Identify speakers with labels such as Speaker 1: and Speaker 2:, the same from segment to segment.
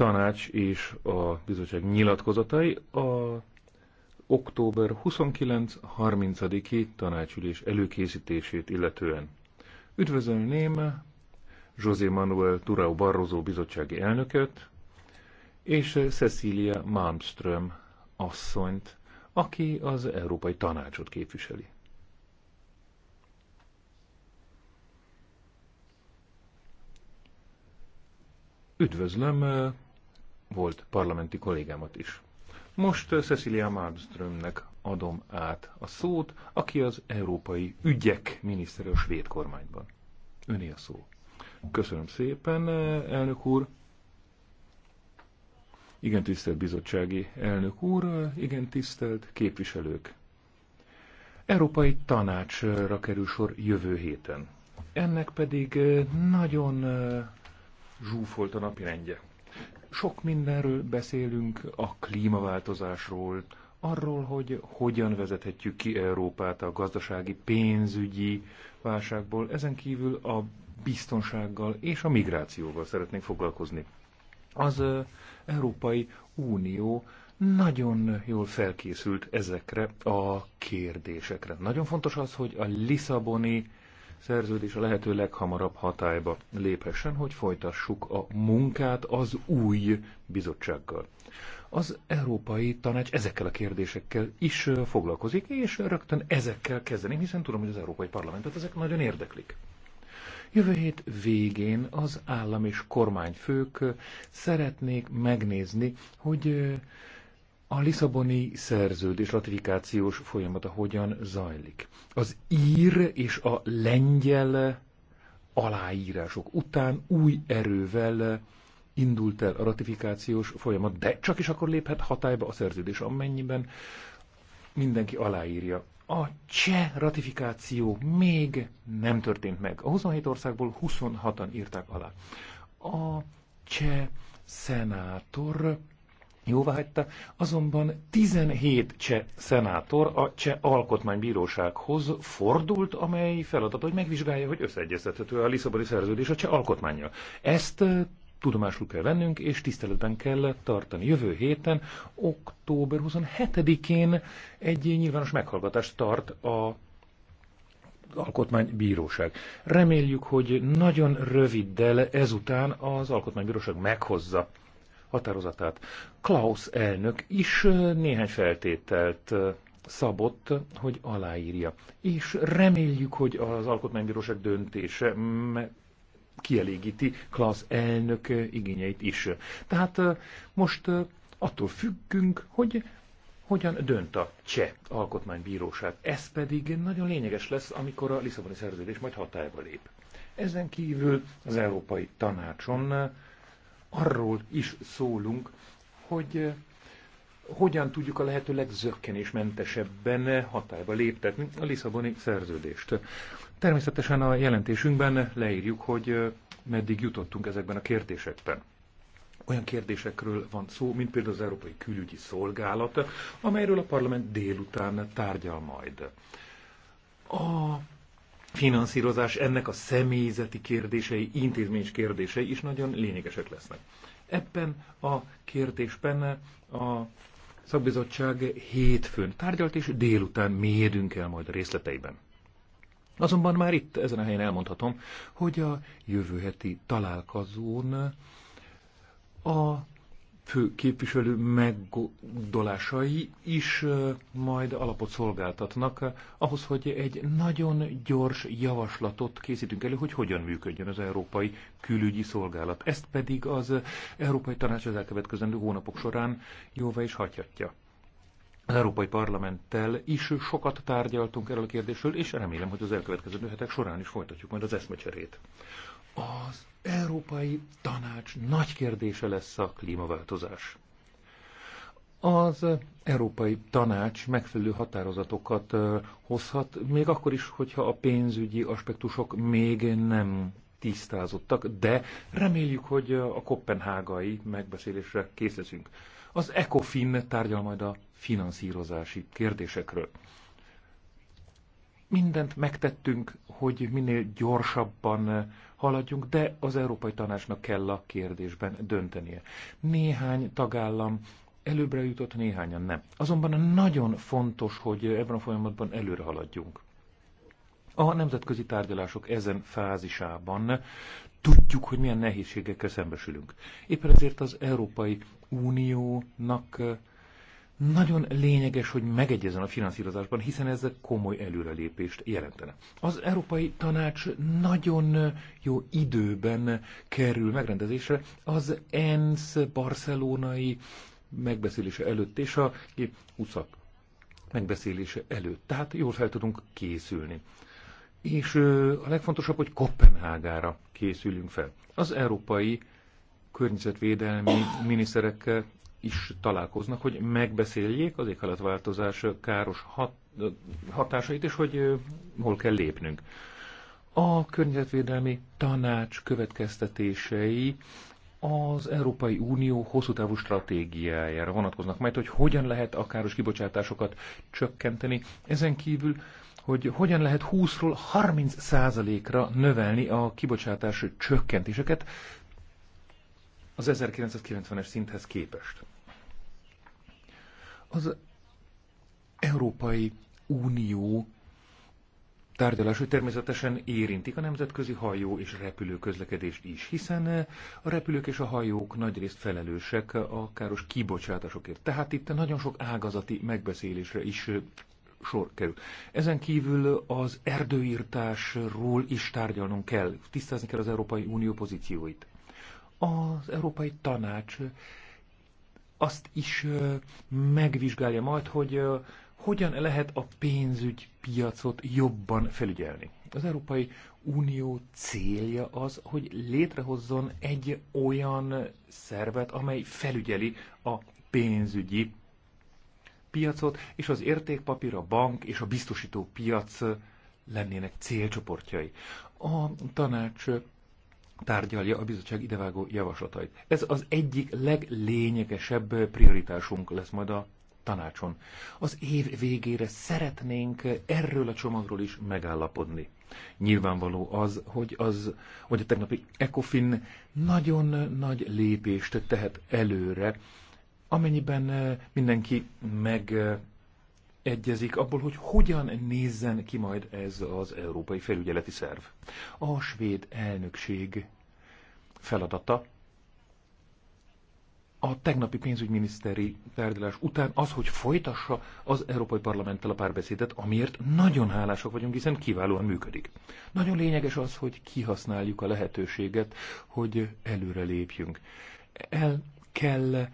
Speaker 1: tanács és a bizottság nyilatkozatai a október 29-30-i tanácsülés előkészítését illetően. Üdvözölném José Manuel Turau Barroso bizottsági elnököt és Cecilia Malmström asszonyt, aki az Európai Tanácsot képviseli. Üdvözlöm volt parlamenti kollégámat is. Most eh, Cecilia Malmströmnek adom át a szót, aki az európai ügyek minisztere a svéd kormányban. Öné a szó. Köszönöm szépen, eh, elnök úr. Igen, tisztelt bizottsági elnök úr, eh, igen, tisztelt képviselők. Európai tanácsra kerül sor jövő héten. Ennek pedig nagyon zsúfolt a napirendje. Sok mindenről beszélünk, a klímaváltozásról, arról, hogy hogyan vezethetjük ki Európát a gazdasági, pénzügyi válságból, ezen kívül a biztonsággal és a migrációval szeretnénk foglalkozni. Az Európai Unió nagyon jól felkészült ezekre a kérdésekre. Nagyon fontos az, hogy a Lisszaboni szerződés a lehető leghamarabb hatályba léphessen, hogy folytassuk a munkát az új bizottsággal. Az Európai Tanács ezekkel a kérdésekkel is foglalkozik, és rögtön ezekkel kezdeném, hiszen tudom, hogy az Európai Parlamentet ezek nagyon érdeklik. Jövő hét végén az állam és kormányfők szeretnék megnézni, hogy a Lisszaboni szerződés ratifikációs folyamata hogyan zajlik. Az ír és a lengyel aláírások után új erővel indult el a ratifikációs folyamat, de csak is akkor léphet hatályba a szerződés, amennyiben mindenki aláírja. A cseh ratifikáció még nem történt meg. A 27 országból 26-an írták alá. A cseh szenátor hagyta, azonban 17 cseh szenátor a cseh alkotmánybírósághoz fordult, amely feladat, hogy megvizsgálja, hogy összeegyeztethető a Lisszaboni szerződés a cseh alkotmánya. Ezt tudomásul kell vennünk, és tiszteletben kell tartani. Jövő héten, október 27-én egy nyilvános meghallgatást tart a Alkotmánybíróság. Reméljük, hogy nagyon röviddel ezután az Alkotmánybíróság meghozza határozatát. Klaus elnök is néhány feltételt szabott, hogy aláírja. És reméljük, hogy az Alkotmánybíróság döntése kielégíti Klaus elnök igényeit is. Tehát most attól függünk, hogy hogyan dönt a cseh alkotmánybíróság. Ez pedig nagyon lényeges lesz, amikor a Lisszaboni szerződés majd hatályba lép. Ezen kívül az Európai Tanácson arról is szólunk, hogy eh, hogyan tudjuk a lehető legzökkenésmentesebben hatályba léptetni a Lisszaboni szerződést. Természetesen a jelentésünkben leírjuk, hogy eh, meddig jutottunk ezekben a kérdésekben. Olyan kérdésekről van szó, mint például az Európai Külügyi Szolgálat, amelyről a parlament délután tárgyal majd. A finanszírozás, ennek a személyzeti kérdései, intézményes kérdései is nagyon lényegesek lesznek. Ebben a kérdésben a szakbizottság hétfőn tárgyalt, és délután mérünk el majd a részleteiben. Azonban már itt, ezen a helyen elmondhatom, hogy a jövő heti találkozón a fő képviselő meggondolásai is majd alapot szolgáltatnak ahhoz, hogy egy nagyon gyors javaslatot készítünk elő, hogy hogyan működjön az Európai Külügyi Szolgálat. Ezt pedig az Európai Tanács az elkövetkezendő hónapok során jóvá is hagyhatja. Az Európai Parlamenttel is sokat tárgyaltunk erről a kérdésről, és remélem, hogy az elkövetkező hetek során is folytatjuk majd az eszmecserét. Az Európai Tanács nagy kérdése lesz a klímaváltozás. Az Európai Tanács megfelelő határozatokat hozhat, még akkor is, hogyha a pénzügyi aspektusok még nem tisztázottak, de reméljük, hogy a kopenhágai megbeszélésre készülünk. Az ECOFIN tárgyal majd a finanszírozási kérdésekről. Mindent megtettünk, hogy minél gyorsabban haladjunk, de az Európai Tanácsnak kell a kérdésben döntenie. Néhány tagállam előbbre jutott, néhányan nem. Azonban nagyon fontos, hogy ebben a folyamatban előre haladjunk. A nemzetközi tárgyalások ezen fázisában tudjuk, hogy milyen nehézségekkel szembesülünk. Éppen ezért az Európai Uniónak nagyon lényeges, hogy megegyezzen a finanszírozásban, hiszen ez komoly előrelépést jelentene. Az Európai Tanács nagyon jó időben kerül megrendezésre az ENSZ barcelonai megbeszélése előtt és a 20 megbeszélése előtt. Tehát jól fel tudunk készülni. És a legfontosabb, hogy Kopenhágára készülünk fel. Az európai környezetvédelmi miniszterekkel is találkoznak, hogy megbeszéljék az éghajlatváltozás káros hat, hatásait, és hogy hol kell lépnünk. A környezetvédelmi tanács következtetései az Európai Unió hosszú távú stratégiájára vonatkoznak, majd hogy hogyan lehet a káros kibocsátásokat csökkenteni, ezen kívül, hogy hogyan lehet 20-ról 30 százalékra növelni a kibocsátás csökkentéseket az 1990-es szinthez képest. Az Európai Unió tárgyalása természetesen érintik a nemzetközi hajó és repülő közlekedést is, hiszen a repülők és a hajók nagyrészt felelősek a káros kibocsátásokért. Tehát itt nagyon sok ágazati megbeszélésre is sor kerül. Ezen kívül az erdőírtásról is tárgyalnunk kell, tisztázni kell az Európai Unió pozícióit. Az Európai Tanács azt is megvizsgálja majd, hogy hogyan lehet a pénzügy piacot jobban felügyelni. Az Európai Unió célja az, hogy létrehozzon egy olyan szervet, amely felügyeli a pénzügyi piacot, és az értékpapír, a bank és a biztosító piac lennének célcsoportjai. A tanács tárgyalja a bizottság idevágó javaslatait. Ez az egyik leglényegesebb prioritásunk lesz majd a tanácson. Az év végére szeretnénk erről a csomagról is megállapodni. Nyilvánvaló az, hogy, az, hogy a tegnapi ECOFIN nagyon nagy lépést tehet előre, amennyiben mindenki meg egyezik abból, hogy hogyan nézzen ki majd ez az Európai Felügyeleti Szerv. A svéd elnökség feladata a tegnapi pénzügyminiszteri tárgyalás után az, hogy folytassa az Európai Parlamenttel a párbeszédet, amiért nagyon hálásak vagyunk, hiszen kiválóan működik. Nagyon lényeges az, hogy kihasználjuk a lehetőséget, hogy előre lépjünk. El kell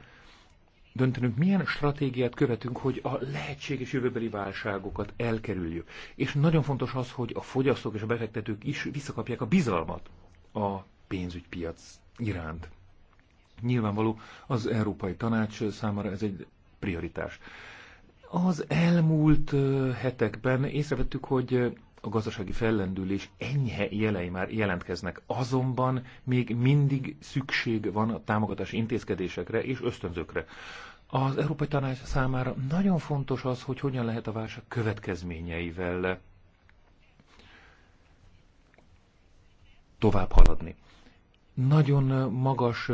Speaker 1: döntenünk, milyen stratégiát követünk, hogy a lehetséges jövőbeli válságokat elkerüljük. És nagyon fontos az, hogy a fogyasztók és a befektetők is visszakapják a bizalmat a pénzügypiac iránt. Nyilvánvaló az Európai Tanács számára ez egy prioritás. Az elmúlt hetekben észrevettük, hogy a gazdasági fellendülés enyhe jelei már jelentkeznek, azonban még mindig szükség van a támogatási intézkedésekre és ösztönzőkre. Az Európai Tanács számára nagyon fontos az, hogy hogyan lehet a válság következményeivel tovább haladni. Nagyon magas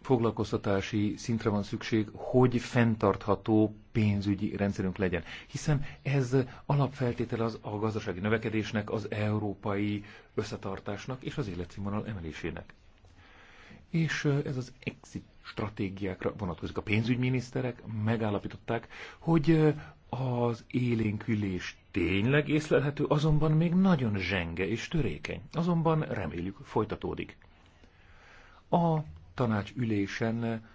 Speaker 1: foglalkoztatási szintre van szükség, hogy fenntartható pénzügyi rendszerünk legyen. Hiszen ez alapfeltétele az a gazdasági növekedésnek, az európai összetartásnak és az életszínvonal emelésének. És ez az exit stratégiákra vonatkozik. A pénzügyminiszterek megállapították, hogy az élénkülés tényleg észlelhető, azonban még nagyon zsenge és törékeny. Azonban reméljük folytatódik. A tanácsülésen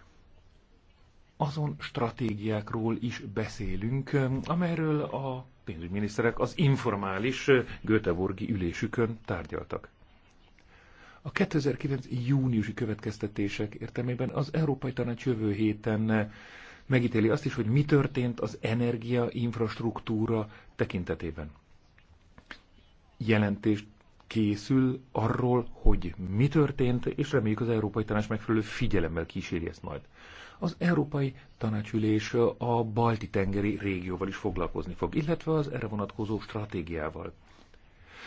Speaker 1: azon stratégiákról is beszélünk, amelyről a pénzügyminiszterek az informális Göteborgi ülésükön tárgyaltak. A 2009. júniusi következtetések értelmében az Európai Tanács jövő héten megítéli azt is, hogy mi történt az energia infrastruktúra tekintetében. Jelentést készül arról, hogy mi történt, és reméljük az Európai Tanács megfelelő figyelemmel kíséri ezt majd. Az Európai Tanácsülés a Balti-tengeri régióval is foglalkozni fog, illetve az erre vonatkozó stratégiával.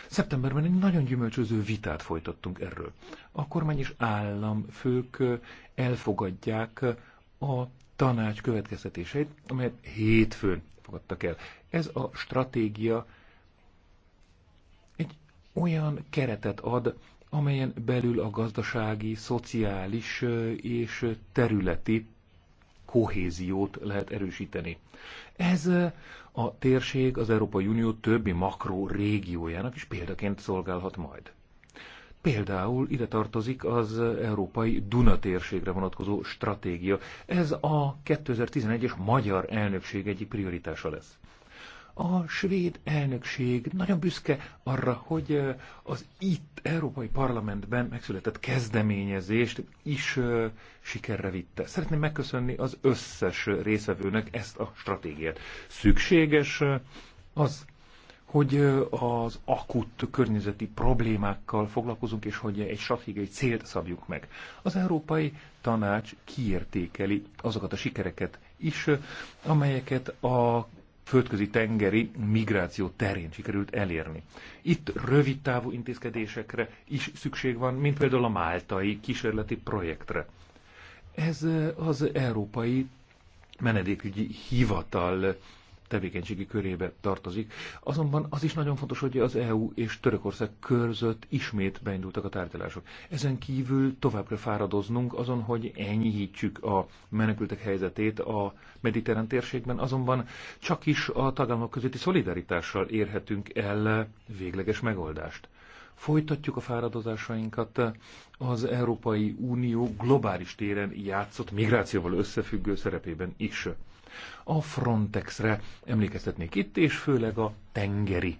Speaker 1: Szeptemberben egy nagyon gyümölcsöző vitát folytattunk erről. A kormány és államfők elfogadják a tanács következtetéseit, amelyet hétfőn fogadtak el. Ez a stratégia olyan keretet ad, amelyen belül a gazdasági, szociális és területi kohéziót lehet erősíteni. Ez a térség az Európai Unió többi makró régiójának is példaként szolgálhat majd. Például ide tartozik az Európai Duna térségre vonatkozó stratégia. Ez a 2011-es magyar elnökség egyik prioritása lesz. A svéd elnökség nagyon büszke arra, hogy az itt Európai Parlamentben megszületett kezdeményezést is sikerre vitte. Szeretném megköszönni az összes részvevőnek ezt a stratégiát. Szükséges az, hogy az akut környezeti problémákkal foglalkozunk, és hogy egy stratégiai célt szabjuk meg. Az Európai Tanács kiértékeli azokat a sikereket is, amelyeket a földközi tengeri migráció terén sikerült elérni. Itt rövid távú intézkedésekre is szükség van, mint például a máltai kísérleti projektre. Ez eh, az Európai Menedékügyi Hivatal tevékenységi körébe tartozik. Azonban az is nagyon fontos, hogy az EU és Törökország körzött ismét beindultak a tárgyalások. Ezen kívül tovább kell fáradoznunk azon, hogy enyhítsük a menekültek helyzetét a mediterrán térségben, azonban csak is a tagállamok közötti szolidaritással érhetünk el végleges megoldást. Folytatjuk a fáradozásainkat az Európai Unió globális téren játszott migrációval összefüggő szerepében is. A Frontexre emlékeztetnék itt, és főleg a tengeri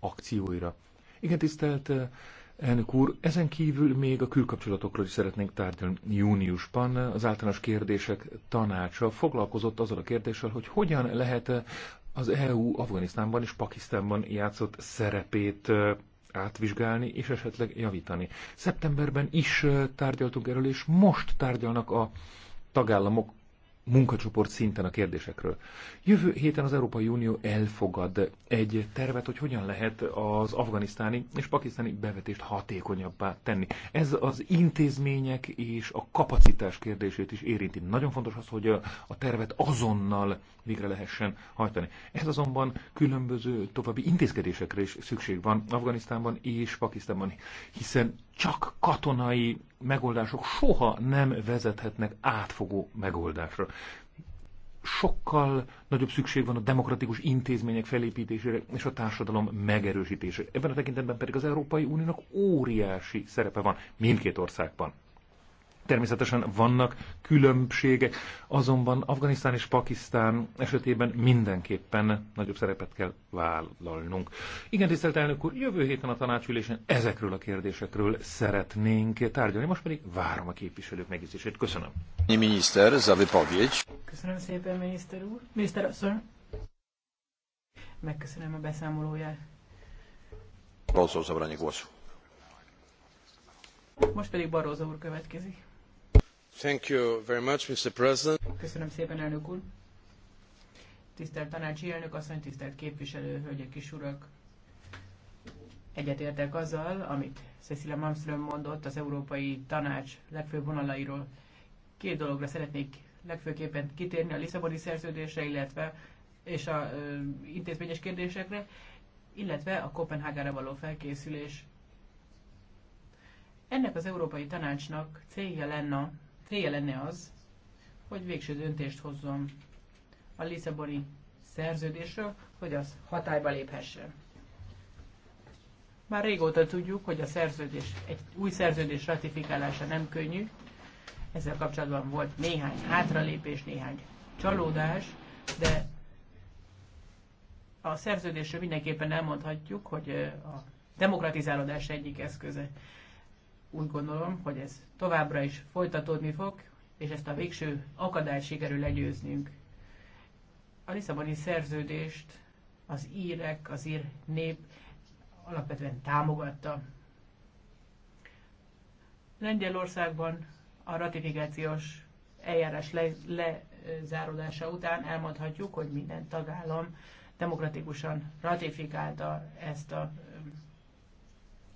Speaker 1: akcióira. Igen, tisztelt eh, elnök úr, ezen kívül még a külkapcsolatokról is szeretnénk tárgyalni júniusban. Az általános kérdések tanácsa foglalkozott azzal a kérdéssel, hogy hogyan lehet eh, az EU Afganisztánban és Pakisztánban játszott szerepét eh, átvizsgálni és esetleg javítani. Szeptemberben is tárgyaltunk erről, és most tárgyalnak a tagállamok munkacsoport szinten a kérdésekről. Jövő héten az Európai Unió elfogad egy tervet, hogy hogyan lehet az afganisztáni és pakisztáni bevetést hatékonyabbá tenni. Ez az intézmények és a kapacitás kérdését is érinti. Nagyon fontos az, hogy a tervet azonnal végre lehessen hajtani. Ez azonban különböző további intézkedésekre is szükség van Afganisztánban és Pakisztánban, hiszen csak katonai megoldások soha nem vezethetnek átfogó megoldásra. Sokkal nagyobb szükség van a demokratikus intézmények felépítésére és a társadalom megerősítésére. Ebben a tekintetben pedig az Európai Uniónak óriási szerepe van mindkét országban. Természetesen vannak különbségek, azonban Afganisztán és Pakisztán esetében mindenképpen nagyobb szerepet kell vállalnunk. Igen, tisztelt elnök úr, jövő héten a tanácsülésen ezekről a kérdésekről szeretnénk tárgyalni, most pedig várom a képviselők megjegyzését. Köszönöm. Miniszter, za
Speaker 2: Köszönöm szépen, miniszter úr. Miniszter asszony. Megköszönöm a beszámolóját.
Speaker 3: Rosszul zabrányi
Speaker 2: Most pedig Barózó úr következik. Köszönöm szépen, elnök úr. Tisztelt tanácsi elnök, asszony, tisztelt képviselő, hölgyek és urak. Egyetértek azzal, amit Cecilia Malmström mondott az Európai Tanács legfőbb vonalairól. Két dologra szeretnék legfőképpen kitérni a Lisszaboni szerződésre, illetve és a ö, intézményes kérdésekre, illetve a Kopenhágára való felkészülés. Ennek az Európai Tanácsnak célja lenne célja lenne az, hogy végső döntést hozzon a Lisszaboni szerződésről, hogy az hatályba léphessen. Már régóta tudjuk, hogy a szerződés, egy új szerződés ratifikálása nem könnyű. Ezzel kapcsolatban volt néhány hátralépés, néhány csalódás, de a szerződésről mindenképpen elmondhatjuk, hogy a demokratizálódás egyik eszköze úgy gondolom, hogy ez továbbra is folytatódni fog, és ezt a végső akadályt sikerül legyőznünk. A Lisszaboni szerződést az írek, az ír nép alapvetően támogatta. Lengyelországban a ratifikációs eljárás le, lezárulása után elmondhatjuk, hogy minden tagállam demokratikusan ratifikálta ezt a,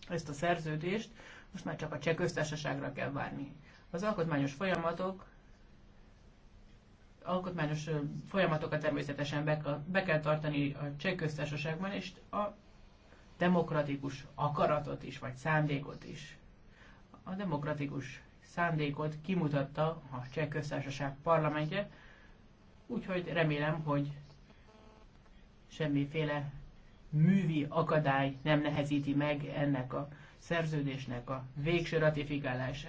Speaker 2: ezt a szerződést most már csak a cseh köztársaságra kell várni. Az alkotmányos folyamatok alkotmányos folyamatokat természetesen be, be kell tartani a cseh köztársaságban, és a demokratikus akaratot is, vagy szándékot is. A demokratikus szándékot kimutatta a cseh köztársaság parlamentje, úgyhogy remélem, hogy semmiféle művi akadály nem nehezíti meg ennek a szerződésnek a végső ratifikálása.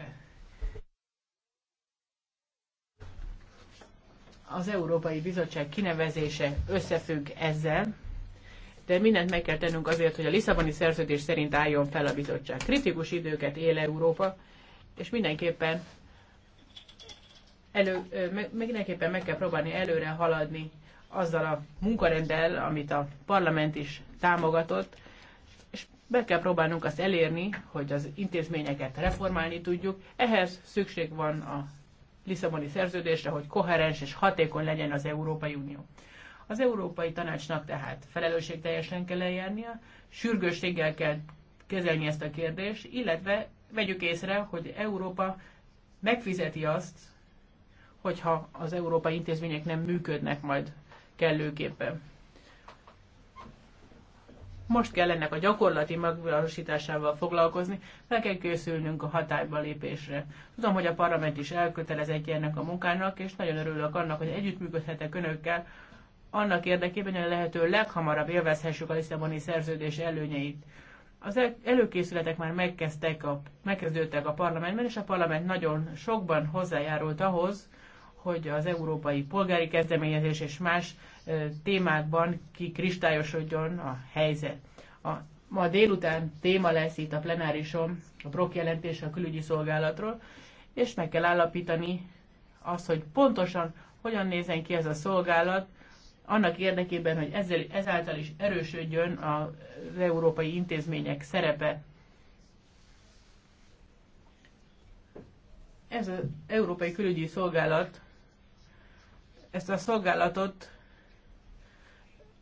Speaker 2: Az Európai Bizottság kinevezése összefügg ezzel, de mindent meg kell tennünk azért, hogy a Lisszaboni szerződés szerint álljon fel a bizottság. Kritikus időket él Európa, és mindenképpen, elő, meg, mindenképpen meg kell próbálni előre haladni azzal a munkarenddel, amit a parlament is támogatott, be kell próbálnunk azt elérni, hogy az intézményeket reformálni tudjuk. Ehhez szükség van a Lisszaboni szerződésre, hogy koherens és hatékony legyen az Európai Unió. Az Európai Tanácsnak tehát teljesen kell eljárnia, sürgősséggel kell kezelni ezt a kérdést, illetve vegyük észre, hogy Európa megfizeti azt, hogyha az európai intézmények nem működnek majd kellőképpen. Most kell ennek a gyakorlati megvalósításával foglalkozni, fel kell készülnünk a hatályba lépésre. Tudom, hogy a parlament is egy ennek a munkának, és nagyon örülök annak, hogy együttműködhetek önökkel, annak érdekében, hogy a lehető leghamarabb élvezhessük a Lisszaboni szerződés előnyeit. Az előkészületek már megkezdtek a, megkezdődtek a parlamentben, és a parlament nagyon sokban hozzájárult ahhoz, hogy az európai polgári kezdeményezés és más témákban kikristályosodjon a helyzet. A, ma délután téma lesz itt a plenárison a Brok jelentése a külügyi szolgálatról, és meg kell állapítani azt, hogy pontosan hogyan nézen ki ez a szolgálat, annak érdekében, hogy ezzel, ezáltal is erősödjön az európai intézmények szerepe. Ez az Európai Külügyi Szolgálat ezt a szolgálatot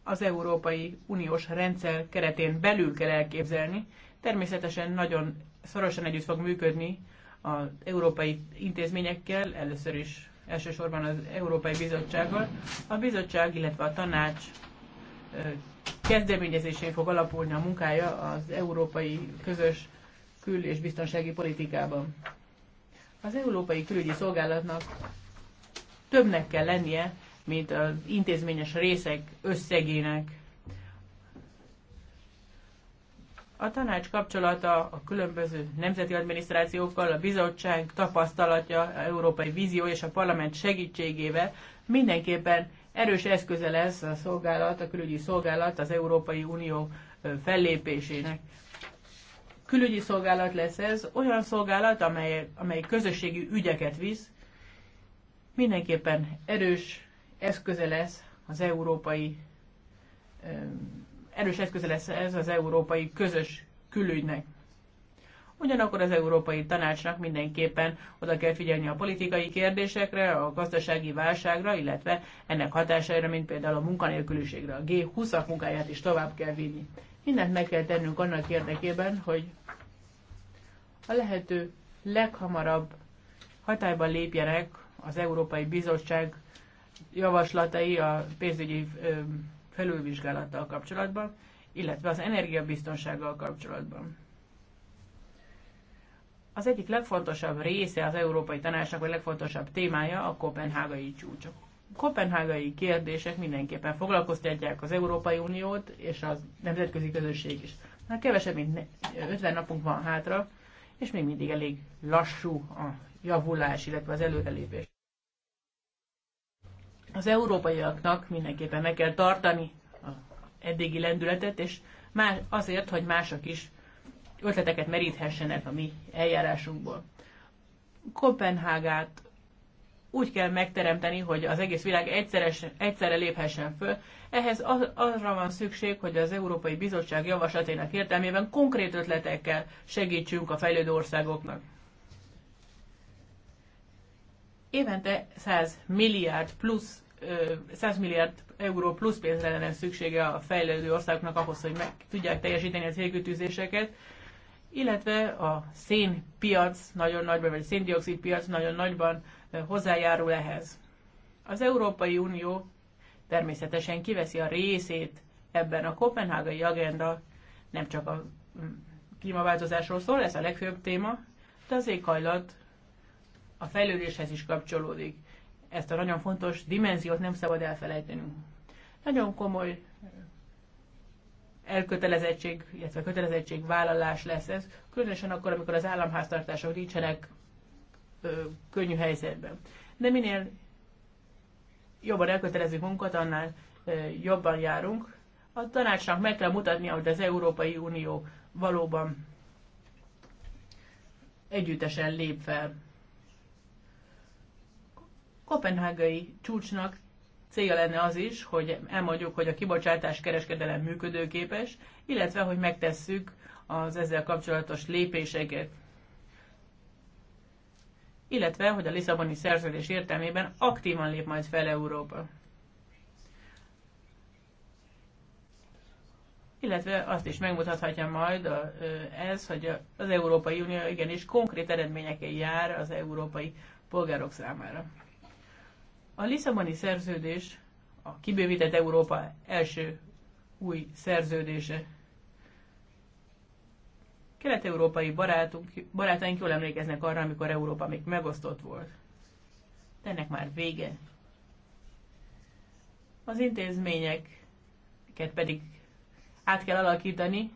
Speaker 2: az Európai Uniós rendszer keretén belül kell elképzelni. Természetesen nagyon szorosan együtt fog működni az európai intézményekkel, először is elsősorban az Európai Bizottsággal. A bizottság, illetve a tanács kezdeményezésén fog alapulni a munkája az európai közös kül- és biztonsági politikában. Az Európai Külügyi Szolgálatnak többnek kell lennie, mint az intézményes részek összegének. A tanács kapcsolata a különböző nemzeti adminisztrációkkal, a bizottság tapasztalatja, a európai vízió és a parlament segítségével mindenképpen erős eszköze lesz a szolgálat, a külügyi szolgálat az Európai Unió fellépésének. Külügyi szolgálat lesz ez, olyan szolgálat, amely, amely közösségi ügyeket visz, mindenképpen erős eszköze lesz az európai erős eszköze lesz ez az európai közös külügynek. Ugyanakkor az Európai Tanácsnak mindenképpen oda kell figyelni a politikai kérdésekre, a gazdasági válságra, illetve ennek hatásaira, mint például a munkanélküliségre. A G20-ak munkáját is tovább kell vinni. Mindent meg kell tennünk annak érdekében, hogy a lehető leghamarabb hatályban lépjenek az Európai Bizottság javaslatai a pénzügyi felülvizsgálattal kapcsolatban, illetve az energiabiztonsággal kapcsolatban. Az egyik legfontosabb része az Európai Tanácsnak, vagy legfontosabb témája a kopenhágai csúcs. A kopenhágai kérdések mindenképpen foglalkoztatják az Európai Uniót és a nemzetközi közösség is. Már kevesebb, mint 50 napunk van hátra, és még mindig elég lassú a javulás, illetve az előrelépés. Az európaiaknak mindenképpen meg kell tartani a eddigi lendületet, és más, azért, hogy mások is ötleteket meríthessenek a mi eljárásunkból. Kopenhágát úgy kell megteremteni, hogy az egész világ egyszeres, egyszerre léphessen föl. Ehhez az, arra van szükség, hogy az Európai Bizottság javaslatének értelmében konkrét ötletekkel segítsünk a fejlődő országoknak. Évente 100 milliárd plusz 100 milliárd euró plusz pénzre lenne szüksége a fejlődő országoknak ahhoz, hogy meg tudják teljesíteni a célkütőzéseket, illetve a szénpiac nagyon nagyban, vagy a széndiokszid piac nagyon nagyban hozzájárul ehhez. Az Európai Unió természetesen kiveszi a részét ebben a kopenhágai agenda, nem csak a mm, klímaváltozásról szól, ez a legfőbb téma, de az éghajlat a fejlődéshez is kapcsolódik ezt a nagyon fontos dimenziót nem szabad elfelejtenünk. Nagyon komoly elkötelezettség, illetve kötelezettségvállalás lesz ez, különösen akkor, amikor az államháztartások nincsenek ö, könnyű helyzetben. De minél jobban elkötelezünk munkat, annál ö, jobban járunk. A tanácsnak meg kell mutatnia, hogy az Európai Unió valóban együttesen lép fel kopenhágai csúcsnak célja lenne az is, hogy elmondjuk, hogy a kibocsátás kereskedelem működőképes, illetve hogy megtesszük az ezzel kapcsolatos lépéseket. Illetve, hogy a Lisszaboni szerződés értelmében aktívan lép majd fel Európa. Illetve azt is megmutathatja majd ez, hogy az Európai Unió igenis konkrét eredményekkel jár az európai polgárok számára. A Lisszaboni szerződés a kibővített Európa első új szerződése. Kelet-európai barátunk, barátaink jól emlékeznek arra, amikor Európa még megosztott volt. De ennek már vége. Az intézményeket pedig át kell alakítani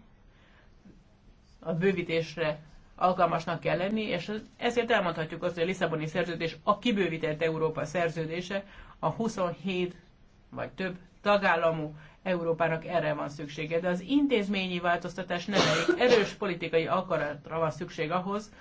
Speaker 2: a bővítésre alkalmasnak kell lenni, és ezért elmondhatjuk azt, hogy a Lisszaboni szerződés a kibővített Európa szerződése, a 27 vagy több tagállamú Európának erre van szüksége, de az intézményi változtatás nem elég. Erős politikai akaratra van szükség ahhoz,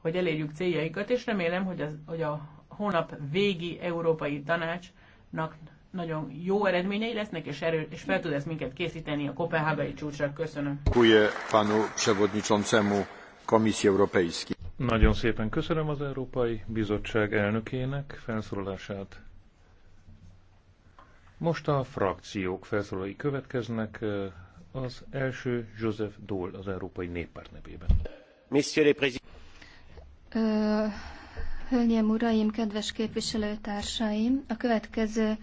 Speaker 2: hogy elérjük céljainkat, és remélem, hogy, az, hogy a hónap végi Európai Tanácsnak nagyon jó eredményei lesznek, és, erő, és fel tud ez minket készíteni a kopenhágai csúcsra. Köszönöm.
Speaker 1: Dziękuję panu Komisji Europejskiej. Nagyon szépen köszönöm az Európai Bizottság elnökének felszólalását. Most a frakciók felszólalói következnek. Az első Joseph Dole az Európai Néppárt nevében. Monsieur le Président.
Speaker 4: uraim, kedves képviselőtársaim! A következő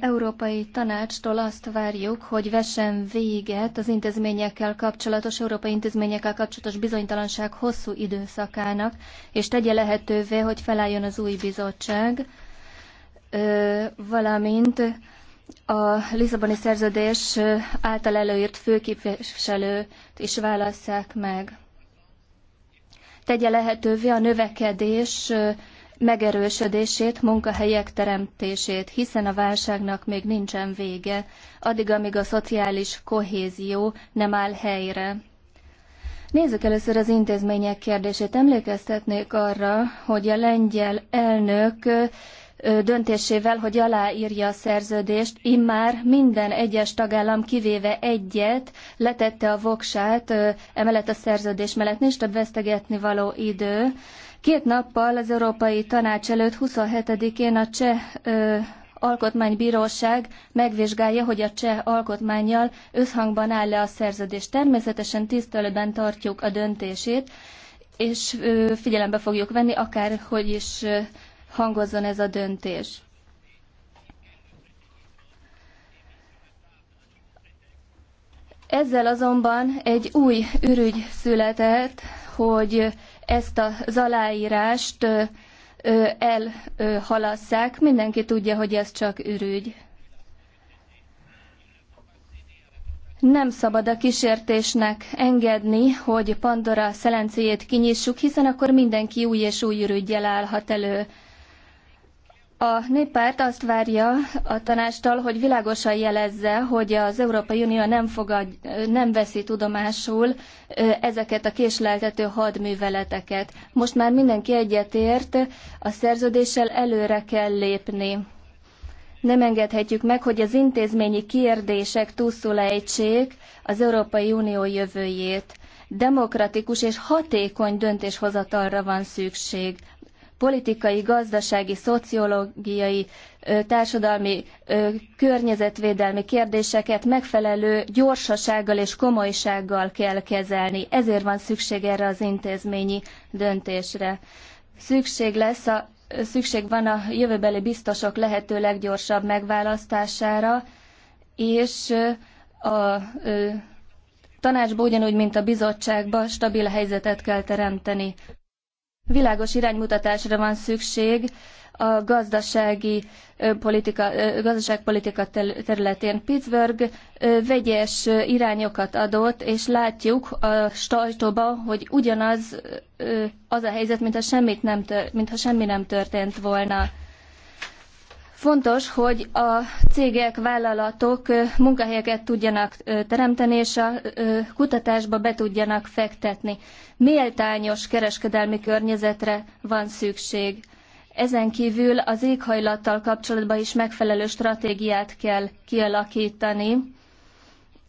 Speaker 4: Európai Tanácstól azt várjuk, hogy vessen véget az intézményekkel kapcsolatos, európai intézményekkel kapcsolatos bizonytalanság hosszú időszakának, és tegye lehetővé, hogy felálljon az új bizottság, valamint a Lisszaboni szerződés által előírt főképviselőt is válasszák meg. Tegye lehetővé a növekedés megerősödését, munkahelyek teremtését, hiszen a válságnak még nincsen vége, addig, amíg a szociális kohézió nem áll helyre. Nézzük először az intézmények kérdését. Emlékeztetnék arra, hogy a lengyel elnök döntésével, hogy aláírja a szerződést, immár minden egyes tagállam kivéve egyet letette a voksát, emellett a szerződés mellett nincs több vesztegetni való idő. Két nappal az Európai Tanács előtt 27-én a cseh ö, alkotmánybíróság megvizsgálja, hogy a cseh alkotmányjal összhangban áll-e a szerződés. Természetesen tiszteletben tartjuk a döntését, és ö, figyelembe fogjuk venni, akárhogy is ö, hangozzon ez a döntés. Ezzel azonban egy új ürügy született, hogy ezt az aláírást elhalasszák. Mindenki tudja, hogy ez csak ürügy. Nem szabad a kísértésnek engedni, hogy Pandora szelencéjét kinyissuk, hiszen akkor mindenki új és új ürügyjel állhat elő. A néppárt azt várja a tanástól, hogy világosan jelezze, hogy az Európai Unió nem, fogad, nem veszi tudomásul ezeket a késleltető hadműveleteket. Most már mindenki egyetért, a szerződéssel előre kell lépni. Nem engedhetjük meg, hogy az intézményi kérdések túlszul ejtsék az Európai Unió jövőjét demokratikus és hatékony döntéshozatalra van szükség politikai, gazdasági, szociológiai, társadalmi, környezetvédelmi kérdéseket megfelelő gyorsasággal és komolysággal kell kezelni. Ezért van szükség erre az intézményi döntésre. Szükség lesz a szükség van a jövőbeli biztosok lehető leggyorsabb megválasztására, és a tanácsban ugyanúgy, mint a bizottságba stabil helyzetet kell teremteni. Világos iránymutatásra van szükség a gazdasági politika, gazdaságpolitika területén. Pittsburgh vegyes irányokat adott, és látjuk a sajtóban, hogy ugyanaz az a helyzet, mintha, semmit nem mintha semmi nem történt volna. Fontos, hogy a cégek, vállalatok munkahelyeket tudjanak teremteni, és a kutatásba be tudjanak fektetni. Méltányos kereskedelmi környezetre van szükség. Ezen kívül az éghajlattal kapcsolatban is megfelelő stratégiát kell kialakítani,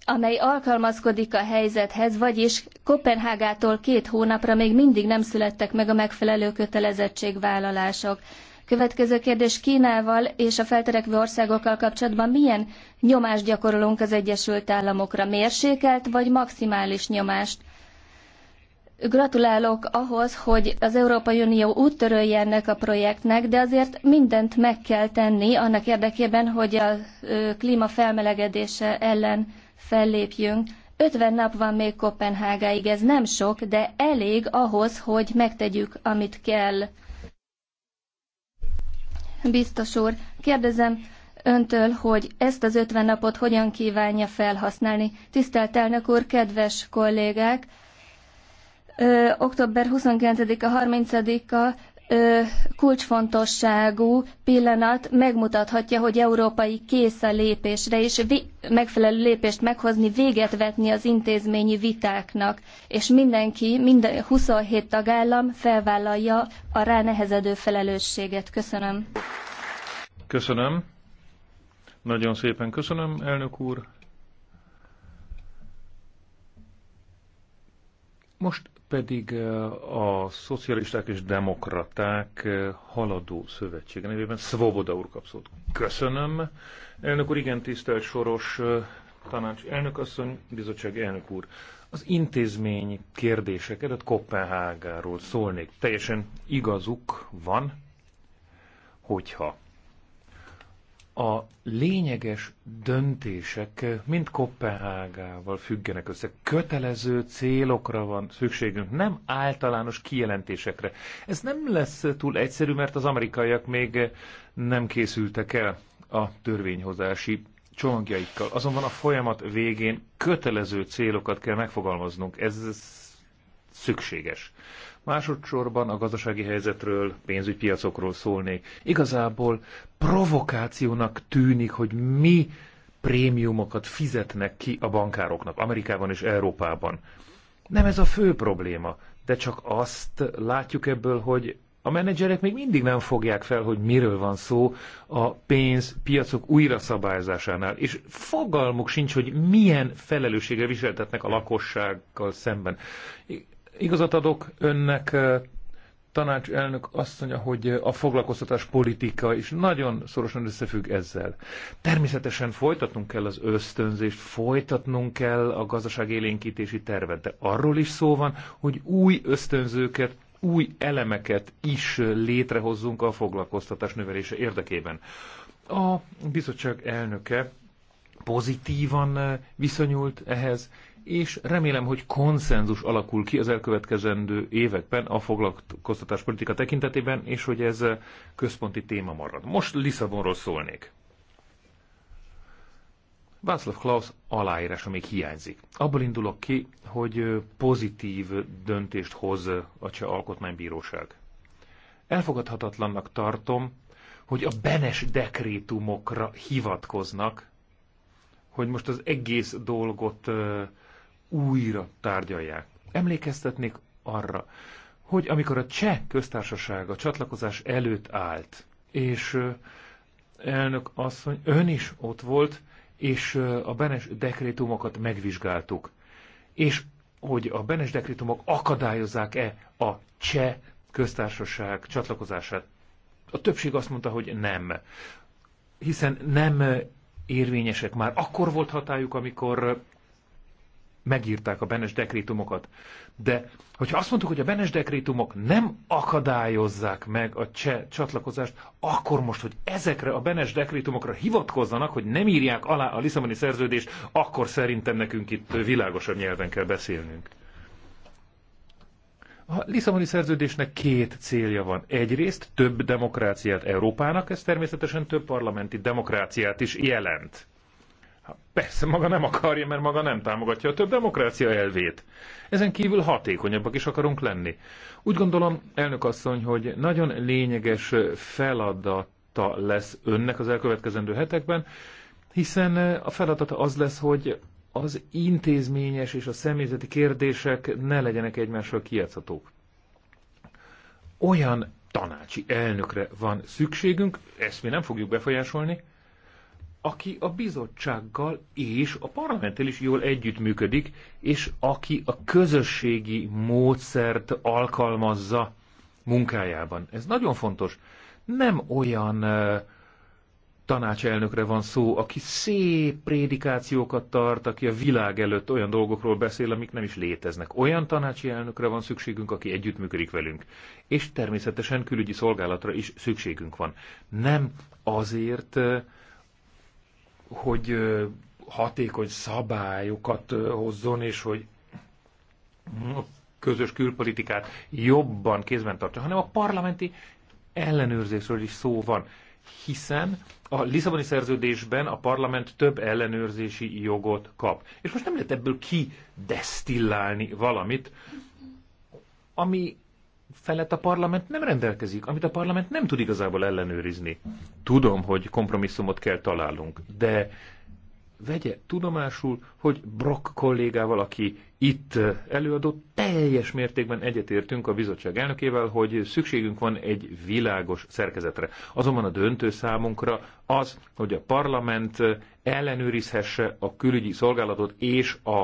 Speaker 4: amely alkalmazkodik a helyzethez, vagyis Kopenhágától két hónapra még mindig nem születtek meg a megfelelő kötelezettségvállalások. Következő kérdés Kínával és a felterekvő országokkal kapcsolatban milyen nyomást gyakorolunk az Egyesült Államokra? Mérsékelt vagy maximális nyomást? Gratulálok ahhoz, hogy az Európai Unió úttörője ennek a projektnek, de azért mindent meg kell tenni annak érdekében, hogy a klíma felmelegedése ellen fellépjünk. 50 nap van még Kopenhágáig, ez nem sok, de elég ahhoz, hogy megtegyük, amit kell. Biztos úr, kérdezem öntől, hogy ezt az 50 napot hogyan kívánja felhasználni. Tisztelt elnök úr, kedves kollégák! Ö, október 29-a, 30-a kulcsfontosságú pillanat megmutathatja, hogy európai kész a lépésre, és megfelelő lépést meghozni, véget vetni az intézményi vitáknak, és mindenki, minden 27 tagállam felvállalja a ránehezedő felelősséget. Köszönöm.
Speaker 1: Köszönöm. Nagyon szépen köszönöm, elnök úr. Most pedig eh, a szocialisták és demokraták eh, haladó szövetsége nevében Svoboda úr kap szót. Köszönöm. Elnök úr, igen tisztelt soros eh, tanács elnök asszony, bizottság elnök úr. Az intézmény kérdéseket, a Kopenhágáról szólnék. Teljesen igazuk van, hogyha a lényeges döntések mind Kopenhágával függenek össze. Kötelező célokra van szükségünk, nem általános kijelentésekre. Ez nem lesz túl egyszerű, mert az amerikaiak még nem készültek el a törvényhozási csomagjaikkal. Azonban a folyamat végén kötelező célokat kell megfogalmaznunk. Ez szükséges. Másodszorban a gazdasági helyzetről, pénzügypiacokról szólnék. Igazából provokációnak tűnik, hogy mi prémiumokat fizetnek ki a bankároknak Amerikában és Európában. Nem ez a fő probléma, de csak azt látjuk ebből, hogy a menedzserek még mindig nem fogják fel, hogy miről van szó a pénz piacok újra szabályzásánál, és fogalmuk sincs, hogy milyen felelősségre viseltetnek a lakossággal szemben. Igazat adok önnek, tanácselnök asszonya, hogy a foglalkoztatás politika is nagyon szorosan összefügg ezzel. Természetesen folytatnunk kell az ösztönzést, folytatnunk kell a gazdaság élénkítési tervet, de arról is szó van, hogy új ösztönzőket, új elemeket is létrehozzunk a foglalkoztatás növelése érdekében. A bizottság elnöke pozitívan viszonyult ehhez, és remélem, hogy konszenzus alakul ki az elkövetkezendő években a foglalkoztatáspolitika tekintetében, és hogy ez központi téma marad. Most Lisszabonról szólnék. Václav Klaus aláírása még hiányzik. Abból indulok ki, hogy pozitív döntést hoz a Cseh Alkotmánybíróság. Elfogadhatatlannak tartom, hogy a benes dekrétumokra hivatkoznak, hogy most az egész dolgot újra tárgyalják. Emlékeztetnék arra, hogy amikor a cseh köztársaság a csatlakozás előtt állt, és elnök asszony, ön is ott volt, és a benes dekrétumokat megvizsgáltuk. És hogy a benes dekrétumok akadályozzák-e a cseh köztársaság csatlakozását. A többség azt mondta, hogy nem. Hiszen nem érvényesek már. Akkor volt hatájuk, amikor megírták a Benes dekrétumokat. De hogyha azt mondtuk, hogy a Benes dekrétumok nem akadályozzák meg a cseh csatlakozást, akkor most, hogy ezekre a Benes dekrétumokra hivatkozzanak, hogy nem írják alá a Lisszaboni szerződést, akkor szerintem nekünk itt világosabb nyelven kell beszélnünk. A Lisszaboni szerződésnek két célja van. Egyrészt több demokráciát Európának, ez természetesen több parlamenti demokráciát is jelent. Persze maga nem akarja, mert maga nem támogatja a több demokrácia elvét. Ezen kívül hatékonyabbak is akarunk lenni. Úgy gondolom, elnök asszony, hogy nagyon lényeges feladata lesz önnek az elkövetkezendő hetekben, hiszen a feladata az lesz, hogy az intézményes és a személyzeti kérdések ne legyenek egymással kijátszhatók. Olyan tanácsi elnökre van szükségünk, ezt mi nem fogjuk befolyásolni, aki a bizottsággal és a parlamenttel is jól együttműködik, és aki a közösségi módszert alkalmazza munkájában. Ez nagyon fontos. Nem olyan tanácselnökre van szó, aki szép prédikációkat tart, aki a világ előtt olyan dolgokról beszél, amik nem is léteznek. Olyan tanácsi elnökre van szükségünk, aki együttműködik velünk. És természetesen külügyi szolgálatra is szükségünk van. Nem azért, hogy hatékony szabályokat hozzon, és hogy a közös külpolitikát jobban kézben tartja, hanem a parlamenti ellenőrzésről is szó van, hiszen a Lisszaboni szerződésben a parlament több ellenőrzési jogot kap. És most nem lehet ebből kidesztillálni valamit, ami felett a parlament nem rendelkezik, amit a parlament nem tud igazából ellenőrizni. Tudom, hogy kompromisszumot kell találnunk, de vegye tudomásul, hogy Brock kollégával, aki itt előadott, teljes mértékben egyetértünk a bizottság elnökével, hogy szükségünk van egy világos szerkezetre. Azonban a döntő számunkra az, hogy a parlament ellenőrizhesse a külügyi szolgálatot és a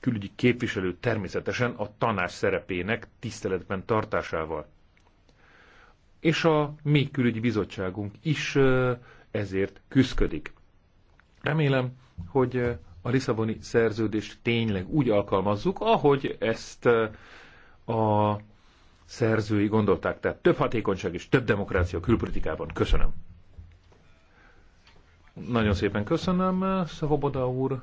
Speaker 1: külügyi képviselő természetesen a tanács szerepének tiszteletben tartásával. És a mi külügyi bizottságunk is ezért küzdik. Remélem, hogy a Lisszaboni szerződést tényleg úgy alkalmazzuk, ahogy ezt a szerzői gondolták. Tehát több hatékonyság és több demokrácia a külpolitikában. Köszönöm. Nagyon szépen köszönöm, Szavoboda úr.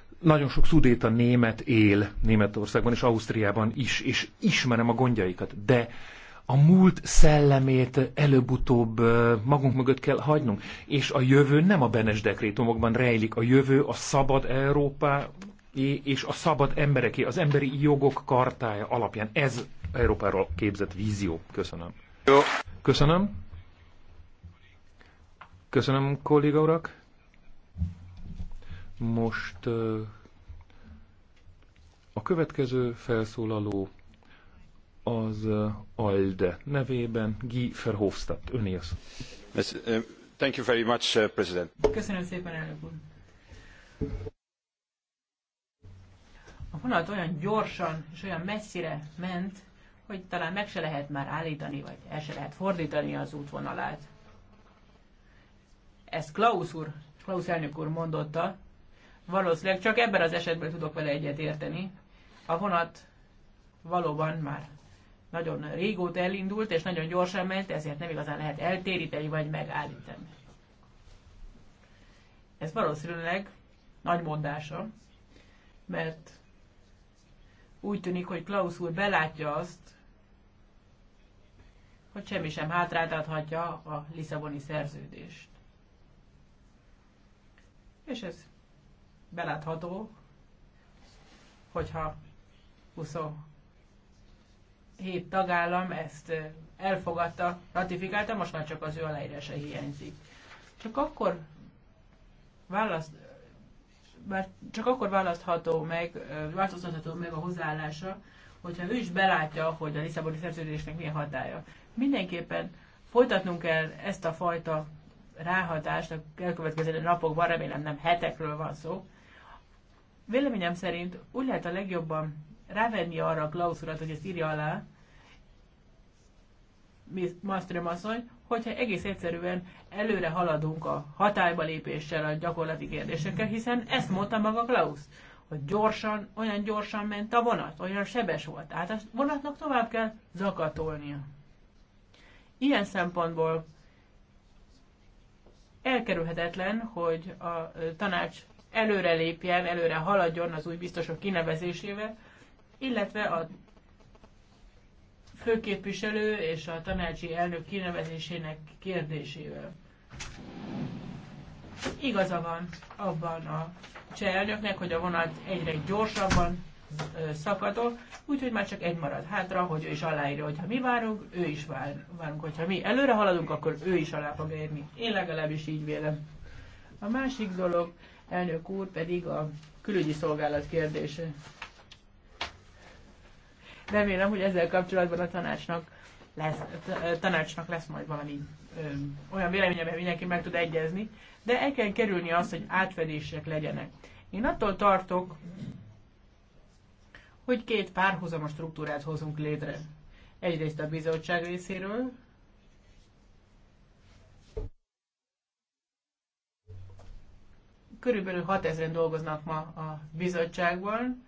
Speaker 1: nagyon sok szudéta német él Németországban és Ausztriában is, és ismerem a gondjaikat, de a múlt szellemét előbb-utóbb magunk mögött kell hagynunk, és a jövő nem a benes dekrétumokban rejlik, a jövő a szabad Európa és a szabad embereké, az emberi jogok kartája alapján. Ez Európáról képzett vízió. Köszönöm. Jó. Köszönöm. Köszönöm, kolléga urak. Most a következő felszólaló az ALDE nevében Guy Verhofstadt. Öné Thank you very much, uh, President.
Speaker 2: Köszönöm szépen, elnök úr. A vonat olyan gyorsan és olyan messzire ment, hogy talán meg se lehet már állítani, vagy el se lehet fordítani az útvonalát. Ezt Klaus úr, Klaus elnök úr mondotta, valószínűleg csak ebben az esetben tudok vele egyet érteni. A vonat valóban már nagyon régóta elindult, és nagyon gyorsan ment, ezért nem igazán lehet eltéríteni, vagy megállítani. Ez valószínűleg nagy mondása, mert úgy tűnik, hogy Klaus úr belátja azt, hogy semmi sem hátráltathatja a Lisszaboni szerződést. És ez belátható, hogyha 27 tagállam ezt elfogadta, ratifikálta, most már csak az ő aláírása hiányzik. Csak akkor választ, bár csak akkor választható meg, változtatható meg a hozzáállása, hogyha ő is belátja, hogy a Lisszaboni szerződésnek milyen hatája. Mindenképpen folytatnunk kell ezt a fajta ráhatást a elkövetkező napokban, remélem nem hetekről van szó, Véleményem szerint úgy lehet a legjobban rávenni arra a klauszulat, hogy ezt írja alá, Malmström asszony, hogyha egész egyszerűen előre haladunk a hatályba lépéssel, a gyakorlati kérdésekkel, hiszen ezt mondta maga Klaus, hogy gyorsan, olyan gyorsan ment a vonat, olyan sebes volt. Tehát a vonatnak tovább kell zakatolnia. Ilyen szempontból elkerülhetetlen, hogy a tanács előre lépjen, előre haladjon az új biztosok kinevezésével, illetve a főképviselő és a tanácsi elnök kinevezésének kérdésével. Igaza van abban a cseh elnöknek, hogy a vonat egyre gyorsabban szakadó, úgyhogy már csak egy marad hátra, hogy ő is aláírja, hogyha mi várunk, ő is vár, várunk, hogyha mi előre haladunk, akkor ő is alá fog érni. Én legalábbis így vélem. A másik dolog, elnök úr pedig a külügyi szolgálat kérdése. Remélem, hogy ezzel kapcsolatban a tanácsnak lesz, tanácsnak lesz majd valami ö, olyan véleménye, mert mindenki meg tud egyezni, de el kell kerülni azt, hogy átfedések legyenek. Én attól tartok, hogy két párhuzamos struktúrát hozunk létre. Egyrészt a bizottság részéről, Körülbelül 6000-en dolgoznak ma a bizottságban,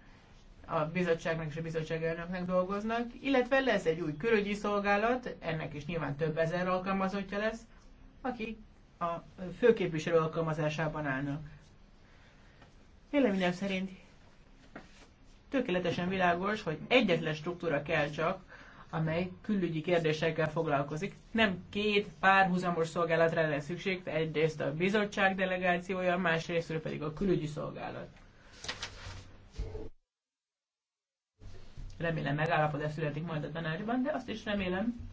Speaker 2: a bizottságnak és a bizottság elnöknek dolgoznak, illetve lesz egy új körögyi szolgálat, ennek is nyilván több ezer alkalmazottja lesz, akik a főképviselő alkalmazásában állnak. Véleményem szerint tökéletesen világos, hogy egyetlen struktúra kell csak amely külügyi kérdésekkel foglalkozik. Nem két párhuzamos szolgálatra lesz szükség, egyrészt a bizottság delegációja, másrészt pedig a külügyi szolgálat. Remélem megállapodás születik majd a tanácsban, de azt is remélem,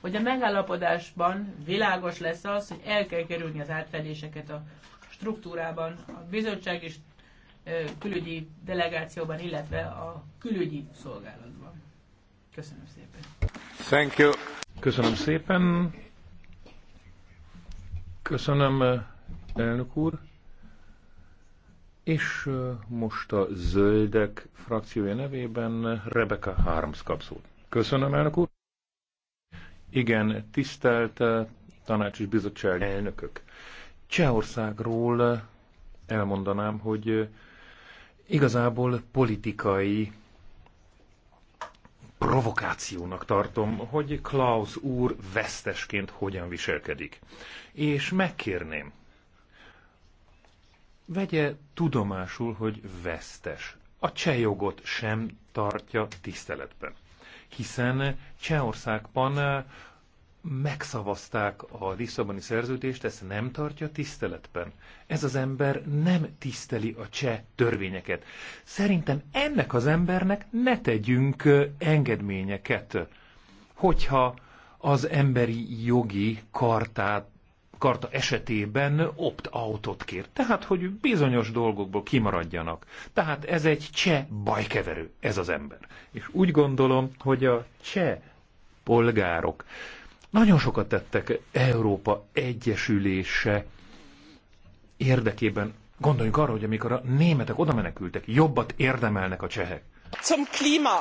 Speaker 2: hogy a megállapodásban világos lesz az, hogy el kell kerülni az átfedéseket a struktúrában, a bizottság és külügyi delegációban, illetve a külügyi szolgálatban. Köszönöm szépen.
Speaker 1: Thank you. Köszönöm szépen. Köszönöm, elnök úr. És most a zöldek frakciója nevében Rebecca Harms kap szót. Köszönöm, elnök úr. Igen, tisztelt tanács és bizottság elnökök. Csehországról elmondanám, hogy igazából politikai provokációnak tartom, hogy Klaus úr vesztesként hogyan viselkedik. És megkérném, vegye tudomásul, hogy vesztes. A cseh jogot sem tartja tiszteletben. Hiszen Csehországban megszavazták a Lisszaboni szerződést, ezt nem tartja tiszteletben. Ez az ember nem tiszteli a cseh törvényeket. Szerintem ennek az embernek ne tegyünk engedményeket, hogyha az emberi jogi kartát karta esetében opt-outot kér. Tehát, hogy bizonyos dolgokból kimaradjanak. Tehát ez egy cseh bajkeverő, ez az ember. És úgy gondolom, hogy a cseh polgárok nagyon sokat tettek Európa Egyesülése érdekében. Gondoljunk arra, hogy amikor a németek oda menekültek, jobbat érdemelnek a csehek.
Speaker 3: Zum Klima.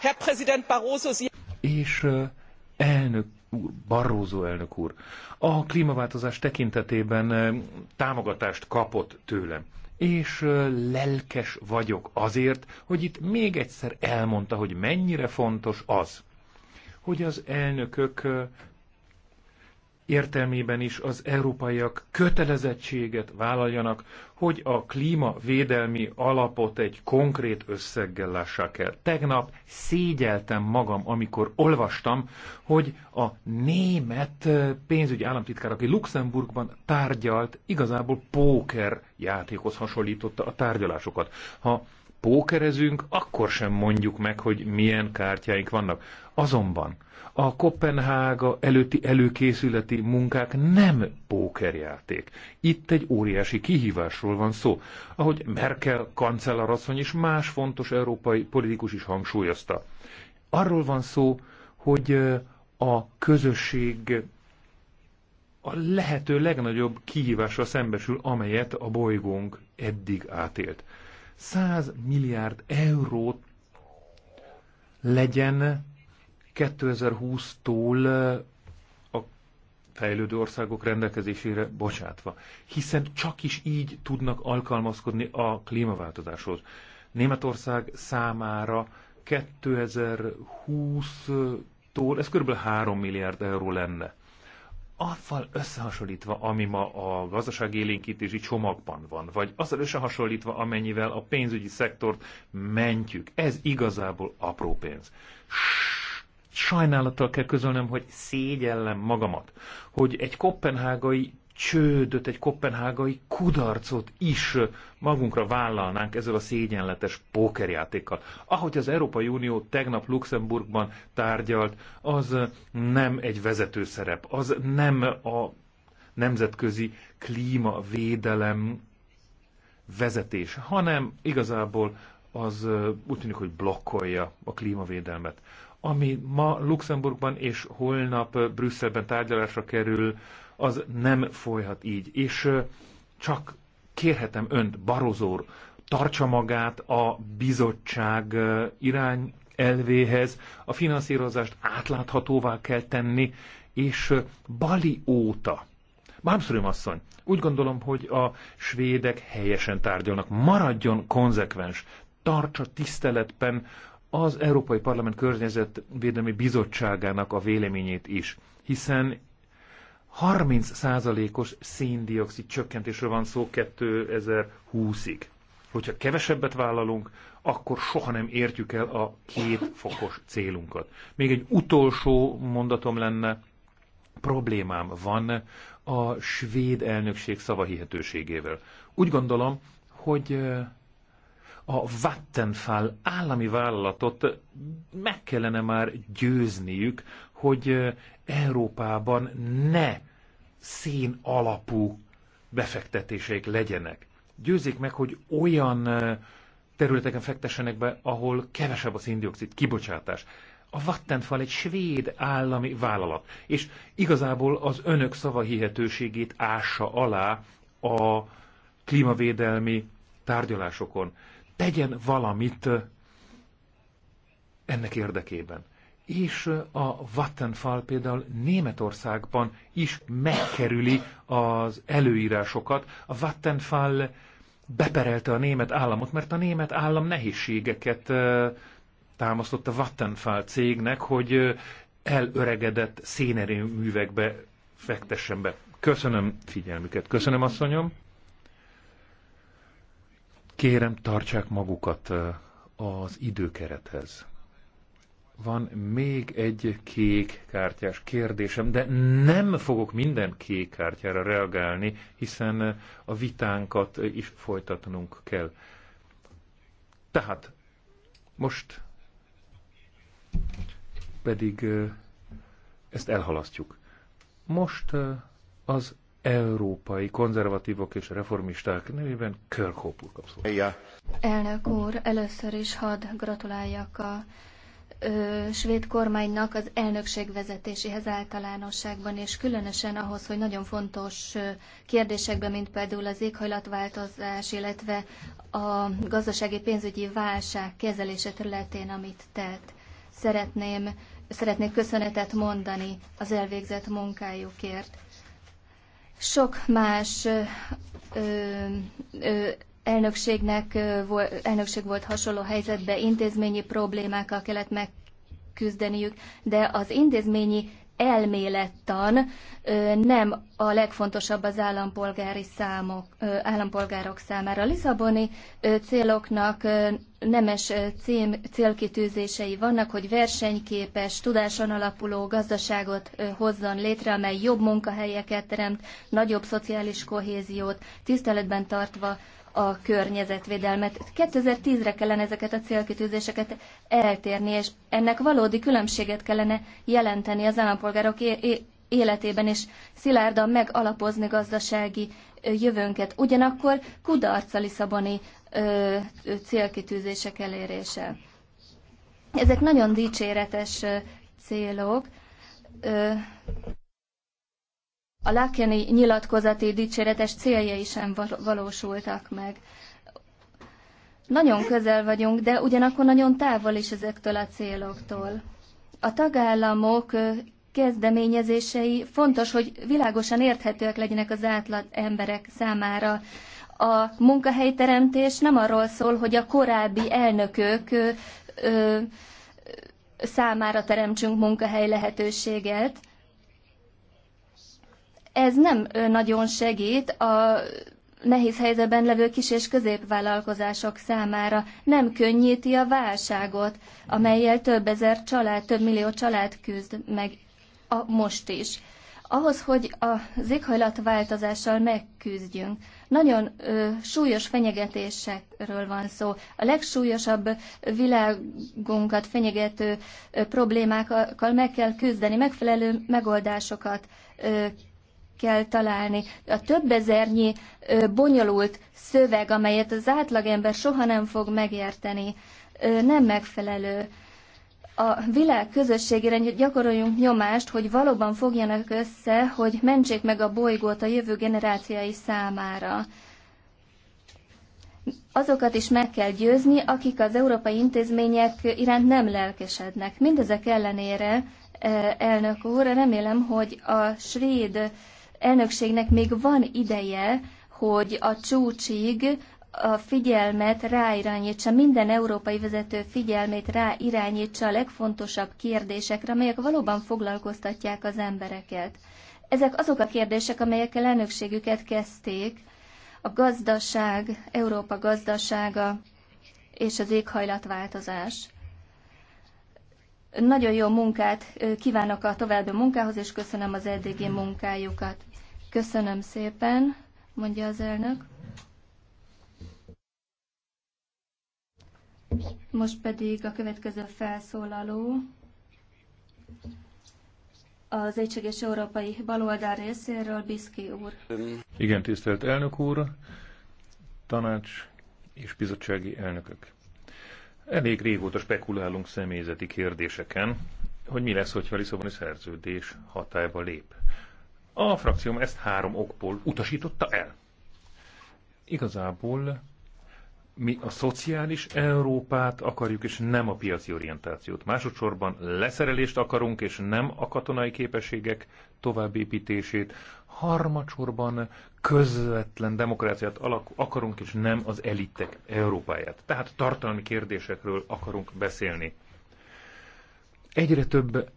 Speaker 3: Herr Präsident Barroso, Sie...
Speaker 1: És elnök úr, Barroso elnök úr, a klímaváltozás tekintetében támogatást kapott tőlem. És lelkes vagyok azért, hogy itt még egyszer elmondta, hogy mennyire fontos az, hogy az elnökök értelmében is az európaiak kötelezettséget vállaljanak, hogy a klímavédelmi alapot egy konkrét összeggel lássák el. Tegnap szégyeltem magam, amikor olvastam, hogy a német pénzügyi államtitkár, aki Luxemburgban tárgyalt, igazából póker játékhoz hasonlította a tárgyalásokat. Ha pókerezünk, akkor sem mondjuk meg, hogy milyen kártyáink vannak. Azonban a Kopenhága előtti előkészületi munkák nem pókerjáték. Itt egy óriási kihívásról van szó, ahogy Merkel kancellarasszony és más fontos európai politikus is hangsúlyozta. Arról van szó, hogy a közösség a lehető legnagyobb kihívásra szembesül, amelyet a bolygónk eddig átélt. 100 milliárd eurót legyen 2020-tól a fejlődő országok rendelkezésére bocsátva, hiszen csak is így tudnak alkalmazkodni a klímaváltozáshoz. Németország számára 2020-tól ez kb. 3 milliárd euró lenne azzal összehasonlítva, ami ma a élénkítési csomagban van, vagy azzal összehasonlítva, amennyivel a pénzügyi szektort mentjük, ez igazából apró pénz. Sajnálattal kell közölnöm, hogy szégyellem magamat, hogy egy kopenhágai csődöt, egy kopenhágai kudarcot is magunkra vállalnánk ezzel a szégyenletes pókerjátékkal. Ahogy az Európai Unió tegnap Luxemburgban tárgyalt, az nem egy vezető szerep, az nem a nemzetközi klímavédelem vezetés, hanem igazából az úgy tűnik, hogy blokkolja a klímavédelmet. Ami ma Luxemburgban és holnap Brüsszelben tárgyalásra kerül, az nem folyhat így. És csak kérhetem önt, Barozór, tartsa magát a bizottság irány elvéhez, a finanszírozást átláthatóvá kell tenni, és Bali óta, Bámszorim asszony, úgy gondolom, hogy a svédek helyesen tárgyalnak. Maradjon konzekvens, tartsa tiszteletben az Európai Parlament Környezetvédelmi Bizottságának a véleményét is, hiszen 30%-os széndiokszid csökkentésről van szó 2020-ig. Hogyha kevesebbet vállalunk, akkor soha nem értjük el a két fokos célunkat. Még egy utolsó mondatom lenne, problémám van a svéd elnökség szavahihetőségével. Úgy gondolom, hogy eh, a Vattenfall állami vállalatot meg kellene már győzniük, hogy eh, Európában ne szén alapú befektetéseik legyenek. Győzik meg, hogy olyan területeken fektessenek be, ahol kevesebb a széndiokszid kibocsátás. A Vattenfall egy svéd állami vállalat, és igazából az önök szava hihetőségét ássa alá a klímavédelmi tárgyalásokon. Tegyen valamit ennek érdekében és a Vattenfall például Németországban is megkerüli az előírásokat. A Vattenfall beperelte a német államot, mert a német állam nehézségeket támasztott a Vattenfall cégnek, hogy elöregedett szénerőművekbe fektessen be. Köszönöm figyelmüket. Köszönöm, asszonyom. Kérem, tartsák magukat az időkerethez. Van még egy kék kártyás kérdésem, de nem fogok minden kék kártyára reagálni, hiszen a vitánkat is folytatnunk kell. Tehát most pedig ezt elhalasztjuk. Most az európai konzervatívok és reformisták nevében Körkópul kapszol.
Speaker 4: Elnök úr, először is hadd gratuláljak a svéd kormánynak az elnökség vezetéséhez általánosságban, és különösen ahhoz, hogy nagyon fontos kérdésekben, mint például az éghajlatváltozás, illetve a gazdasági pénzügyi válság kezelése területén, amit tett. Szeretném, szeretnék köszönetet mondani az elvégzett munkájukért. Sok más ö, ö, elnökségnek elnökség volt hasonló helyzetben, intézményi problémákkal kellett megküzdeniük, de az intézményi elmélettan nem a legfontosabb az állampolgári számok, állampolgárok számára. A Lisszaboni céloknak nemes cím, célkitűzései vannak, hogy versenyképes, tudáson alapuló gazdaságot hozzon létre, amely jobb munkahelyeket teremt, nagyobb szociális kohéziót, tiszteletben tartva a környezetvédelmet. 2010-re kellene ezeket a célkitűzéseket eltérni, és ennek valódi különbséget kellene jelenteni az állampolgárok életében, és szilárdan megalapozni gazdasági jövőnket. Ugyanakkor kudarc a Lisszaboni célkitűzések elérése. Ezek nagyon dicséretes célok. Ö, a Lakjani nyilatkozati dicséretes céljai sem valósultak meg. Nagyon közel vagyunk, de ugyanakkor nagyon távol is ezektől a céloktól. A tagállamok kezdeményezései fontos, hogy világosan érthetőek legyenek az átlag emberek számára. A munkahelyteremtés nem arról szól, hogy a korábbi elnökök ö, ö, számára teremtsünk munkahely lehetőséget, ez nem nagyon segít a nehéz helyzetben levő kis- és középvállalkozások számára, nem könnyíti a válságot, amelyel több ezer család, több millió család küzd meg a, most is. Ahhoz, hogy az éghajlatváltozással megküzdjünk, nagyon ö, súlyos fenyegetésekről van szó. A legsúlyosabb világunkat fenyegető ö, problémákkal meg kell küzdeni, megfelelő megoldásokat ö, kell találni. A több ezernyi bonyolult szöveg, amelyet az átlagember soha nem fog megérteni, nem megfelelő. A világ közösségére gyakoroljunk nyomást, hogy valóban fogjanak össze, hogy mentsék meg a bolygót a jövő generációi számára. Azokat is meg kell győzni, akik az európai intézmények iránt nem lelkesednek. Mindezek ellenére elnök úr, remélem, hogy a svéd elnökségnek még van ideje, hogy a csúcsig a figyelmet ráirányítsa, minden európai vezető figyelmét ráirányítsa a legfontosabb kérdésekre, amelyek valóban foglalkoztatják az embereket. Ezek azok a kérdések, amelyekkel elnökségüket kezdték, a gazdaság, Európa gazdasága és az éghajlatváltozás. Nagyon jó munkát kívánok a további munkához, és köszönöm az eddigi munkájukat. Köszönöm szépen, mondja az elnök. Most pedig a következő felszólaló az Egységes Európai Baloldal részéről Biszki úr.
Speaker 1: Igen, tisztelt elnök úr, tanács és bizottsági elnökök. Elég régóta spekulálunk személyzeti kérdéseken, hogy mi lesz, hogyha a Lisszaboni szerződés hatályba lép. A frakcióm ezt három okból utasította el. Igazából mi a szociális Európát akarjuk, és nem a piaci orientációt. Másodszorban leszerelést akarunk, és nem a katonai képességek továbbépítését. Harmadsorban közvetlen demokráciát alak- akarunk, és nem az elitek Európáját. Tehát tartalmi kérdésekről akarunk beszélni. Egyre több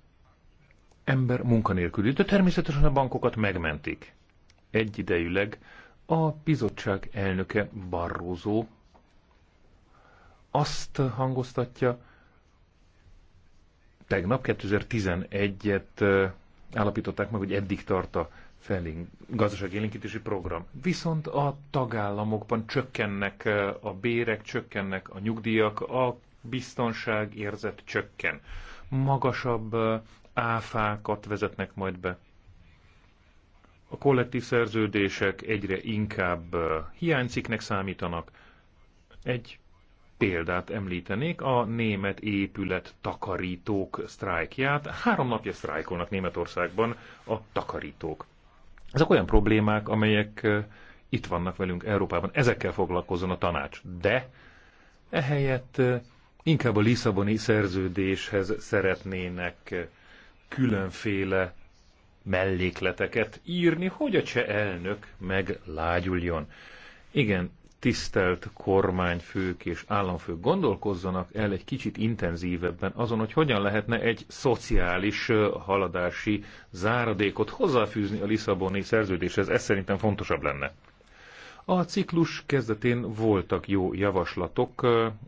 Speaker 1: ember munkanélküli, de természetesen a bankokat megmentik. Egyidejűleg a bizottság elnöke Barrózó azt hangoztatja, tegnap 2011-et állapították meg, hogy eddig tart a felénk, gazdaságélénkítési program. Viszont a tagállamokban csökkennek a bérek, csökkennek a nyugdíjak, a biztonság érzet csökken. Magasabb áfákat vezetnek majd be. A kollektív szerződések egyre inkább hiányciknek számítanak. Egy példát említenék, a német épület takarítók sztrájkját. Három napja sztrájkolnak Németországban a takarítók. Ezek olyan problémák, amelyek itt vannak velünk Európában. Ezekkel foglalkozzon a tanács. De ehelyett inkább a Lisszaboni szerződéshez szeretnének különféle mellékleteket írni, hogy a cseh elnök meglágyuljon. Igen, tisztelt kormányfők és államfők gondolkozzanak el egy kicsit intenzívebben azon, hogy hogyan lehetne egy szociális haladási záradékot hozzáfűzni a Lisszaboni szerződéshez. Ez szerintem fontosabb lenne. A ciklus kezdetén voltak jó javaslatok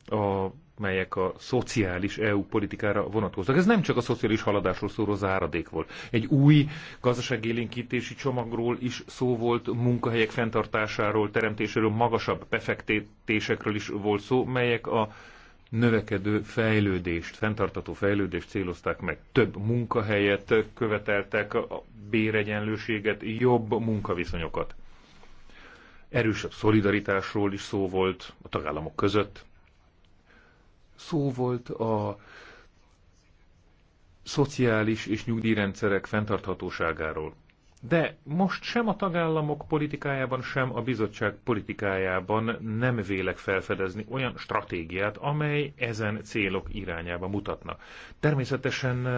Speaker 1: a melyek a szociális EU politikára vonatkoznak. Ez nem csak a szociális haladásról szóló záradék volt. Egy új gazdaságélénkítési csomagról is szó volt, munkahelyek fenntartásáról, teremtéséről, magasabb befektetésekről is volt szó, melyek a növekedő fejlődést, fenntartató fejlődést célozták meg. Több munkahelyet követeltek, a béregyenlőséget, jobb munkaviszonyokat. Erősebb szolidaritásról is szó volt a tagállamok között Szó volt a szociális és nyugdíjrendszerek fenntarthatóságáról. De most sem a tagállamok politikájában, sem a bizottság politikájában nem vélek felfedezni olyan stratégiát, amely ezen célok irányába mutatna. Természetesen eh,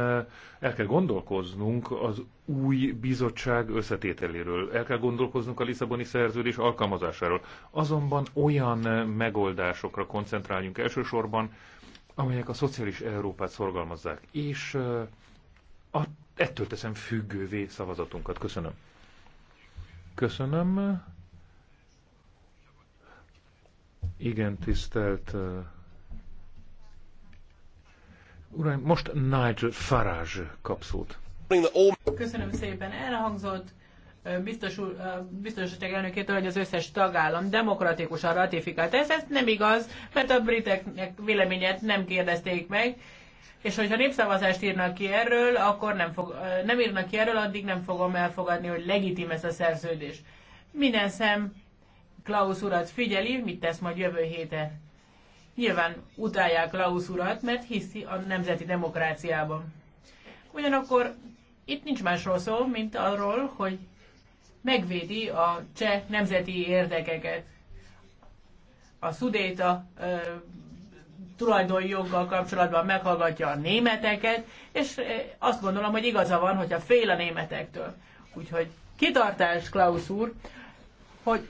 Speaker 1: el kell gondolkoznunk az új bizottság összetételéről, el kell gondolkoznunk a Lisszaboni szerződés alkalmazásáról. Azonban olyan megoldásokra koncentráljunk elsősorban, amelyek a szociális Európát szorgalmazzák, és a, ettől teszem függővé szavazatunkat. Köszönöm. Köszönöm. Igen, tisztelt Uraim, most Nigel Farage kap szót.
Speaker 2: Köszönöm szépen, elhangzott biztos, biztosítják elnökétől, hogy az összes tagállam demokratikusan ratifikált. Ez, ez nem igaz, mert a briteknek véleményet nem kérdezték meg, és hogyha népszavazást írnak ki erről, akkor nem, fog, nem írnak ki erről, addig nem fogom elfogadni, hogy legitim ez a szerződés. Minden szem Klaus urat figyeli, mit tesz majd jövő héten. Nyilván utálják Klaus urat, mert hiszi a nemzeti demokráciában. Ugyanakkor itt nincs másról szó, mint arról, hogy megvédi a cseh nemzeti érdekeket. A szudéta ö, tulajdonjoggal kapcsolatban meghallgatja a németeket, és azt gondolom, hogy igaza van, hogyha fél a németektől. Úgyhogy kitartás, Klaus úr, hogy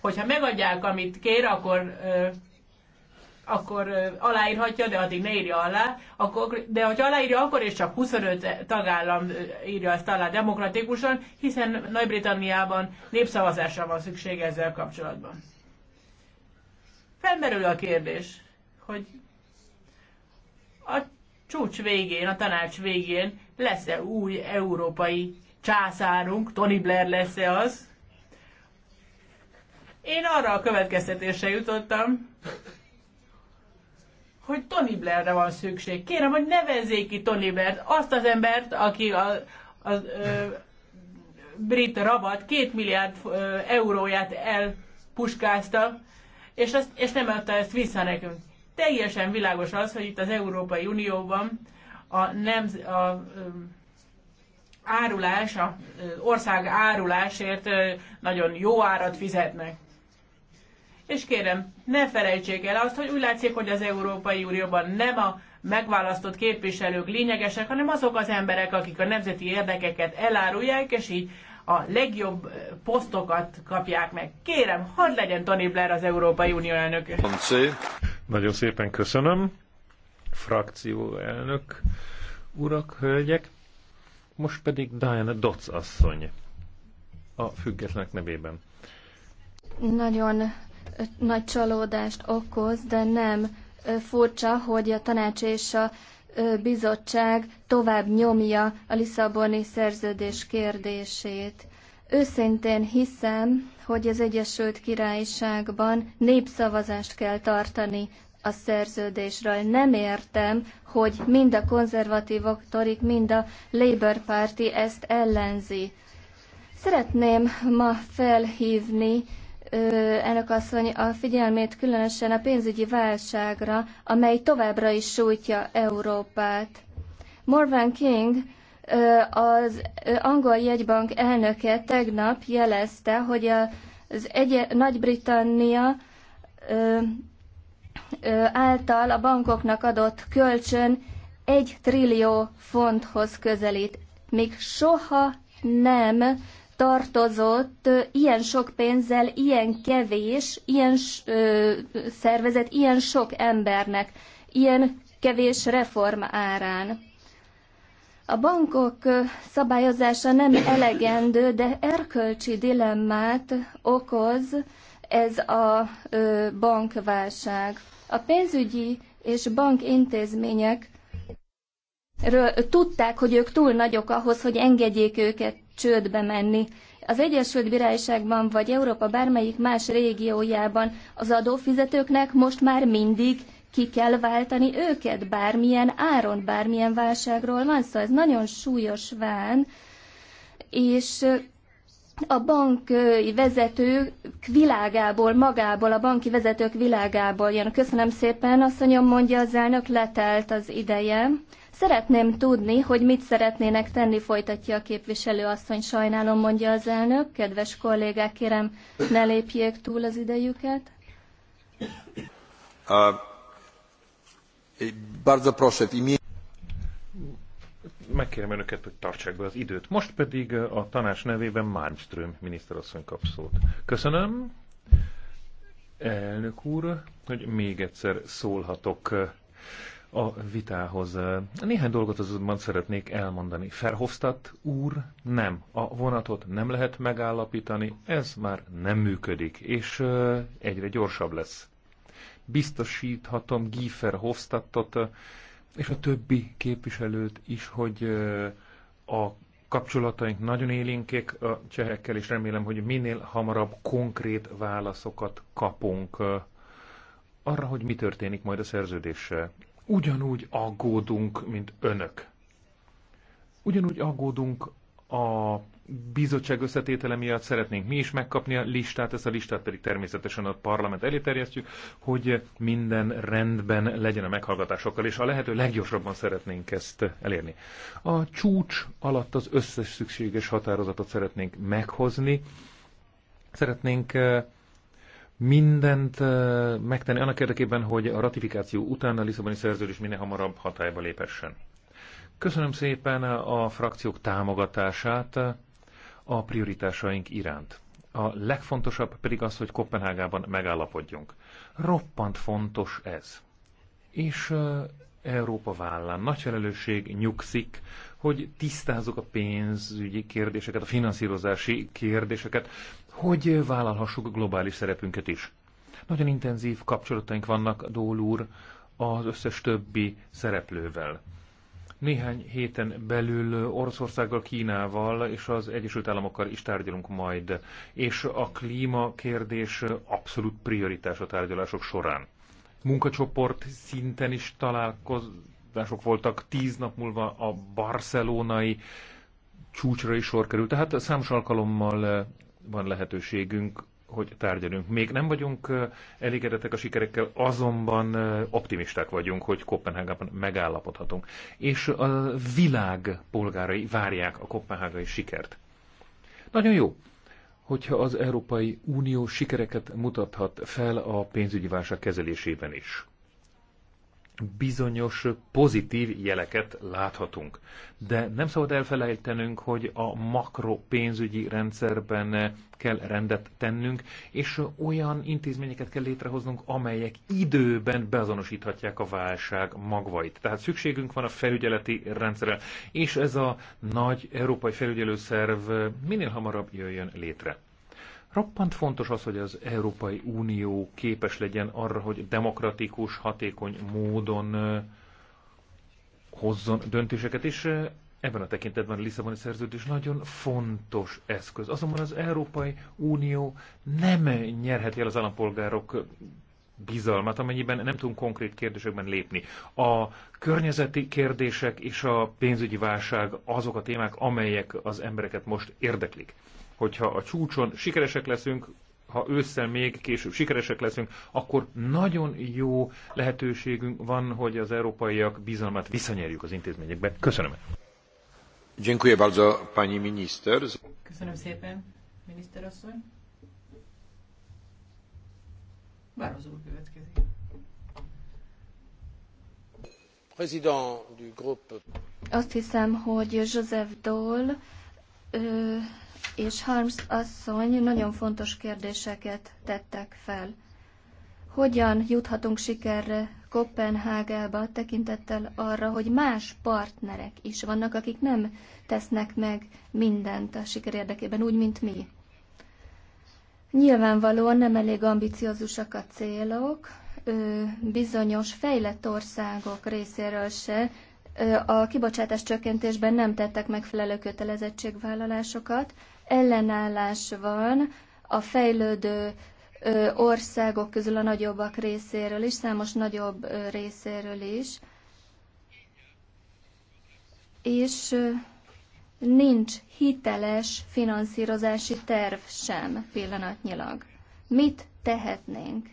Speaker 2: hogyha megadják, amit kér, akkor ö, akkor aláírhatja, de addig ne írja alá, akkor, de hogy aláírja, akkor és csak 25 tagállam írja ezt alá demokratikusan, hiszen Nagy-Britanniában népszavazásra van szükség ezzel kapcsolatban. Felmerül a kérdés, hogy a csúcs végén, a tanács végén lesz-e új európai császárunk, Tony Blair lesz-e az? Én arra a következtetésre jutottam, hogy Tony Blairre van szükség. Kérem, hogy nevezzék ki Tony Blair-t, azt az embert, aki a, a, a brit rabat két milliárd euróját elpuskázta, és, azt, és nem adta ezt vissza nekünk. Teljesen világos az, hogy itt az Európai Unióban a, nem, a a árulás, a, ország árulásért nagyon jó árat fizetnek. És kérem, ne felejtsék el azt, hogy úgy látszik, hogy az Európai Unióban nem a megválasztott képviselők lényegesek, hanem azok az emberek, akik a nemzeti érdekeket elárulják, és így a legjobb eh, posztokat kapják meg. Kérem, hadd legyen Tony Blair az Európai Unió elnöke.
Speaker 1: Nagyon szépen köszönöm. Frakció elnök, urak, hölgyek. Most pedig Diana Dotz asszony a függetlenek nevében.
Speaker 4: Nagyon nagy csalódást okoz, de nem furcsa, hogy a tanács és a bizottság tovább nyomja a Lisszaboni szerződés kérdését. Őszintén hiszem, hogy az Egyesült Királyságban népszavazást kell tartani a szerződésről. Nem értem, hogy mind a konzervatív oktorik, mind a Labour Party ezt ellenzi. Szeretném ma felhívni elnök asszony a figyelmét különösen a pénzügyi válságra, amely továbbra is sújtja Európát. Morvan King, az angol jegybank elnöke tegnap jelezte, hogy az Nagy-Britannia által a bankoknak adott kölcsön egy trillió fonthoz közelít. Még soha nem tartozott ilyen sok pénzzel, ilyen kevés, ilyen ö, szervezet, ilyen sok embernek, ilyen kevés reform árán. A bankok szabályozása nem elegendő, de erkölcsi dilemmát okoz ez a ö, bankválság. A pénzügyi és bankintézmények tudták, hogy ők túl nagyok ahhoz, hogy engedjék őket csődbe menni. Az Egyesült Királyságban vagy Európa bármelyik más régiójában az adófizetőknek most már mindig ki kell váltani őket bármilyen áron, bármilyen válságról van szó. Szóval ez nagyon súlyos ván, és a banki vezetők világából, magából, a banki vezetők világából jön. Köszönöm szépen, asszonyom mondja az elnök, letelt az ideje. Szeretném tudni, hogy mit szeretnének tenni, folytatja a képviselő asszony, sajnálom, mondja az elnök. Kedves kollégák, kérem, ne lépjék túl az idejüket.
Speaker 1: Uh, bardzo proszę, megkérem önöket, hogy tartsák be az időt. Most pedig a tanács nevében Malmström miniszterasszony kap szót. Köszönöm, elnök úr, hogy még egyszer szólhatok a vitához. Néhány dolgot azonban szeretnék elmondani. Ferhofstadt úr, nem. A vonatot nem lehet megállapítani, ez már nem működik, és egyre gyorsabb lesz. Biztosíthatom Giefer Hofstadtot és a többi képviselőt is, hogy a kapcsolataink nagyon élénkek a csehekkel, és remélem, hogy minél hamarabb konkrét válaszokat kapunk arra, hogy mi történik majd a szerződéssel ugyanúgy aggódunk, mint önök. Ugyanúgy aggódunk a bizottság összetétele miatt szeretnénk mi is megkapni a listát, ezt a listát pedig természetesen a parlament elé terjesztjük, hogy minden rendben legyen a meghallgatásokkal, és a lehető leggyorsabban szeretnénk ezt elérni. A csúcs alatt az összes szükséges határozatot szeretnénk meghozni, szeretnénk eh, mindent megtenni annak érdekében, hogy a ratifikáció után a Lisszaboni szerződés minél hamarabb hatályba lépessen. Köszönöm szépen a frakciók támogatását a prioritásaink iránt. A legfontosabb pedig az, hogy Kopenhágában megállapodjunk. Roppant fontos ez. És Európa vállán nagy felelősség nyugszik, hogy tisztázzuk a pénzügyi kérdéseket, a finanszírozási kérdéseket, hogy vállalhassuk a globális szerepünket is. Nagyon intenzív kapcsolataink vannak Dól úr az összes többi szereplővel. Néhány héten belül Oroszországgal, Kínával és az Egyesült Államokkal is tárgyalunk majd, és a klíma kérdés abszolút prioritás a tárgyalások során. Munkacsoport szinten is találkozások voltak, tíz nap múlva a barcelonai csúcsra is sor került, tehát számos alkalommal van lehetőségünk, hogy tárgyalunk. Még nem vagyunk elégedettek a sikerekkel, azonban optimisták vagyunk, hogy Kopenhágában megállapodhatunk. És a világ polgárai várják a kopenhágai sikert. Nagyon jó, hogyha az Európai Unió sikereket mutathat fel a pénzügyi válság kezelésében is bizonyos pozitív jeleket láthatunk. De nem szabad elfelejtenünk, hogy a makro pénzügyi rendszerben kell rendet tennünk, és olyan intézményeket kell létrehoznunk, amelyek időben beazonosíthatják a válság magvait. Tehát szükségünk van a felügyeleti rendszerre, és ez a nagy európai felügyelőszerv minél hamarabb jöjjön létre. Roppant fontos az, hogy az Európai Unió képes legyen arra, hogy demokratikus, hatékony módon hozzon döntéseket, és ebben a tekintetben a Lisszaboni szerződés nagyon fontos eszköz. Azonban az Európai Unió nem nyerheti el az állampolgárok bizalmat, amennyiben nem tudunk konkrét kérdésekben lépni. A környezeti kérdések és a pénzügyi válság azok a témák, amelyek az embereket most érdeklik hogyha a csúcson sikeresek leszünk, ha ősszel még később sikeresek leszünk, akkor nagyon jó lehetőségünk van, hogy az európaiak bizalmát visszanyerjük az intézményekbe. Köszönöm. Dziękuję bardzo, pani minister.
Speaker 2: Köszönöm szépen, miniszter asszony.
Speaker 3: Barroso következik.
Speaker 4: Azt hiszem, hogy Joseph Dole és Harms asszony nagyon fontos kérdéseket tettek fel. Hogyan juthatunk sikerre Kopenhágába tekintettel arra, hogy más partnerek is vannak, akik nem tesznek meg mindent a siker érdekében, úgy, mint mi? Nyilvánvalóan nem elég ambiciózusak a célok, bizonyos fejlett országok részéről se a kibocsátás csökkentésben nem tettek megfelelő kötelezettségvállalásokat, ellenállás van a fejlődő országok közül a nagyobbak részéről is, számos nagyobb részéről is, és nincs hiteles finanszírozási terv sem pillanatnyilag. Mit tehetnénk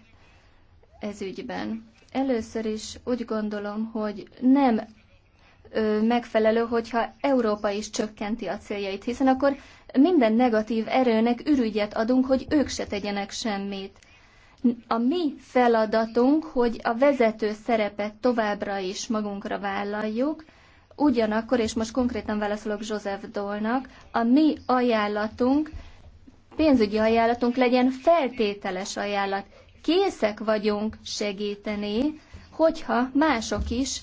Speaker 4: ez ügyben? Először is úgy gondolom, hogy nem megfelelő, hogyha Európa is csökkenti a céljait, hiszen akkor minden negatív erőnek ürügyet adunk, hogy ők se tegyenek semmit. A mi feladatunk, hogy a vezető szerepet továbbra is magunkra vállaljuk, ugyanakkor, és most konkrétan válaszolok Joseph Dolnak, a mi ajánlatunk, pénzügyi ajánlatunk legyen feltételes ajánlat. Készek vagyunk segíteni, hogyha mások is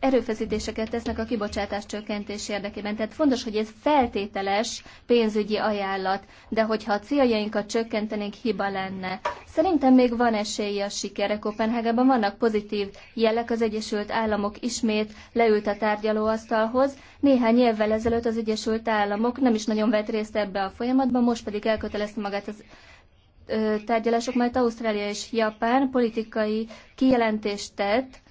Speaker 4: erőfeszítéseket tesznek a kibocsátás csökkentés érdekében. Tehát fontos, hogy ez feltételes pénzügyi ajánlat, de hogyha a céljainkat csökkentenénk, hiba lenne. Szerintem még van esélye a sikerre. Kopenhágában vannak pozitív jelek, az Egyesült Államok ismét leült a tárgyalóasztalhoz. Néhány évvel ezelőtt az Egyesült Államok nem is nagyon vett részt ebbe a folyamatban, most pedig elkötelezte magát az tárgyalások, majd Ausztrália és Japán politikai kijelentést tett,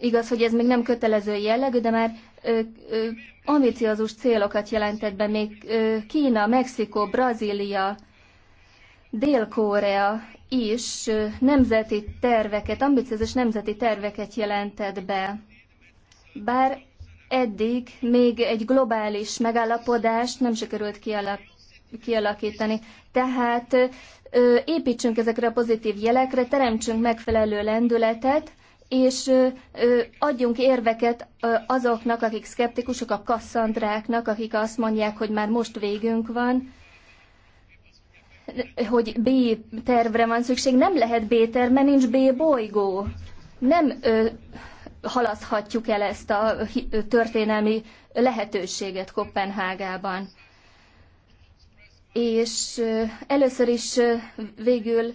Speaker 4: Igaz, hogy ez még nem kötelező jellegű, de már ö, ö, ambiciózus célokat jelentett be még ö, Kína, Mexikó, Brazília, Dél-Korea is ö, nemzeti terveket, ambiciózus nemzeti terveket jelentett be. Bár eddig még egy globális megállapodást nem sikerült kialak, kialakítani. Tehát ö, építsünk ezekre a pozitív jelekre, teremtsünk megfelelő lendületet, és adjunk érveket azoknak, akik szkeptikusok, a kasszandráknak, akik azt mondják, hogy már most végünk van, hogy B tervre van szükség. Nem lehet B terv, mert nincs B bolygó. Nem ö, halaszhatjuk el ezt a történelmi lehetőséget Kopenhágában. És először is végül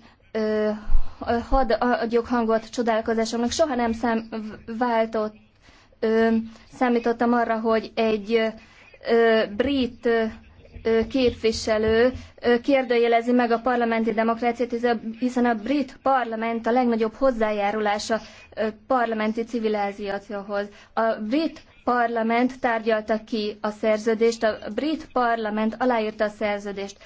Speaker 4: hadd adjuk hangot csodálkozásomnak. Soha nem szám, váltott, ö, számítottam arra, hogy egy ö, brit ö, képviselő ö, kérdőjelezi meg a parlamenti demokráciát, hiszen a brit parlament a legnagyobb hozzájárulása ö, parlamenti civilizációhoz. A brit parlament tárgyalta ki a szerződést, a brit parlament aláírta a szerződést.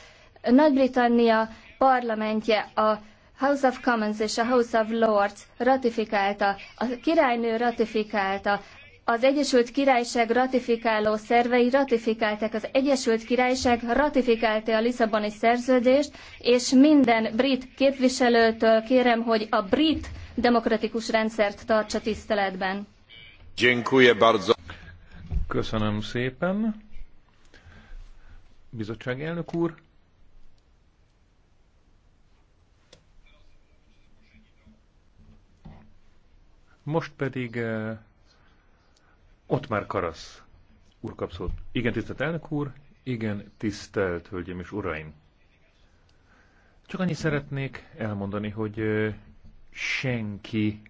Speaker 4: Nagy-Britannia parlamentje a House of Commons és a House of Lords ratifikálta, a királynő ratifikálta, az Egyesült Királyság ratifikáló szervei ratifikálták, az Egyesült Királyság ratifikálta a Lisszaboni szerződést, és minden brit képviselőtől kérem, hogy a brit demokratikus rendszert tartsa tiszteletben.
Speaker 1: Köszönöm szépen. Bizottság elnök úr. Most pedig eh, ott már Karasz úr kap szót. Igen, tisztelt elnök úr, igen, tisztelt hölgyeim és uraim. Csak annyit szeretnék elmondani, hogy eh, senki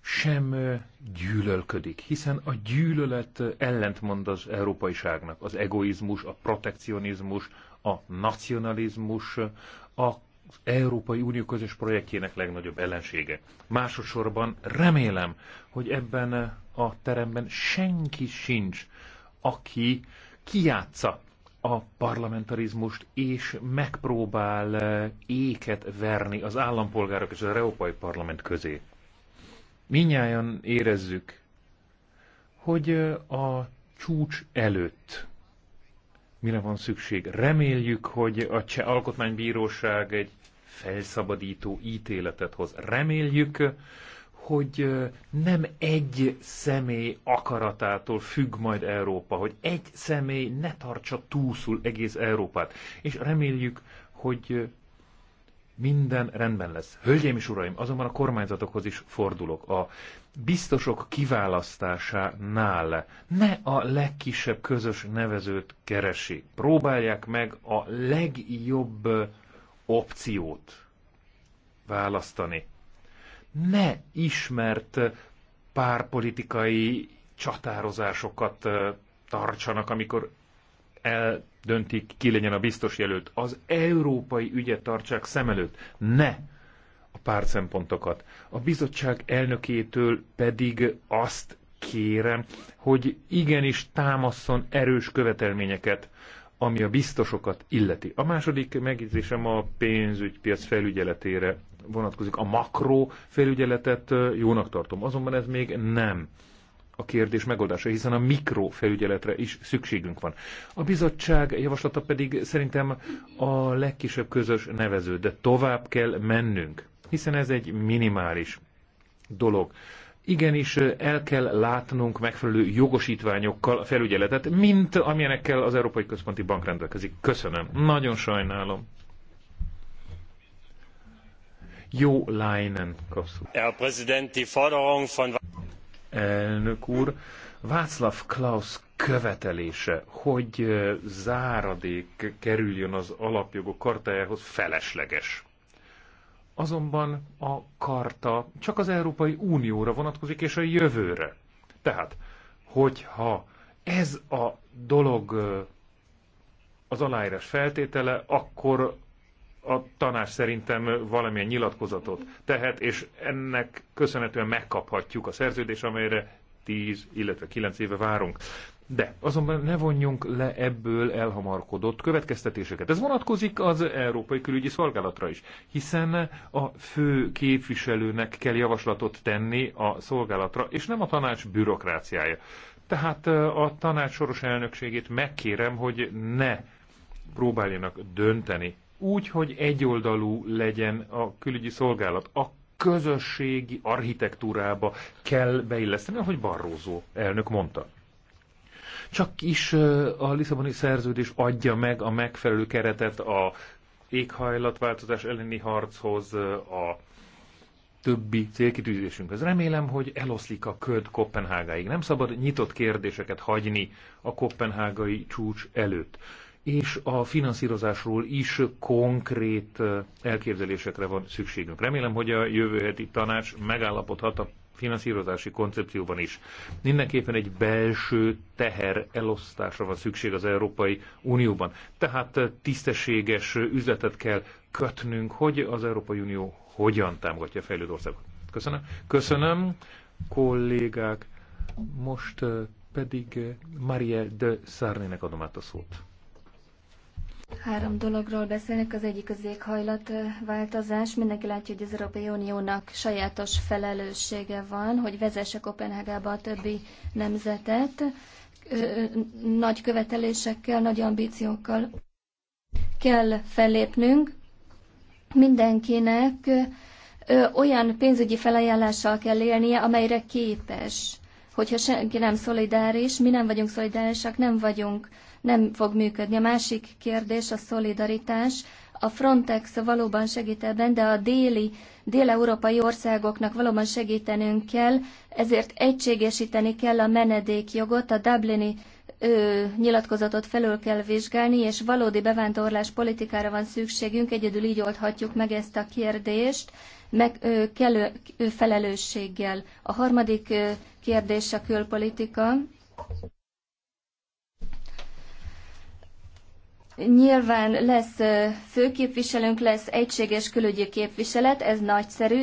Speaker 1: sem eh, gyűlölködik, hiszen a gyűlölet ellentmond az európaiságnak. Az egoizmus, a protekcionizmus, a nacionalizmus, a az Európai Unió közös projektjének legnagyobb ellensége. Másodszorban remélem, hogy ebben a teremben senki sincs, aki kiátsza a parlamentarizmust, és megpróbál eh, éket verni az állampolgárok és az Európai Parlament közé. Minnyáján érezzük, hogy eh, a csúcs előtt mire van szükség. Reméljük, hogy a Cseh Alkotmánybíróság egy felszabadító ítéletet hoz. Reméljük, hogy nem egy személy akaratától függ majd Európa, hogy egy személy ne tartsa túlszul egész Európát. És reméljük, hogy minden rendben lesz. Hölgyeim és uraim, azonban a kormányzatokhoz is fordulok. A biztosok kiválasztásánál ne a legkisebb közös nevezőt keresi. Próbálják meg a legjobb opciót választani. Ne ismert párpolitikai csatározásokat tartsanak, amikor eldöntik, ki legyen a biztos jelölt. Az európai ügyet tartsák szem előtt. Ne a pártszempontokat. A bizottság elnökétől pedig azt kérem, hogy igenis támaszon erős követelményeket ami a biztosokat illeti. A második megjegyzésem a pénzügypiac felügyeletére vonatkozik. A makro felügyeletet jónak tartom, azonban ez még nem a kérdés megoldása, hiszen a mikro felügyeletre is szükségünk van. A bizottság javaslata pedig szerintem a legkisebb közös nevező, de tovább kell mennünk, hiszen ez egy minimális dolog igenis el kell látnunk megfelelő jogosítványokkal a felügyeletet, mint amilyenekkel az Európai Központi Bank rendelkezik. Köszönöm. Nagyon sajnálom. Jó Leinen kapszul. Herr Präsident, die Forderung von... Elnök úr, Václav Klaus követelése, hogy záradék kerüljön az alapjogok kartájához felesleges azonban a karta csak az Európai Unióra vonatkozik és a jövőre. Tehát, hogyha ez a dolog az aláírás feltétele, akkor a tanács szerintem valamilyen nyilatkozatot tehet, és ennek köszönhetően megkaphatjuk a szerződést, amelyre 10, illetve 9 éve várunk. De azonban ne vonjunk le ebből elhamarkodott következtetéseket. Ez vonatkozik az Európai Külügyi Szolgálatra is, hiszen a fő képviselőnek kell javaslatot tenni a szolgálatra, és nem a tanács bürokráciája. Tehát a tanács soros elnökségét megkérem, hogy ne próbáljanak dönteni. Úgy, hogy egyoldalú legyen a külügyi szolgálat. A közösségi architektúrába kell beilleszteni, ahogy Barroso elnök mondta csak is a Lisszaboni szerződés adja meg a megfelelő keretet a éghajlatváltozás elleni harchoz, a többi célkitűzésünkhöz. Remélem, hogy eloszlik a köd Kopenhágáig. Nem szabad nyitott kérdéseket hagyni a kopenhágai csúcs előtt. És a finanszírozásról is konkrét elképzelésekre van szükségünk. Remélem, hogy a jövő heti tanács megállapodhat a finanszírozási koncepcióban is. Mindenképpen egy belső teher elosztásra van szükség az Európai Unióban. Tehát tisztességes üzletet kell kötnünk, hogy az Európai Unió hogyan támogatja a fejlődő országokat. Köszönöm. Köszönöm, kollégák. Most eh, pedig eh, Marielle de Sarnének adom át a szót.
Speaker 4: Három dologról beszélnek, az egyik az éghajlatváltozás. Mindenki látja, hogy az Európai Uniónak sajátos felelőssége van, hogy vezesse Kopenhágába a többi nemzetet. Nagy követelésekkel, nagy ambíciókkal kell fellépnünk. Mindenkinek olyan pénzügyi felajánlással kell élnie, amelyre képes. Hogyha senki nem szolidáris, mi nem vagyunk szolidárisak, nem vagyunk nem fog működni. A másik kérdés a szolidaritás. A Frontex valóban segít ebben, de a déli, dél-európai országoknak valóban segítenünk kell, ezért egységesíteni kell a menedékjogot, a Dublini ő, nyilatkozatot felül kell vizsgálni, és valódi bevándorlás politikára van szükségünk, egyedül így oldhatjuk meg ezt a kérdést, meg ő, kellő ő, felelősséggel. A harmadik ö, kérdés a külpolitika. Nyilván lesz főképviselőnk, lesz egységes külügyi képviselet, ez nagyszerű,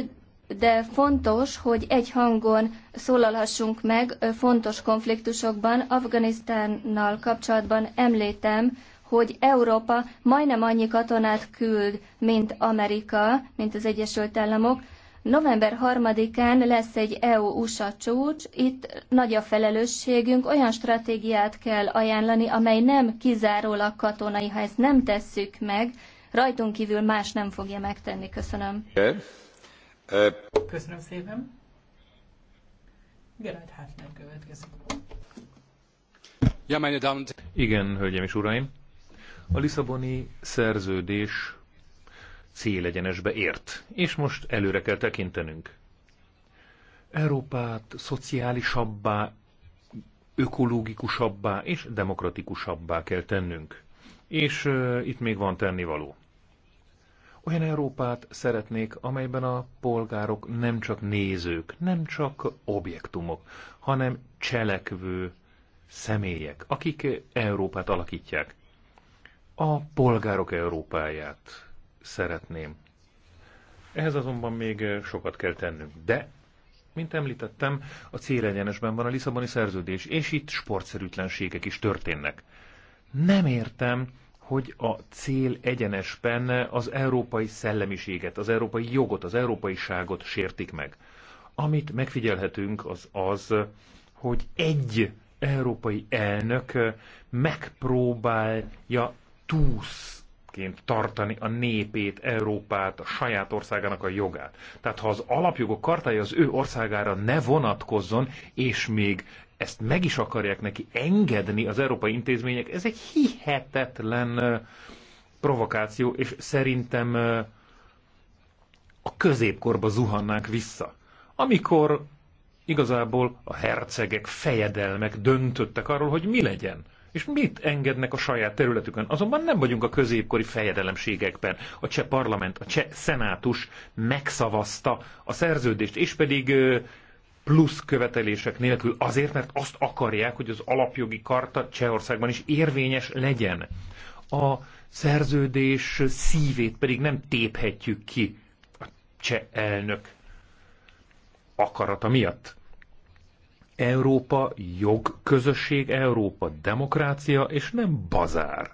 Speaker 4: de fontos, hogy egy hangon szólalhassunk meg fontos konfliktusokban. Afganisztánnal kapcsolatban említem, hogy Európa majdnem annyi katonát küld, mint Amerika, mint az Egyesült Államok, November 3-án lesz egy EU-USA csúcs, itt nagy a felelősségünk, olyan stratégiát kell ajánlani, amely nem kizárólag katonai, ha ezt nem tesszük meg, rajtunk kívül más nem fogja megtenni. Köszönöm.
Speaker 2: Köszönöm szépen. Gerard Hartner következik.
Speaker 3: Ja, meine Damen.
Speaker 1: Igen, hölgyeim és uraim. A Lisszaboni szerződés célegyenesbe ért, és most előre kell tekintenünk. Európát szociálisabbá, ökológikusabbá és demokratikusabbá kell tennünk. És e, itt még van tennivaló. Olyan Európát szeretnék, amelyben a polgárok nem csak nézők, nem csak objektumok, hanem cselekvő személyek, akik Európát alakítják. A polgárok Európáját szeretném. Ehhez azonban még eh, sokat kell tennünk. De, mint említettem, a célegyenesben van a Lisszaboni szerződés, és itt sportszerűtlenségek is történnek. Nem értem, hogy a cél egyenesben az európai szellemiséget, az európai jogot, az európai ságot sértik meg. Amit megfigyelhetünk, az az, hogy egy európai elnök megpróbálja túsz tiszteletként tartani a népét, Európát, a saját országának a jogát. Tehát ha az alapjogok kartája az ő országára ne vonatkozzon, és még ezt meg is akarják neki engedni az európai intézmények, ez egy hihetetlen provokáció, és szerintem a középkorba zuhannánk vissza. Amikor igazából a hercegek, fejedelmek döntöttek arról, hogy mi legyen és mit engednek a saját területükön. Azonban nem vagyunk a középkori fejedelemségekben. A cseh parlament, a cseh szenátus megszavazta a szerződést, és pedig plusz követelések nélkül azért, mert azt akarják, hogy az alapjogi karta Csehországban is érvényes legyen. A szerződés szívét pedig nem téphetjük ki a cseh elnök akarata miatt. Európa jogközösség, Európa demokrácia, és nem bazár.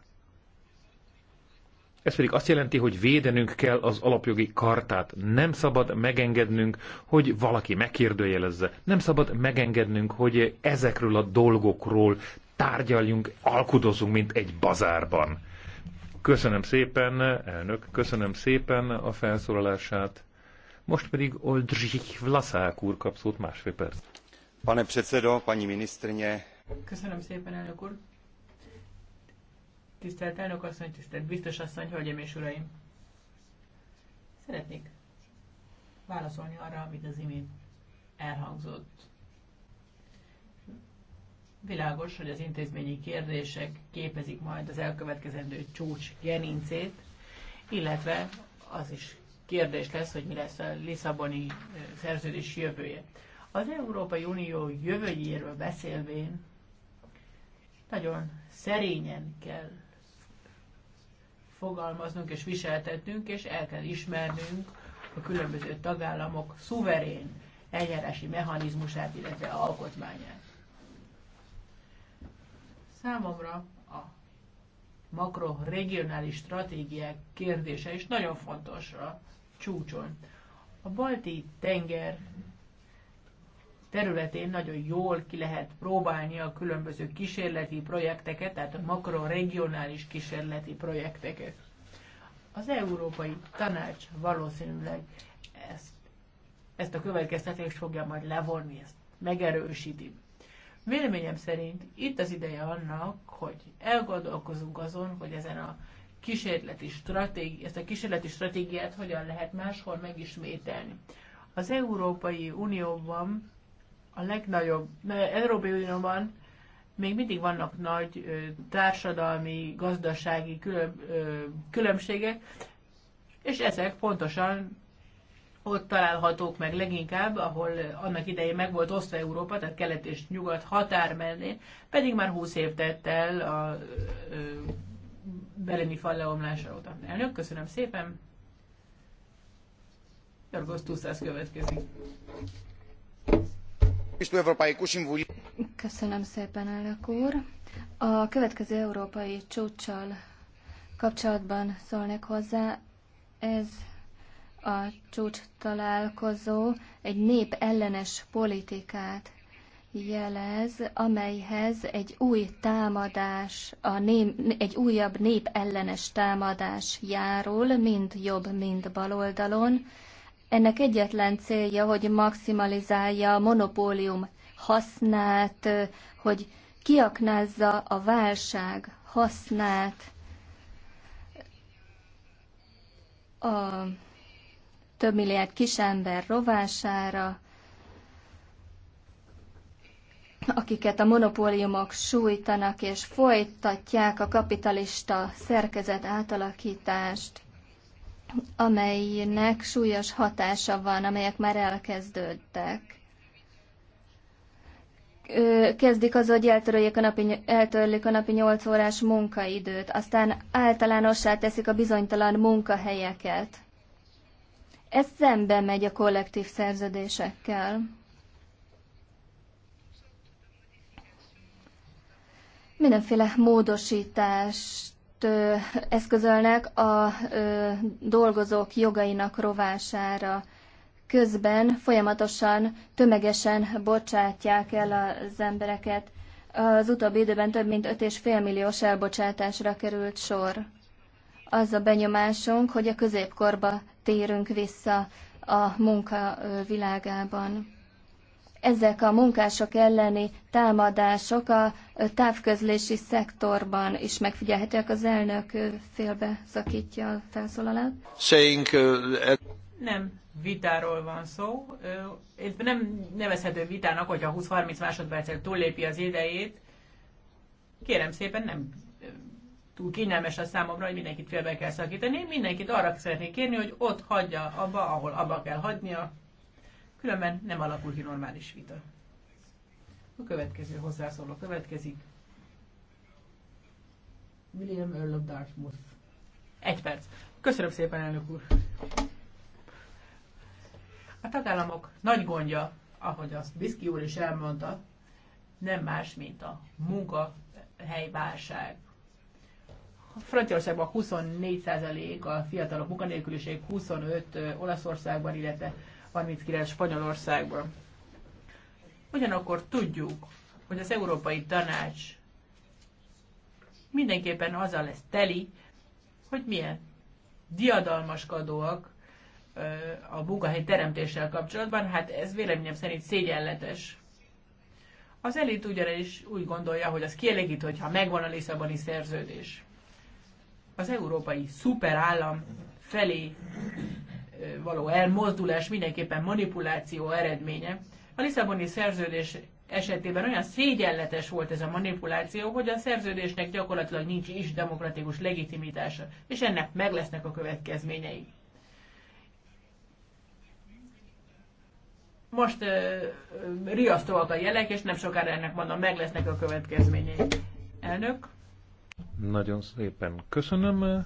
Speaker 1: Ez pedig azt jelenti, hogy védenünk kell az alapjogi kartát. Nem szabad megengednünk, hogy valaki megkérdőjelezze. Nem szabad megengednünk, hogy ezekről a dolgokról tárgyaljunk, alkudozunk, mint egy bazárban. Köszönöm szépen, elnök, köszönöm szépen a felszólalását. Most pedig Oldrich Vlaszák úr kap szót másfél perc. Pane předsedo, paní ministryně
Speaker 2: Köszönöm szépen, elnök úr. Tisztelt elnök asszony, tisztelt biztos asszony, hölgyeim és uraim. Szeretnék válaszolni arra, amit az imént elhangzott. Világos, hogy az intézményi kérdések képezik majd az elkövetkezendő csúcs gerincét, illetve az is kérdés lesz, hogy mi lesz a Lisszaboni eh, szerződés jövője. Az Európai Unió jövőjéről beszélvén nagyon szerényen kell fogalmaznunk és viseltetnünk, és el kell ismernünk a különböző tagállamok szuverén eljárási mechanizmusát, illetve alkotmányát. Számomra a makroregionális stratégiák kérdése is nagyon fontos a csúcson. A balti tenger területén nagyon jól ki lehet próbálni a különböző kísérleti projekteket, tehát a makroregionális kísérleti projekteket. Az Európai Tanács valószínűleg ezt, ezt a következtetést fogja majd levonni, ezt megerősíti. Véleményem szerint itt az ideje annak, hogy elgondolkozunk azon, hogy ezen a kísérleti stratégi, ezt a kísérleti stratégiát hogyan lehet máshol megismételni. Az Európai Unióban a legnagyobb, Európai Unióban még mindig vannak nagy társadalmi, gazdasági különbségek, és ezek pontosan ott találhatók meg leginkább, ahol annak idején meg volt osztva Európa, tehát kelet és nyugat határ mellé, pedig már 20 év tett el a ö, bereni fal leomlása óta. Elnök, köszönöm szépen! Jorgos Tuszász következik.
Speaker 4: Köszönöm szépen, elnök úr. A következő európai csúcssal kapcsolatban szólnék hozzá. Ez a csúcs találkozó egy nép ellenes politikát jelez, amelyhez egy új támadás, a egy újabb nép ellenes támadás járul, mind jobb, mind baloldalon. oldalon ennek egyetlen célja, hogy maximalizálja a monopólium hasznát, hogy kiaknázza a válság hasznát a több milliárd kisember rovására, akiket a monopóliumok sújtanak és folytatják a kapitalista szerkezet átalakítást amelynek súlyos hatása van, amelyek már elkezdődtek. Kezdik az, hogy eltörlik a napi, eltörlik a napi 8 órás munkaidőt, aztán általánossá teszik a bizonytalan munkahelyeket. Ez szembe megy a kollektív szerződésekkel. Mindenféle módosítást eszközölnek a dolgozók jogainak rovására. Közben folyamatosan, tömegesen bocsátják el az embereket. Az utóbbi időben több mint 5,5 milliós elbocsátásra került sor. Az a benyomásunk, hogy a középkorba térünk vissza a munka világában ezek a munkások elleni támadások a távközlési szektorban is megfigyelhetőek. Az elnök félbe szakítja a felszólalát.
Speaker 3: Uh,
Speaker 2: nem vitáról van szó. Ez nem nevezhető vitának, hogyha 20-30 másodpercet túllépi az idejét. Kérem szépen, nem túl kényelmes a számomra, hogy mindenkit félbe kell szakítani. Mindenkit arra szeretnék kérni, hogy ott hagyja abba, ahol abba kell hagynia, különben nem alakul ki normális vita. A következő hozzászóló következik. William Earl of Dartmouth. Egy perc. Köszönöm szépen, elnök úr. A tagállamok nagy gondja, ahogy azt Biszki úr is elmondta, nem más, mint a munkahelyválság. Franciaországban 24% a fiatalok munkanélküliség, 25 Olaszországban, illetve 39 Spanyolországban. Ugyanakkor tudjuk, hogy az Európai Tanács mindenképpen azzal lesz teli, hogy milyen diadalmaskodóak a munkahely teremtéssel kapcsolatban, hát ez véleményem szerint szégyenletes. Az elit ugyanis úgy gondolja, hogy az kielégít, hogyha megvan a Lisszaboni szerződés. Az európai szuperállam felé való elmozdulás mindenképpen manipuláció eredménye. A Lisszaboni szerződés esetében olyan szégyenletes volt ez a manipuláció, hogy a szerződésnek gyakorlatilag nincs is demokratikus legitimitása, és ennek meg lesznek a következményei. Most uh, riasztóak a jelek, és nem sokára ennek mondom, meg lesznek a következményei. Elnök.
Speaker 1: Nagyon szépen köszönöm.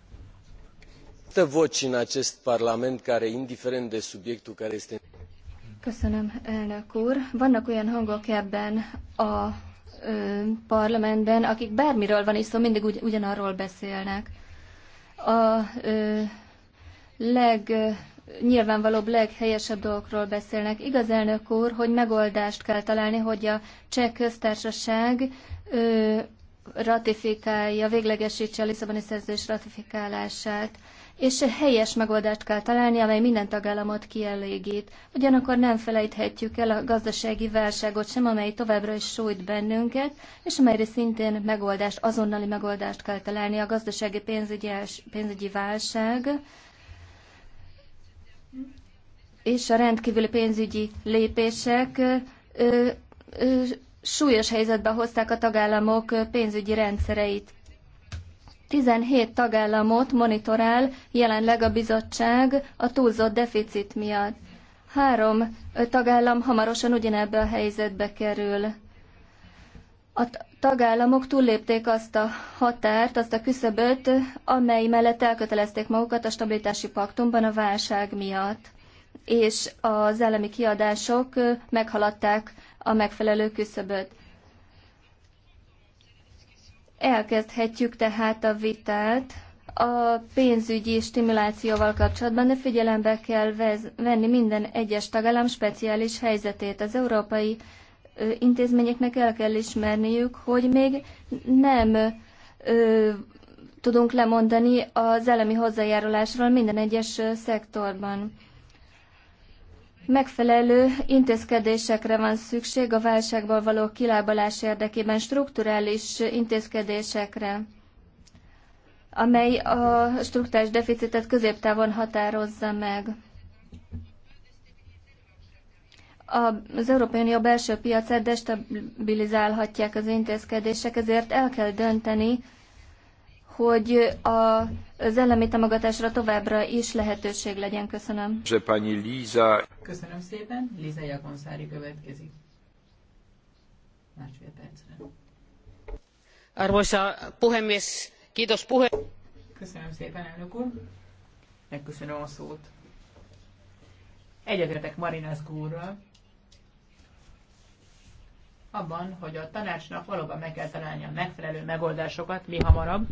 Speaker 3: există voci în acest parlament care, indiferent de subiectul care este...
Speaker 4: Köszönöm, elnök úr. Vannak olyan hangok ebben a ö, parlamentben, akik bármiről van is szó, mindig ugy, ugyanarról beszélnek. A ö, leg nyilvánvalóbb leghelyesebb dolgokról beszélnek. Igaz, elnök úr, hogy megoldást kell találni, hogy a cseh köztársaság ö, ratifikálja, véglegesítse a Lisszaboni szerződés ratifikálását és helyes megoldást kell találni, amely minden tagállamot kielégít. Ugyanakkor nem felejthetjük el a gazdasági válságot sem, amely továbbra is sújt bennünket, és amelyre szintén megoldást, azonnali megoldást kell találni. A gazdasági pénzügyi, pénzügyi válság és a rendkívüli pénzügyi lépések ö, ö, súlyos helyzetbe hozták a tagállamok pénzügyi rendszereit. 17 tagállamot monitorál jelenleg a bizottság a túlzott deficit miatt. Három tagállam hamarosan ugyanebbe a helyzetbe kerül. A tagállamok túllépték azt a határt, azt a küszöböt, amely mellett elkötelezték magukat a stabilitási paktumban a válság miatt, és az elemi kiadások meghaladták a megfelelő küszöböt. Elkezdhetjük tehát a vitát a pénzügyi stimulációval kapcsolatban, de figyelembe kell venni minden egyes tagállam speciális helyzetét. Az európai intézményeknek el kell ismerniük, hogy még nem ö, tudunk lemondani az elemi hozzájárulásról minden egyes szektorban. Megfelelő intézkedésekre van szükség a válságból való kilábalás érdekében, strukturális intézkedésekre, amely a struktúrás deficitet középtávon határozza meg. Az Európai Unió belső piacát destabilizálhatják az intézkedések, ezért el kell dönteni, hogy a, az elemi támogatásra továbbra is lehetőség legyen. Köszönöm.
Speaker 2: Köszönöm szépen. Liza Jakonszári következik. Másfél percre.
Speaker 5: Arvoisa puhemies, kiitos puhe...
Speaker 2: Köszönöm szépen, elnök úr. Megköszönöm a szót. Egyetértek Marinescu úrral abban, hogy a tanácsnak valóban meg kell találni a megfelelő megoldásokat mi hamarabb,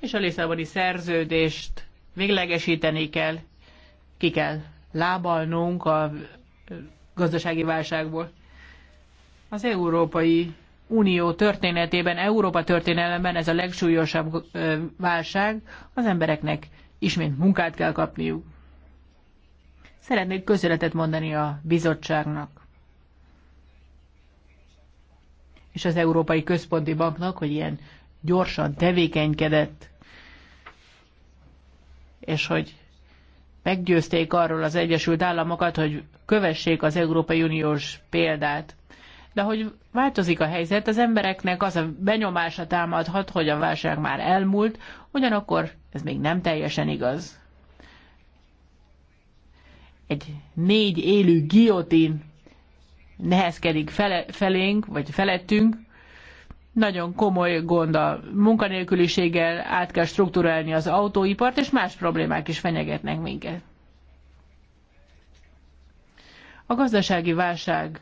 Speaker 2: és a Lisszaboni szerződést véglegesíteni kell, ki kell lábalnunk a gazdasági válságból. Az Európai Unió történetében, Európa történelemben ez a legsúlyosabb válság, az embereknek ismét munkát kell kapniuk. Szeretnék köszönetet mondani a bizottságnak és az Európai Központi Banknak, hogy ilyen gyorsan tevékenykedett, és hogy meggyőzték arról az Egyesült Államokat, hogy kövessék az Európai Uniós példát. De hogy változik a helyzet, az embereknek az a benyomása támadhat, hogy a válság már elmúlt, ugyanakkor ez még nem teljesen igaz. Egy négy élő giotin nehezkedik fele, felénk, vagy felettünk, nagyon komoly gond a munkanélküliséggel, át kell struktúrálni az autóipart, és más problémák is fenyegetnek minket. A gazdasági válság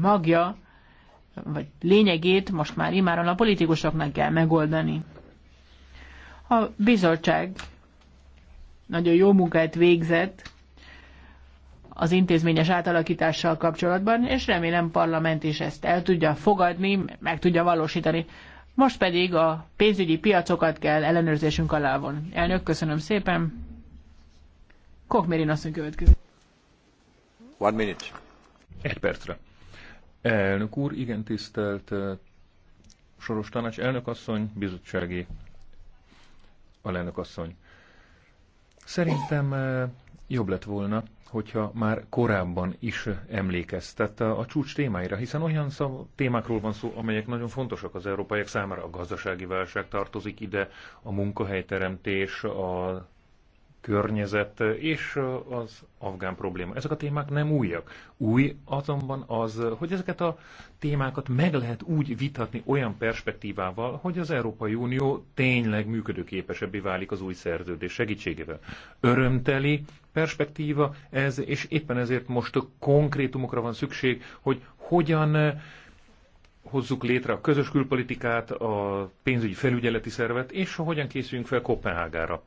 Speaker 2: magja, vagy lényegét most már imáron a politikusoknak kell megoldani. A bizottság nagyon jó munkát végzett, az intézményes átalakítással kapcsolatban, és remélem parlament is ezt el tudja fogadni, meg tudja valósítani. Most pedig a pénzügyi piacokat kell ellenőrzésünk alá von. Elnök, köszönöm szépen. Kokmérin asszony
Speaker 1: következik. One minute. Egy percre. Elnök úr, igen tisztelt Soros Tanács elnökasszony, bizottsági asszony. Szerintem jobb lett volna, hogyha már korábban is emlékeztet a csúcs témáira, hiszen olyan szav, témákról van szó, amelyek nagyon fontosak az európaiak számára. A gazdasági válság tartozik ide, a munkahelyteremtés, a környezet és az afgán probléma. Ezek a témák nem újak. Új azonban az, hogy ezeket a témákat meg lehet úgy vitatni olyan perspektívával, hogy az Európai Unió tényleg működőképesebbé válik az új szerződés segítségével. Örömteli perspektíva ez, és éppen ezért most konkrétumokra van szükség, hogy hogyan eh, hozzuk létre a közös külpolitikát, a pénzügyi felügyeleti szervet, és hogyan készüljünk fel Kopenhágára.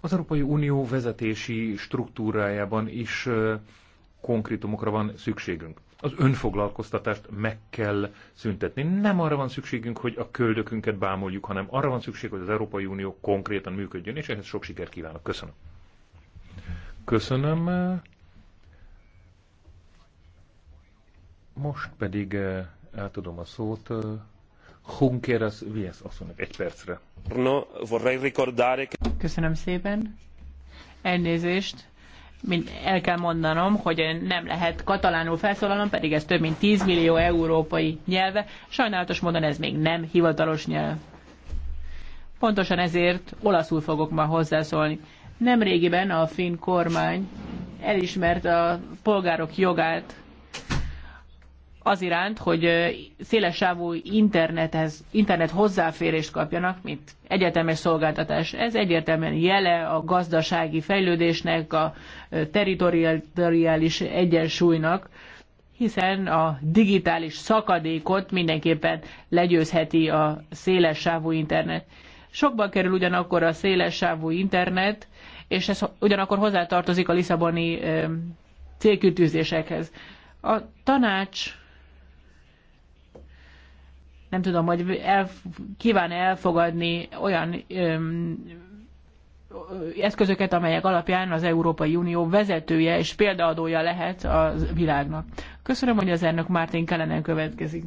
Speaker 1: Az Európai Unió vezetési struktúrájában is konkrétumokra van szükségünk. Az önfoglalkoztatást meg kell szüntetni. Nem arra van szükségünk, hogy a köldökünket bámoljuk, hanem arra van szükség, hogy az Európai Unió konkrétan működjön, és ehhez sok sikert kívánok. Köszönöm. Köszönöm. Most pedig átadom a szót Junqueras asszonynak egy percre.
Speaker 2: Köszönöm szépen. Elnézést. el kell mondanom, hogy nem lehet katalánul felszólalnom, pedig ez több mint 10 millió európai nyelve. Sajnálatos módon ez még nem hivatalos nyelv. Pontosan ezért olaszul fogok ma hozzászólni. Nemrégiben a finn kormány elismerte a polgárok jogát az iránt, hogy szélesávú internethez, internet hozzáférést kapjanak, mint egyetemes szolgáltatás. Ez egyértelműen jele a gazdasági fejlődésnek, a territoriális egyensúlynak, hiszen a digitális szakadékot mindenképpen legyőzheti a szélessávú internet. Sokban kerül ugyanakkor a szélessávú internet, és ez ugyanakkor hozzátartozik a Lisszaboni célkütűzésekhez. A tanács nem tudom, hogy el, kíván -e elfogadni olyan öm, eszközöket, amelyek alapján az Európai Unió vezetője és példaadója lehet a világnak. Köszönöm, hogy az elnök Mártin Kellenen következik.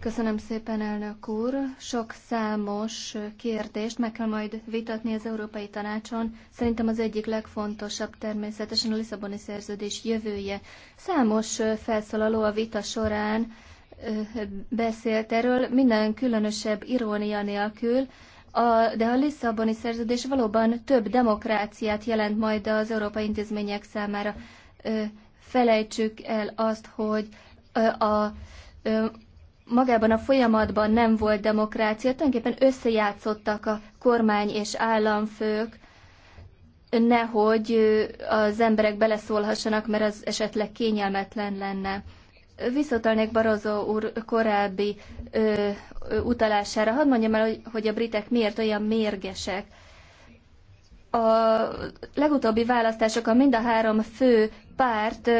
Speaker 4: Köszönöm szépen, elnök úr. Sok számos kérdést meg kell majd vitatni az Európai Tanácson. Szerintem az egyik legfontosabb természetesen a Lisszaboni szerződés jövője. Számos felszólaló a vita során beszélt erről, minden különösebb irónia nélkül, a, de a Lisszaboni szerződés valóban több demokráciát jelent majd az európai intézmények számára. Ö, felejtsük el azt, hogy ö, a ö, magában a folyamatban nem volt demokrácia, tulajdonképpen összejátszottak a kormány és államfők, nehogy az emberek beleszólhassanak, mert az esetleg kényelmetlen lenne. Visszatalnék Barozó úr korábbi ö, ö, utalására. Hadd mondjam el, hogy, hogy a britek miért olyan mérgesek. A legutóbbi választásokon mind a három fő párt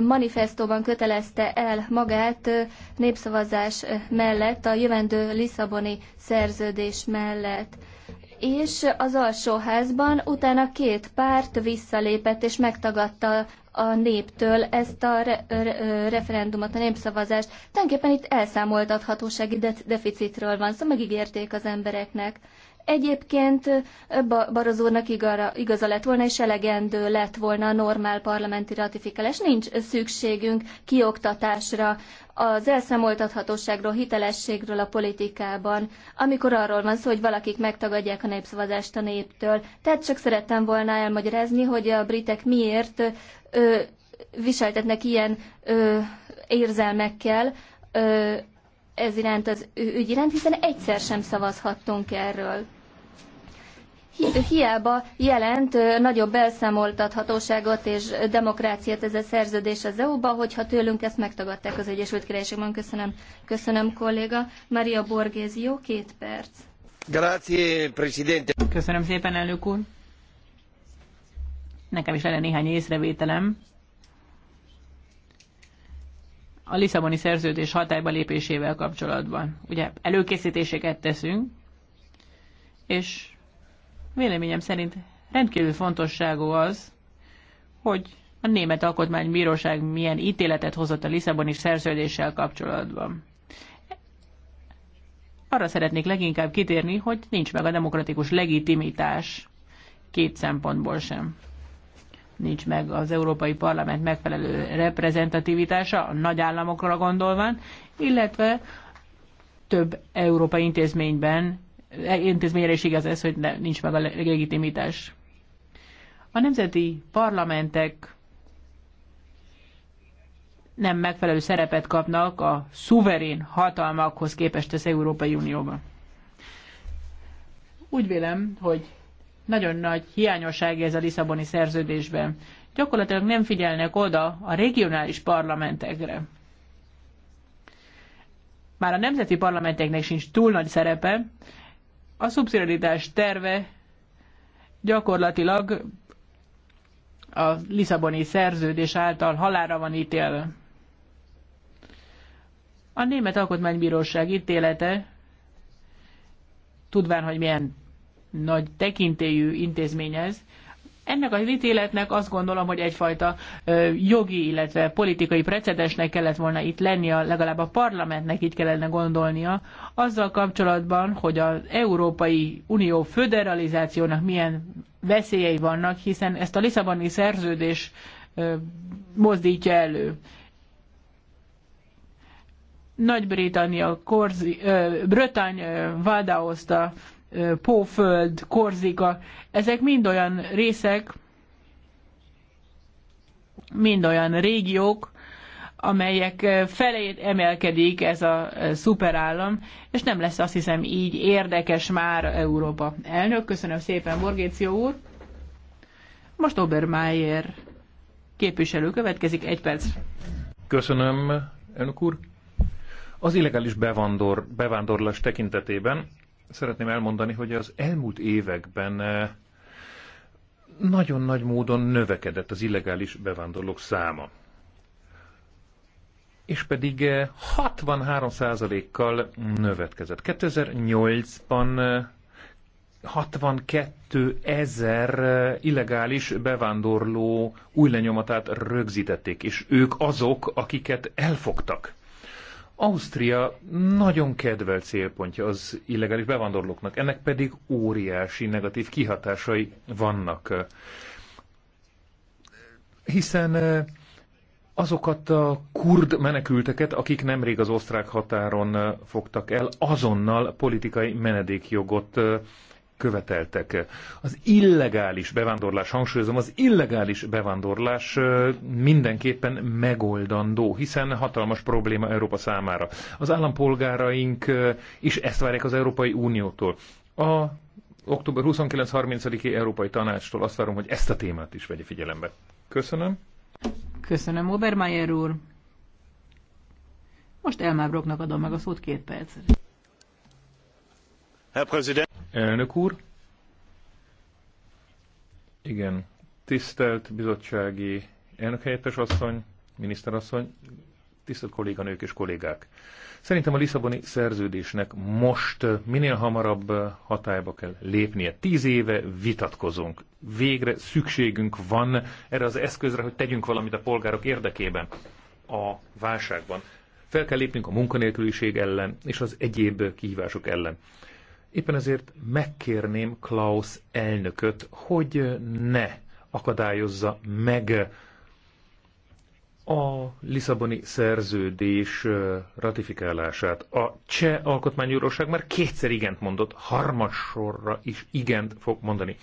Speaker 4: manifestóban kötelezte el magát népszavazás mellett, a jövendő Lisszaboni szerződés mellett. És az alsóházban utána két párt visszalépett és megtagadta a néptől ezt a re- re- referendumot, a népszavazást. Tulajdonképpen itt elszámoltathatósági de- deficitről van szóval megígérték az embereknek. Egyébként Barozó úrnak igaza lett volna, és elegendő lett volna a normál parlamenti ratifikálás. Nincs szükségünk kioktatásra, az elszámoltathatóságról, hitelességről a politikában, amikor arról van szó, hogy valakik megtagadják a népszavazást a néptől. Tehát csak szerettem volna elmagyarázni, hogy a britek miért ö, viseltetnek ilyen ö, érzelmekkel ö, ez iránt az ügy iránt, hiszen egyszer sem szavazhattunk erről hiába jelent nagyobb elszámoltathatóságot és demokráciát ez a szerződés az EU-ba, hogyha tőlünk ezt megtagadták az Egyesült Királyságban. Köszönöm, köszönöm kolléga. Maria Borgézió, két perc.
Speaker 3: Grazie, Presidente.
Speaker 2: Köszönöm szépen, elnök úr. Nekem is lenne néhány észrevételem. A Lisszaboni szerződés hatályba lépésével kapcsolatban. Ugye előkészítéseket teszünk, és Véleményem szerint rendkívül fontosságú az, hogy a Német Alkotmánybíróság milyen ítéletet hozott a Lisszaboni szerződéssel kapcsolatban. Arra szeretnék leginkább kitérni, hogy nincs meg a demokratikus legitimitás két szempontból sem. Nincs meg az Európai Parlament megfelelő reprezentativitása, a nagy államokra gondolván, illetve több európai intézményben intézményre is igaz ez, hogy ne, nincs meg a legitimitás. A nemzeti parlamentek nem megfelelő szerepet kapnak a szuverén hatalmakhoz képest az Európai Unióban. Úgy vélem, hogy nagyon nagy hiányosság ez a Lisszaboni szerződésben. Gyakorlatilag nem figyelnek oda a regionális parlamentekre. Már a nemzeti parlamenteknek sincs túl nagy szerepe, a szubszidiaritás terve gyakorlatilag a Lisszaboni szerződés által halára van ítélve. A Német Alkotmánybíróság ítélete, tudván, hogy milyen nagy tekintélyű intézmény ez, ennek a ítéletnek azt gondolom, hogy egyfajta jogi, illetve politikai precedensnek kellett volna itt lennie, legalább a parlamentnek így kellene gondolnia, azzal kapcsolatban, hogy az Európai Unió föderalizációnak milyen veszélyei vannak, hiszen ezt a Lisszaboni szerződés mozdítja elő. Nagy-Britannia, Brötány vádáozta Póföld, Korzika, ezek mind olyan részek, mind olyan régiók, amelyek felé emelkedik ez a szuperállam, és nem lesz azt hiszem így érdekes már Európa. Elnök, köszönöm szépen, Borgéció úr. Most Obermeier képviselő következik, egy perc.
Speaker 1: Köszönöm, elnök úr. Az illegális bevándor, bevándorlás tekintetében szeretném elmondani, hogy az elmúlt években eh, nagyon nagy módon növekedett az illegális bevándorlók száma. És pedig 63%-kal növetkezett. 2008-ban 62 ezer eh, illegális bevándorló új lenyomatát rögzítették, és ők azok, akiket elfogtak. Ausztria nagyon kedvelt célpontja az illegális bevándorlóknak, ennek pedig óriási negatív kihatásai vannak. Hiszen eh, azokat a kurd menekülteket, akik nemrég az osztrák határon eh, fogtak el, azonnal politikai menedékjogot eh, követeltek. Az illegális bevándorlás, hangsúlyozom, az illegális bevándorlás mindenképpen megoldandó, hiszen hatalmas probléma Európa számára. Az állampolgáraink is ezt várják az Európai Uniótól. A október 29-30-i Európai Tanácstól azt várom, hogy ezt a témát is vegye figyelembe. Köszönöm.
Speaker 2: Köszönöm, Obermeier úr. Most Elmábroknak adom meg a szót két percre.
Speaker 1: Herr Präsident! Elnök úr. Igen, tisztelt bizottsági elnökhelyettes asszony, miniszterasszony, tisztelt kolléganők és kollégák. Szerintem a Lisszaboni szerződésnek most minél hamarabb hatályba kell lépnie. Tíz éve vitatkozunk. Végre szükségünk van erre az eszközre, hogy tegyünk valamit a polgárok érdekében a válságban. Fel kell lépnünk a munkanélküliség ellen és az egyéb kihívások ellen. Éppen ezért megkérném Klaus elnököt, hogy ne akadályozza meg a Lisszaboni szerződés ratifikálását. A cseh alkotmánybíróság már kétszer igent mondott, harmadsorra is igent fog mondani.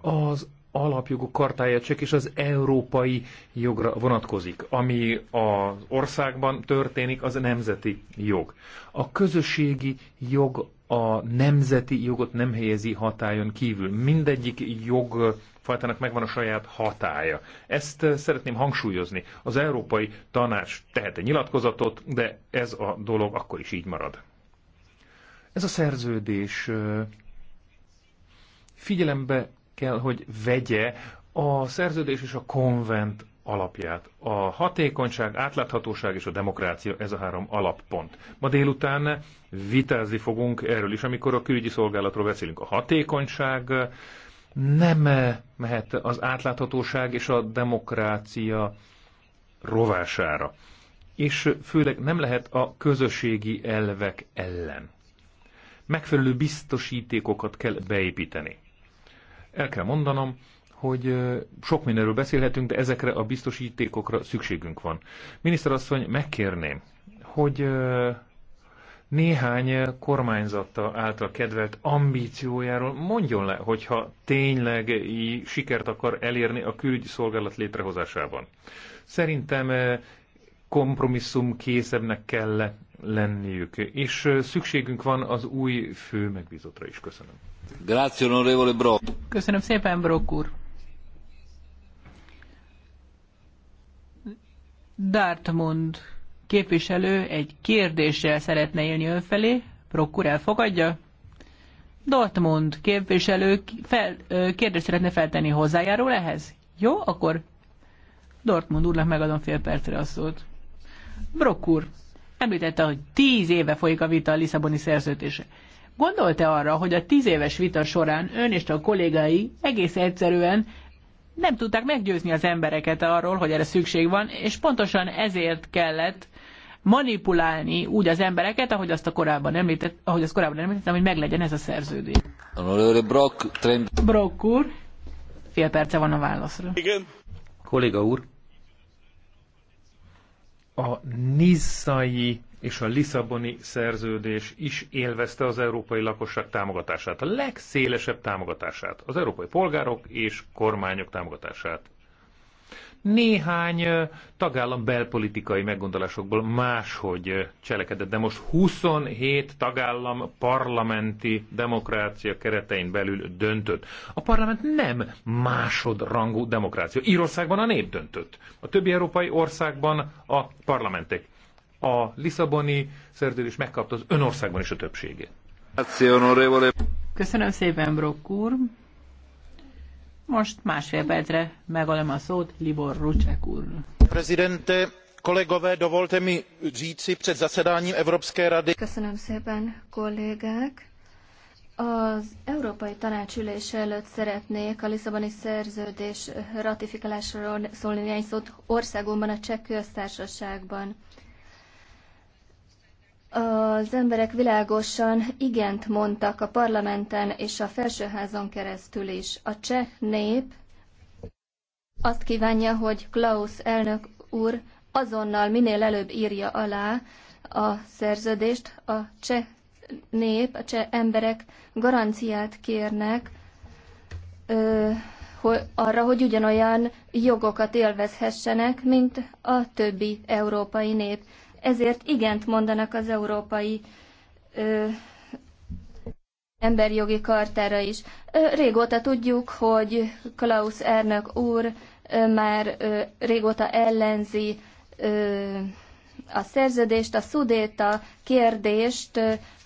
Speaker 1: Az alapjogok kartája csak és az európai jogra vonatkozik. Ami az országban történik, az a nemzeti jog. A közösségi jog a nemzeti jogot nem helyezi hatályon kívül. Mindegyik jogfajtának megvan a saját hatája. Ezt eh, szeretném hangsúlyozni. Az Európai Tanács tehet egy nyilatkozatot, de ez a dolog akkor is így marad. Ez a szerződés eh, figyelembe kell, hogy vegye a szerződés és a konvent alapját. A hatékonyság, átláthatóság és a demokrácia, ez a három alappont. Ma délután vitázni fogunk erről is, amikor a külügyi szolgálatról beszélünk. A hatékonyság nem mehet az átláthatóság és a demokrácia rovására. És főleg nem lehet a közösségi elvek ellen. Megfelelő biztosítékokat kell beépíteni. El kell mondanom, hogy sok mindenről beszélhetünk, de ezekre a biztosítékokra szükségünk van. Miniszterasszony, megkérném, hogy néhány kormányzata által kedvelt ambíciójáról mondjon le, hogyha tényleg sikert akar elérni a külügyi szolgálat létrehozásában. Szerintem kompromisszum készebbnek kell lenniük, és szükségünk van az új fő megbízottra is. Köszönöm.
Speaker 3: Grazie, onorevole Brock.
Speaker 2: Köszönöm szépen, Brock úr. Dartmund képviselő egy kérdéssel szeretne élni önfelé. Prokur elfogadja? Dortmund képviselő fel, kérdést szeretne feltenni hozzájárul ehhez? Jó, akkor Dortmund úrnak megadom fél percre a szót. Brock említette, hogy tíz éve folyik a vita a Lisszaboni szerződése. Gondolta arra, hogy a tíz éves vita során ön és a kollégái egész egyszerűen nem tudták meggyőzni az embereket arról, hogy erre szükség van, és pontosan ezért kellett manipulálni úgy az embereket, ahogy azt a korábban említett, ahogy azt korábban említettem, hogy meglegyen ez a szerződés.
Speaker 3: Brock, trend...
Speaker 2: Brock úr, fél perce van a válaszra. Igen.
Speaker 3: Kolléga úr,
Speaker 1: a nizzai és a Lisszaboni szerződés is élvezte az európai lakosság támogatását, a legszélesebb támogatását, az európai polgárok és kormányok támogatását. Néhány tagállam belpolitikai meggondolásokból máshogy cselekedett, de most 27 tagállam parlamenti demokrácia keretein belül döntött. A parlament nem másodrangú demokrácia. Írországban a nép döntött. A többi európai országban a parlamentek a Lisszaboni szerződés megkapta az önországban is a többségét.
Speaker 2: Köszönöm szépen, Brock úr. Most másfél percre megalom a szót Libor Rucsek úr.
Speaker 1: Prezidente, kollégové, dovolte mi říci před zasedáním Evropské rady. Köszönöm
Speaker 4: szépen, kollégák. Az Európai Tanács ülése előtt szeretnék a Lisszaboni szerződés ratifikálásról szólni néhány szót országomban, a Cseh Köztársaságban az emberek világosan igent mondtak a parlamenten és a felsőházon keresztül is. A cseh nép azt kívánja, hogy Klaus elnök úr azonnal minél előbb írja alá a szerződést. A cseh nép, a cseh emberek garanciát kérnek ö, arra, hogy ugyanolyan jogokat élvezhessenek, mint a többi európai nép ezért igent mondanak az európai ö, emberi jogi kartára is. Régóta tudjuk, hogy Klaus Ernök úr már régóta ellenzi a szerződést, a szudéta kérdést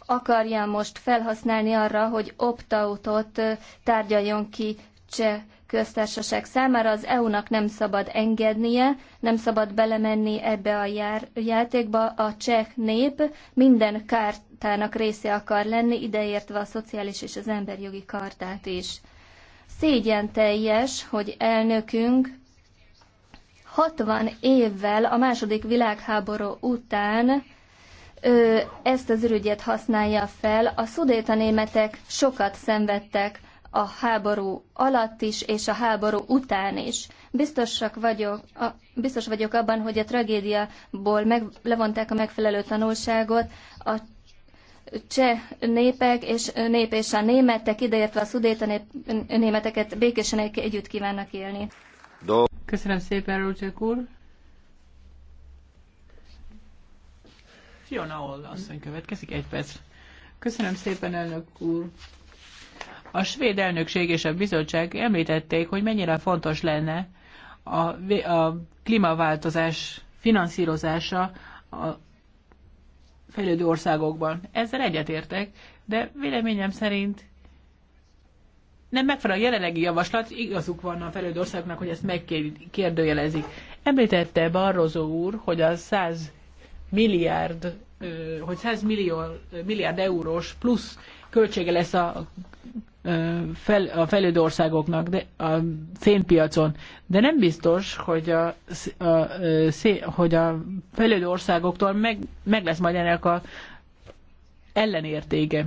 Speaker 4: akarja most felhasználni arra, hogy opt-outot tárgyaljon ki Cseh köztársaság számára az EU-nak nem szabad engednie, nem szabad belemenni ebbe a jár, játékba. A cseh nép minden kártának része akar lenni, ideértve a szociális és az emberjogi kartát is. Szégyen teljes, hogy elnökünk 60 évvel a második világháború után ezt az ürügyet használja fel. A szudéta németek sokat szenvedtek a háború alatt is, és a háború után is. Biztosak vagyok, a, biztos vagyok abban, hogy a tragédiából meg, levonták a megfelelő tanulságot a cseh népek és nép és a németek, ideértve a szudéta nép, németeket békésen együtt kívánnak élni.
Speaker 2: Köszönöm szépen, Rócsek úr! Fiona Oll asszony következik, egy perc. Köszönöm szépen, elnök úr! A svéd elnökség és a bizottság említették, hogy mennyire fontos lenne a, a klímaváltozás finanszírozása a fejlődő országokban. Ezzel egyetértek, de véleményem szerint nem megfelel a jelenlegi javaslat, igazuk van a fejlődő országoknak, hogy ezt megkérdőjelezik. Említette Barrozó úr, hogy a 100 milliárd, hogy 100 millió, milliárd eurós plusz költsége lesz a fel, a fejlődő országoknak de a szénpiacon, de nem biztos, hogy a, a, szén, hogy a fejlődő országoktól meg, meg lesz majd ennek a ellenértéke.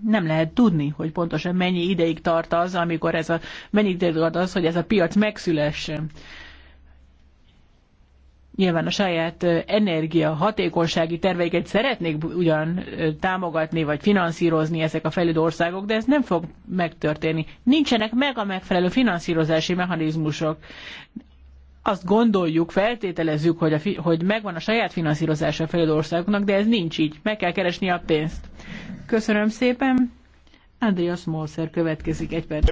Speaker 2: Nem lehet tudni, hogy pontosan mennyi ideig tart az, amikor ez a, mennyi ideig tart az, hogy ez a piac megszülessen. Nyilván a saját energia hatékonysági terveiket szeretnék ugyan támogatni vagy finanszírozni ezek a fejlődő országok, de ez nem fog megtörténni. Nincsenek meg a megfelelő finanszírozási mechanizmusok azt gondoljuk, feltételezzük, hogy, a hogy megvan a saját finanszírozása a fejlődő országoknak, de ez nincs így. Meg kell keresni a pénzt. Köszönöm szépen. Andreas Molszer következik egy perc.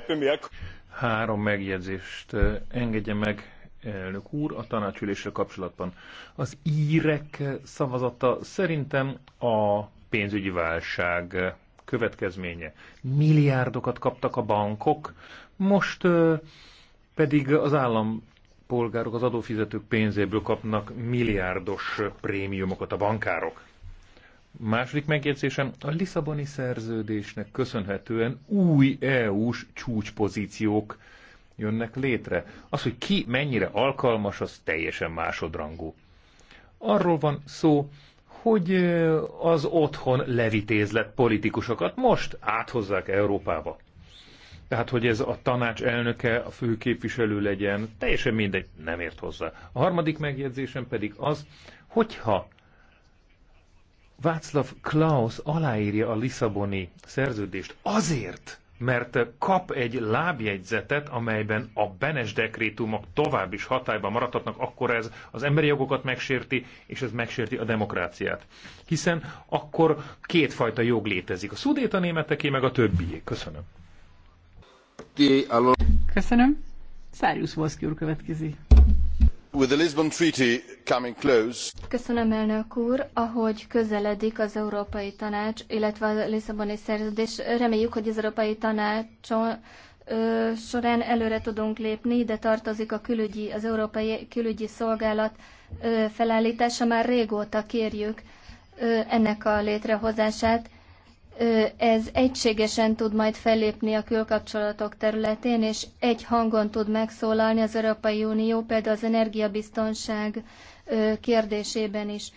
Speaker 1: Három megjegyzést engedje meg elnök úr, a tanácsülésre kapcsolatban. Az írek szavazata szerintem a pénzügyi válság következménye. Milliárdokat kaptak a bankok, most pedig az állampolgárok az adófizetők pénzéből kapnak milliárdos prémiumokat a bankárok. Második megjegyzésem, a Lisszaboni szerződésnek köszönhetően új EU-s csúcspozíciók jönnek létre. Az, hogy ki mennyire alkalmas, az teljesen másodrangú. Arról van szó, hogy az otthon levitézlet politikusokat most áthozzák Európába. Tehát, hogy ez a tanács elnöke, a fő képviselő legyen, teljesen mindegy, nem ért hozzá. A harmadik megjegyzésem pedig az, hogyha Václav Klaus aláírja a Lisszaboni szerződést azért, mert kap egy lábjegyzetet, amelyben a Benes dekrétumok tovább is hatályban maradhatnak, akkor ez az emberi jogokat megsérti, és ez megsérti a demokráciát. Hiszen akkor kétfajta jog létezik. A a németeké, meg a többié. Köszönöm.
Speaker 2: Köszönöm. Szárjusz Voszki úr következik. Köszönöm,
Speaker 4: Ahogy közeledik az Európai Tanács, illetve a Lisszaboni szerződés, reméljük, hogy az Európai tanács, során előre tudunk lépni, ide tartozik a külügyi, az Európai Külügyi Szolgálat felállítása. Már régóta kérjük ennek a létrehozását ez egységesen tud majd fellépni a külkapcsolatok területén, és egy hangon tud megszólalni az Európai Unió, például az energiabiztonság kérdésében is.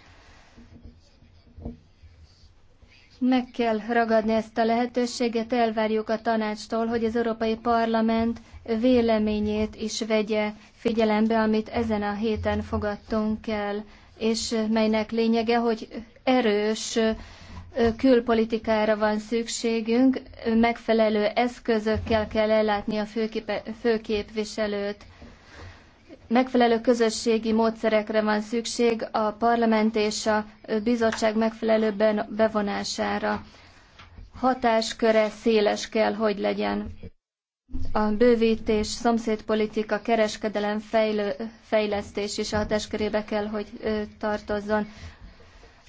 Speaker 4: Meg kell ragadni ezt a lehetőséget, elvárjuk a tanácstól, hogy az Európai Parlament véleményét is vegye figyelembe, amit ezen a héten fogadtunk el, és melynek lényege, hogy erős külpolitikára van szükségünk, megfelelő eszközökkel kell ellátni a főképviselőt. Megfelelő közösségi módszerekre van szükség a parlament és a bizottság megfelelő bevonására. Hatásköre széles kell, hogy legyen. A bővítés, szomszédpolitika, kereskedelem, fejlő, fejlesztés is a hatáskörébe kell, hogy tartozzon.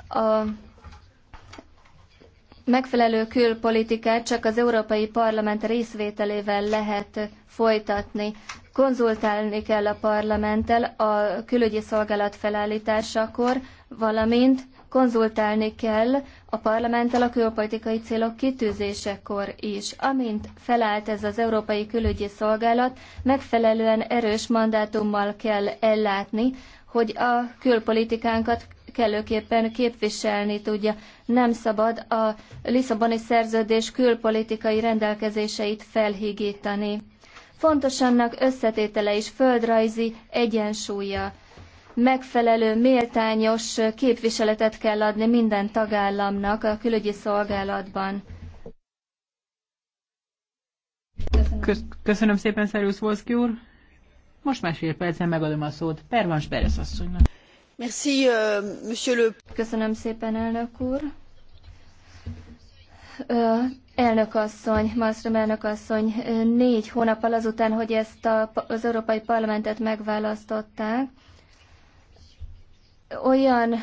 Speaker 4: A megfelelő külpolitikát csak az Európai Parlament részvételével lehet folytatni. Konzultálni kell a parlamenttel a külügyi szolgálat felállításakor, valamint konzultálni kell a parlamenttel a külpolitikai célok kitűzésekor is. Amint felállt ez az Európai Külügyi Szolgálat, megfelelően erős mandátummal kell ellátni, hogy a külpolitikánkat kellőképpen képviselni tudja. Nem szabad a Lisszaboni szerződés külpolitikai rendelkezéseit felhígítani. Fontos annak összetétele és földrajzi egyensúlya. Megfelelő, méltányos képviseletet kell adni minden tagállamnak a külügyi szolgálatban.
Speaker 2: Köszönöm, Köszönöm szépen, Szerusz Volszki úr! Most másfél percen megadom a szót Pervans Beres asszonynak.
Speaker 6: Euh,
Speaker 4: Köszönöm szépen, elnök úr. asszony, Malmström elnök asszony, négy hónappal azután, hogy ezt a, az Európai Parlamentet megválasztották, olyan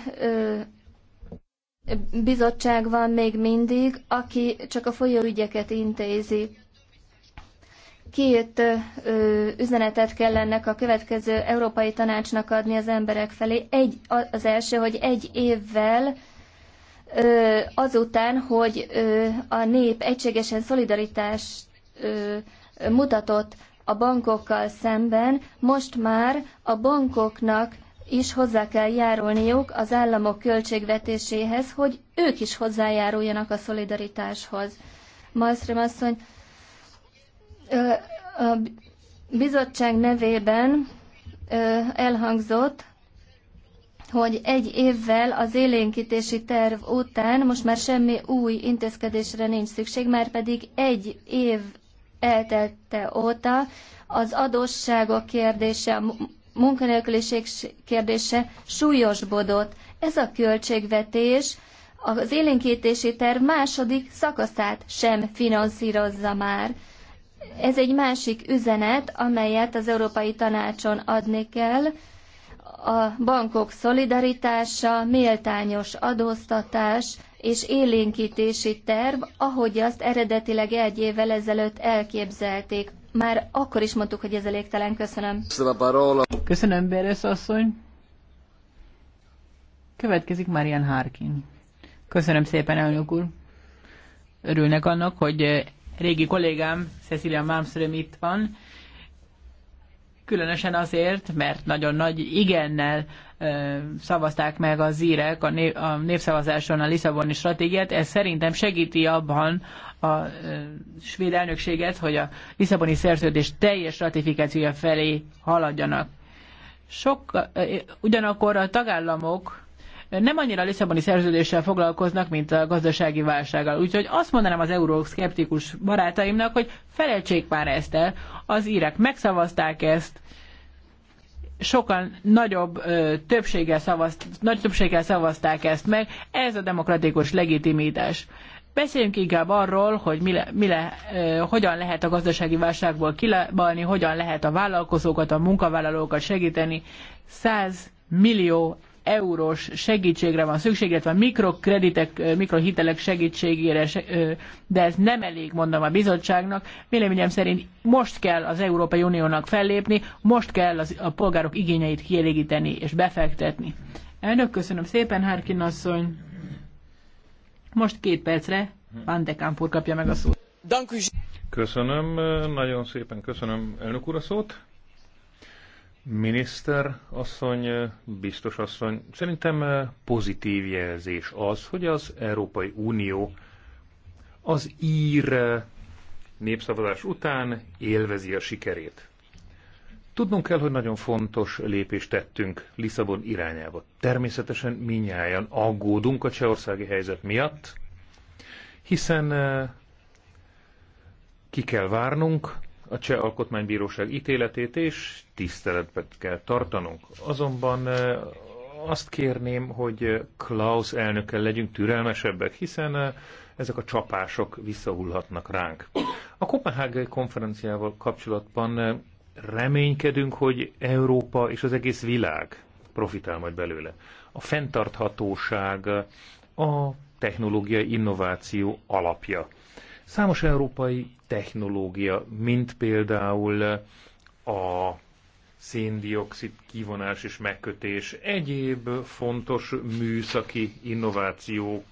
Speaker 4: bizottság van még mindig, aki csak a folyóügyeket intézi két ö, üzenetet kell ennek a következő Európai Tanácsnak adni az emberek felé. Egy, az első, hogy egy évvel ö, azután, hogy ö, a nép egységesen szolidaritást ö, mutatott a bankokkal szemben, most már a bankoknak is hozzá kell járulniuk az államok költségvetéséhez, hogy ők is hozzájáruljanak a szolidaritáshoz. Malmström asszony, a bizottság nevében elhangzott, hogy egy évvel az élénkítési terv után most már semmi új intézkedésre nincs szükség, mert pedig egy év eltelte óta az adósságok kérdése, a munkanélküliség kérdése súlyosbodott. Ez a költségvetés az élénkítési terv második szakaszát sem finanszírozza már. Ez egy másik üzenet, amelyet az Európai Tanácson adni kell. A bankok szolidaritása, méltányos adóztatás és élénkítési terv, ahogy azt eredetileg egy évvel ezelőtt elképzelték. Már akkor is mondtuk, hogy ez elégtelen. Köszönöm.
Speaker 2: Köszönöm, Beres asszony. Következik Marian Harkin. Köszönöm szépen, elnök úr. Örülnek annak, hogy régi kollégám, Cecilia Malmström itt van, különösen azért, mert nagyon nagy igennel ö, szavazták meg az írek a, név, a népszavazáson a Lisszaboni stratégiát. Ez szerintem segíti abban a ö, svéd elnökséget, hogy a Lisszaboni szerződés teljes ratifikációja felé haladjanak. Sok, ö, ugyanakkor a tagállamok nem annyira a Lisszaboni szerződéssel foglalkoznak, mint a gazdasági válsággal. Úgyhogy azt mondanám az euroszkeptikus barátaimnak, hogy felejtsék már ezt el. Az írek megszavazták ezt, sokan nagyobb ö, többséggel, szavazt, nagy többséggel szavazták ezt meg, ez a demokratikus legitimitás. Beszéljünk inkább arról, hogy mi le, mi le, ö, hogyan lehet a gazdasági válságból kilabalni, hogyan lehet a vállalkozókat, a munkavállalókat segíteni. 100 millió eurós segítségre van szükség, illetve mikrokreditek, mikrohitelek segítségére, de ez nem elég, mondom a bizottságnak. Véleményem szerint most kell az Európai Uniónak fellépni, most kell az, a polgárok igényeit kielégíteni és befektetni. Elnök, köszönöm szépen, Harkin asszony. Most két percre Van de Kampur kapja meg a szót.
Speaker 1: Köszönöm, nagyon szépen köszönöm elnök úr a szót. Miniszter asszony, biztos asszony, szerintem eh, pozitív jelzés az, hogy az Európai Unió az ír eh, népszavazás után élvezi a sikerét. Tudnunk kell, hogy nagyon fontos lépést tettünk Lisszabon irányába. Természetesen minnyáján aggódunk a csehországi helyzet miatt, hiszen eh, ki kell várnunk, a Cseh Alkotmánybíróság ítéletét, és tiszteletben kell tartanunk. Azonban eh, azt kérném, hogy Klaus elnökkel legyünk türelmesebbek, hiszen eh, ezek a csapások visszahullhatnak ránk. A Kopenhágai konferenciával kapcsolatban eh, reménykedünk, hogy Európa és az egész világ profitál majd belőle. A fenntarthatóság a technológiai innováció alapja. Számos európai technológia, mint például a széndiokszid kivonás és megkötés, egyéb fontos műszaki innovációk,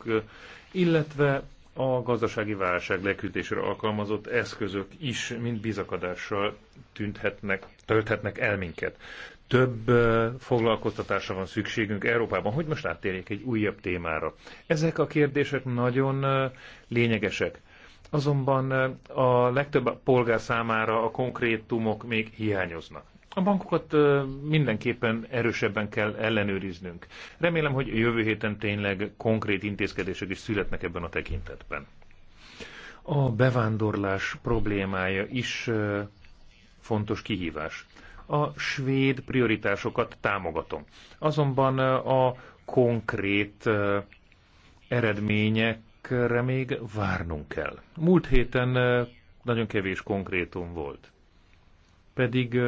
Speaker 1: illetve a gazdasági válság lekütésre alkalmazott eszközök is mind bizakadással tűnthetnek, tölthetnek el minket. Több foglalkoztatásra van szükségünk Európában, hogy most áttérjék egy újabb témára. Ezek a kérdések nagyon lényegesek. Azonban eh, a legtöbb a polgár számára a konkrétumok még hiányoznak. A bankokat eh, mindenképpen erősebben kell ellenőriznünk. Remélem, hogy jövő héten tényleg konkrét intézkedések is születnek ebben a tekintetben. A bevándorlás problémája is eh, fontos kihívás. A svéd prioritásokat támogatom. Azonban a konkrét eredmények amikre még várnunk kell. Múlt héten nagyon kevés konkrétum volt. Pedig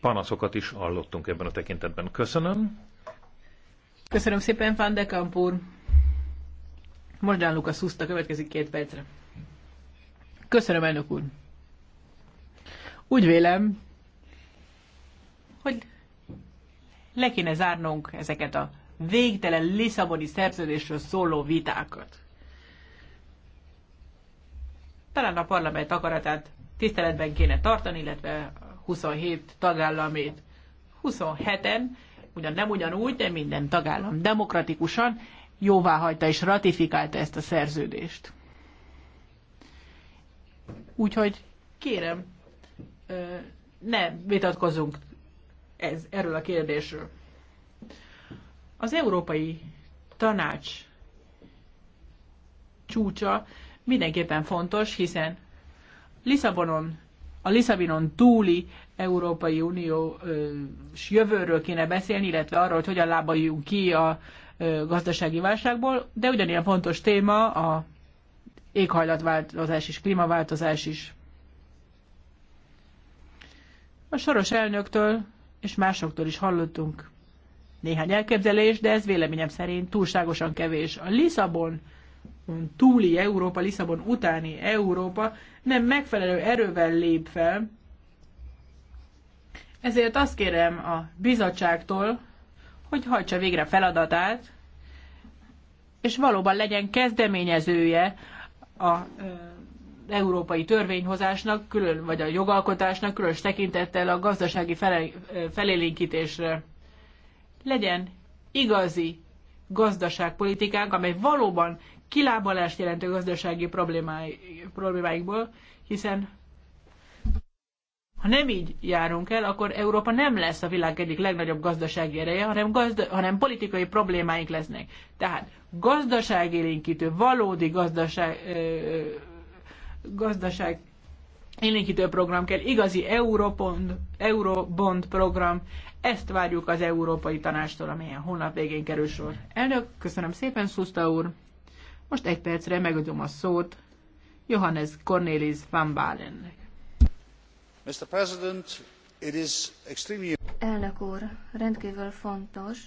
Speaker 1: panaszokat is hallottunk ebben a tekintetben. Köszönöm.
Speaker 2: Köszönöm szépen, Van de Kampur. Morgán Lukasz Huszta következik két percre. Köszönöm, elnök úr. Úgy vélem, hogy le kéne zárnunk ezeket a végtelen Lisszaboni szerződésről szóló vitákat. Talán a parlament akaratát tiszteletben kéne tartani, illetve 27 tagállamét. 27-en, ugyan nem ugyanúgy, de minden tagállam demokratikusan jóváhagyta és ratifikálta ezt a szerződést. Úgyhogy kérem, ne vitatkozzunk ez, erről a kérdésről. Az Európai Tanács csúcsa mindenképpen fontos, hiszen Lisszabonon, a Lisszabonon túli Európai Uniós jövőről kéne beszélni, illetve arról, hogy hogyan lábaljunk ki a gazdasági válságból, de ugyanilyen fontos téma a éghajlatváltozás és klímaváltozás is. A soros elnöktől és másoktól is hallottunk néhány elképzelés, de ez véleményem szerint túlságosan kevés. A Lisszabon túli Európa, Lisszabon utáni Európa nem megfelelő erővel lép fel, ezért azt kérem a bizottságtól, hogy hajtsa végre feladatát, és valóban legyen kezdeményezője a európai törvényhozásnak, külön, vagy a jogalkotásnak, különös tekintettel a gazdasági felélénkítésre legyen igazi gazdaságpolitikánk, amely valóban kilábalást jelentő gazdasági problémáikból, hiszen ha nem így járunk el, akkor Európa nem lesz a világ egyik legnagyobb gazdasági ereje, hanem, gazda, hanem politikai problémáink lesznek. Tehát gazdaságélénkítő, valódi gazdaság, ö, gazdaság élénkítő program kell, igazi Eurobond, Eurobond program, ezt várjuk az Európai Tanástól, amelyen holnap végén kerül sor. Elnök, köszönöm szépen, Szuszta úr. Most egy percre megadom a szót Johannes Cornelis van Balennek.
Speaker 3: Mr. President, it is extremely...
Speaker 4: Elnök úr, rendkívül fontos,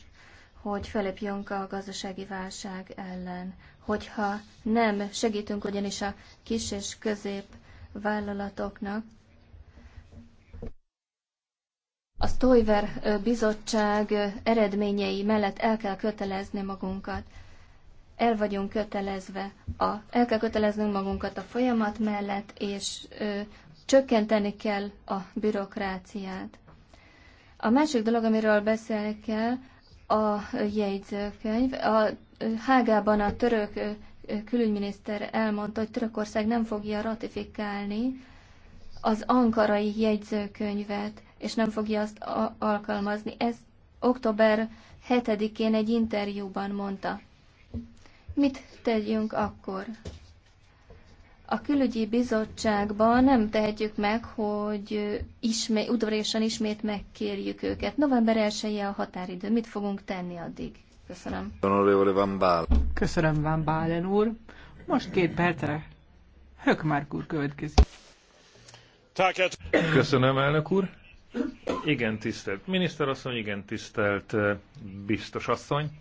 Speaker 4: hogy felépjünk a gazdasági válság ellen. Hogyha nem segítünk ugyanis a kis és közép vállalatoknak, a Stoiver bizottság eredményei mellett el kell kötelezni magunkat. El vagyunk kötelezve, a, el kell köteleznünk magunkat a folyamat mellett, és ö, csökkenteni kell a bürokráciát. A másik dolog, amiről beszélni kell, a jegyzőkönyv. A Hágában a török külügyminiszter elmondta, hogy Törökország nem fogja ratifikálni az ankarai jegyzőkönyvet és nem fogja azt alkalmazni. Ez október 7-én egy interjúban mondta. Mit tegyünk akkor? A külügyi bizottságban nem tehetjük meg, hogy ismét, udvarésen ismét megkérjük őket. November 1 a határidő. Mit fogunk tenni addig? Köszönöm.
Speaker 2: Köszönöm, Van Bálen úr. Most két percre. Hökmárk úr következik.
Speaker 1: Köszönöm, elnök úr. Igen, tisztelt miniszterasszony, igen, tisztelt biztos asszony.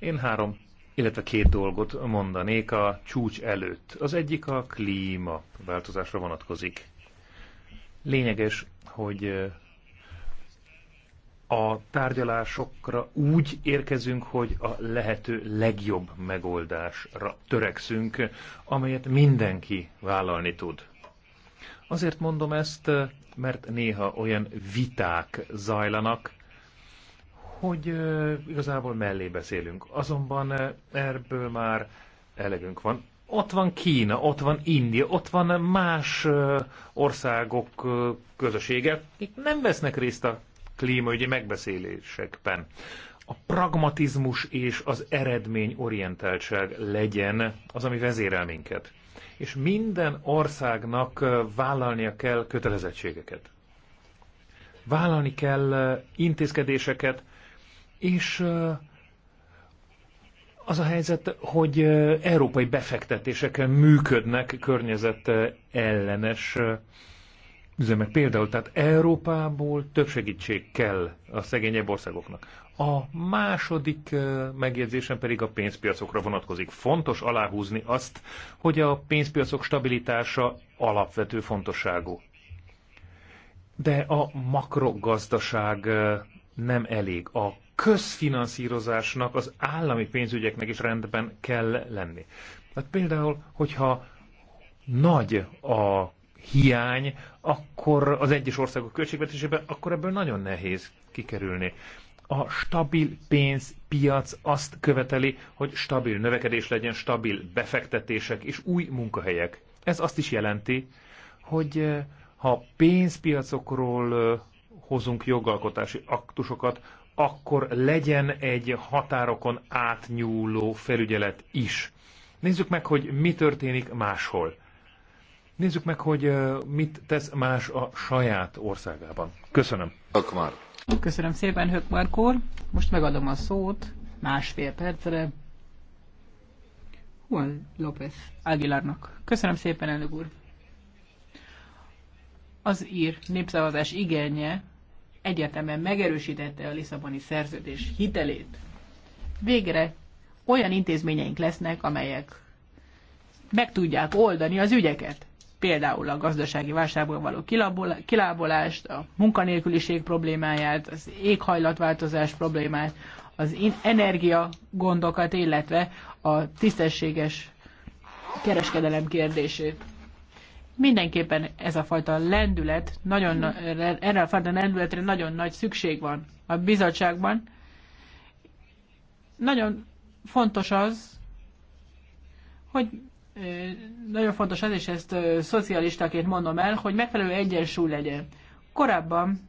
Speaker 1: Én három, illetve két dolgot mondanék a csúcs előtt. Az egyik a klíma változásra vonatkozik. Lényeges, hogy a tárgyalásokra úgy érkezünk, hogy a lehető legjobb megoldásra törekszünk, amelyet mindenki vállalni tud. Azért mondom ezt, mert néha olyan viták zajlanak, hogy igazából mellé beszélünk. Azonban erből már elegünk van. Ott van Kína, ott van India, ott van más országok közössége, akik nem vesznek részt a klímaügyi megbeszélésekben. A pragmatizmus és az eredményorientáltság legyen az, ami vezérel minket és minden országnak vállalnia kell kötelezettségeket. Vállalni kell intézkedéseket, és az a helyzet, hogy európai befektetések működnek környezet ellenes üzemek. Például, tehát Európából több segítség kell a szegényebb országoknak. A második megjegyzésem pedig a pénzpiacokra vonatkozik. Fontos aláhúzni azt, hogy a pénzpiacok stabilitása alapvető fontosságú. De a makrogazdaság nem elég. A közfinanszírozásnak, az állami pénzügyeknek is rendben kell lenni. Hát például, hogyha nagy a hiány, akkor az egyes országok költségvetésében, akkor ebből nagyon nehéz kikerülni a stabil pénzpiac azt követeli, hogy stabil növekedés legyen, stabil befektetések és új munkahelyek. Ez azt is jelenti, hogy eh, ha pénzpiacokról eh, hozunk jogalkotási aktusokat, akkor legyen egy határokon átnyúló felügyelet is. Nézzük meg, hogy mi történik máshol. Nézzük meg, hogy eh, mit tesz más a saját országában. Köszönöm. Akmar. Köszönöm szépen, Hök úr. Most megadom a szót
Speaker 2: másfél percre Juan López Aguilarnak. Köszönöm szépen, elnök úr. Az ír népszavazás igénye egyetemen megerősítette a Lisszaboni szerződés hitelét. Végre olyan intézményeink lesznek, amelyek meg tudják oldani az ügyeket például a gazdasági válságból való kilábolást, a munkanélküliség problémáját, az éghajlatváltozás problémát, az energia gondokat, illetve a tisztességes kereskedelem kérdését. Mindenképpen ez a fajta lendület, nagyon, erre a fajta lendületre nagyon nagy szükség van a bizottságban. Nagyon fontos az, hogy nagyon fontos az, és ezt szocialistaként mondom el, hogy megfelelő egyensúly legyen. Korábban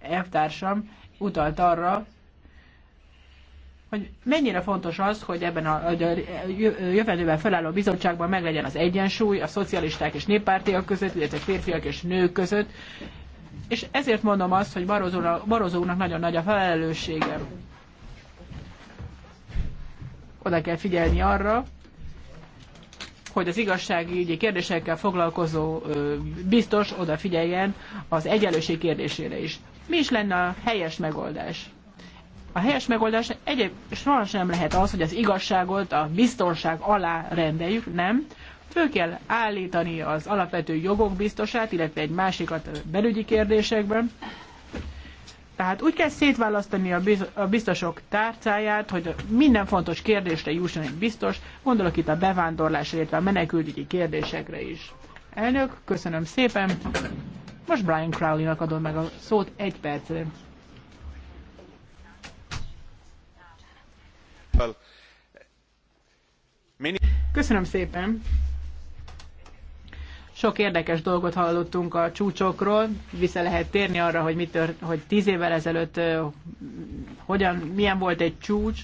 Speaker 2: elvtársam utalt arra, hogy mennyire fontos az, hogy ebben a, a jövendőben felálló bizottságban meglegyen az egyensúly a szocialisták és néppártiak között, illetve férfiak és nők között. És ezért mondom azt, hogy Barozónak nagyon nagy a felelőssége. Oda kell figyelni arra, hogy az igazságügyi kérdésekkel foglalkozó biztos odafigyeljen az egyenlőség kérdésére is. Mi is lenne a helyes megoldás? A helyes megoldás egyéb soha sem lehet az, hogy az igazságot a biztonság alá rendeljük, nem. Fő kell állítani az alapvető jogok biztosát, illetve egy másikat belügyi kérdésekben, tehát úgy kell szétválasztani a biztosok tárcáját, hogy minden fontos kérdésre jusson egy biztos, gondolok itt a bevándorlás, illetve a menekültügyi kérdésekre is. Elnök, köszönöm szépen. Most Brian Crowley-nak adom meg a szót egy percre. Köszönöm szépen. Sok érdekes dolgot hallottunk a csúcsokról, vissza lehet térni arra, hogy, mit tört, hogy tíz évvel ezelőtt hogyan, milyen volt egy csúcs,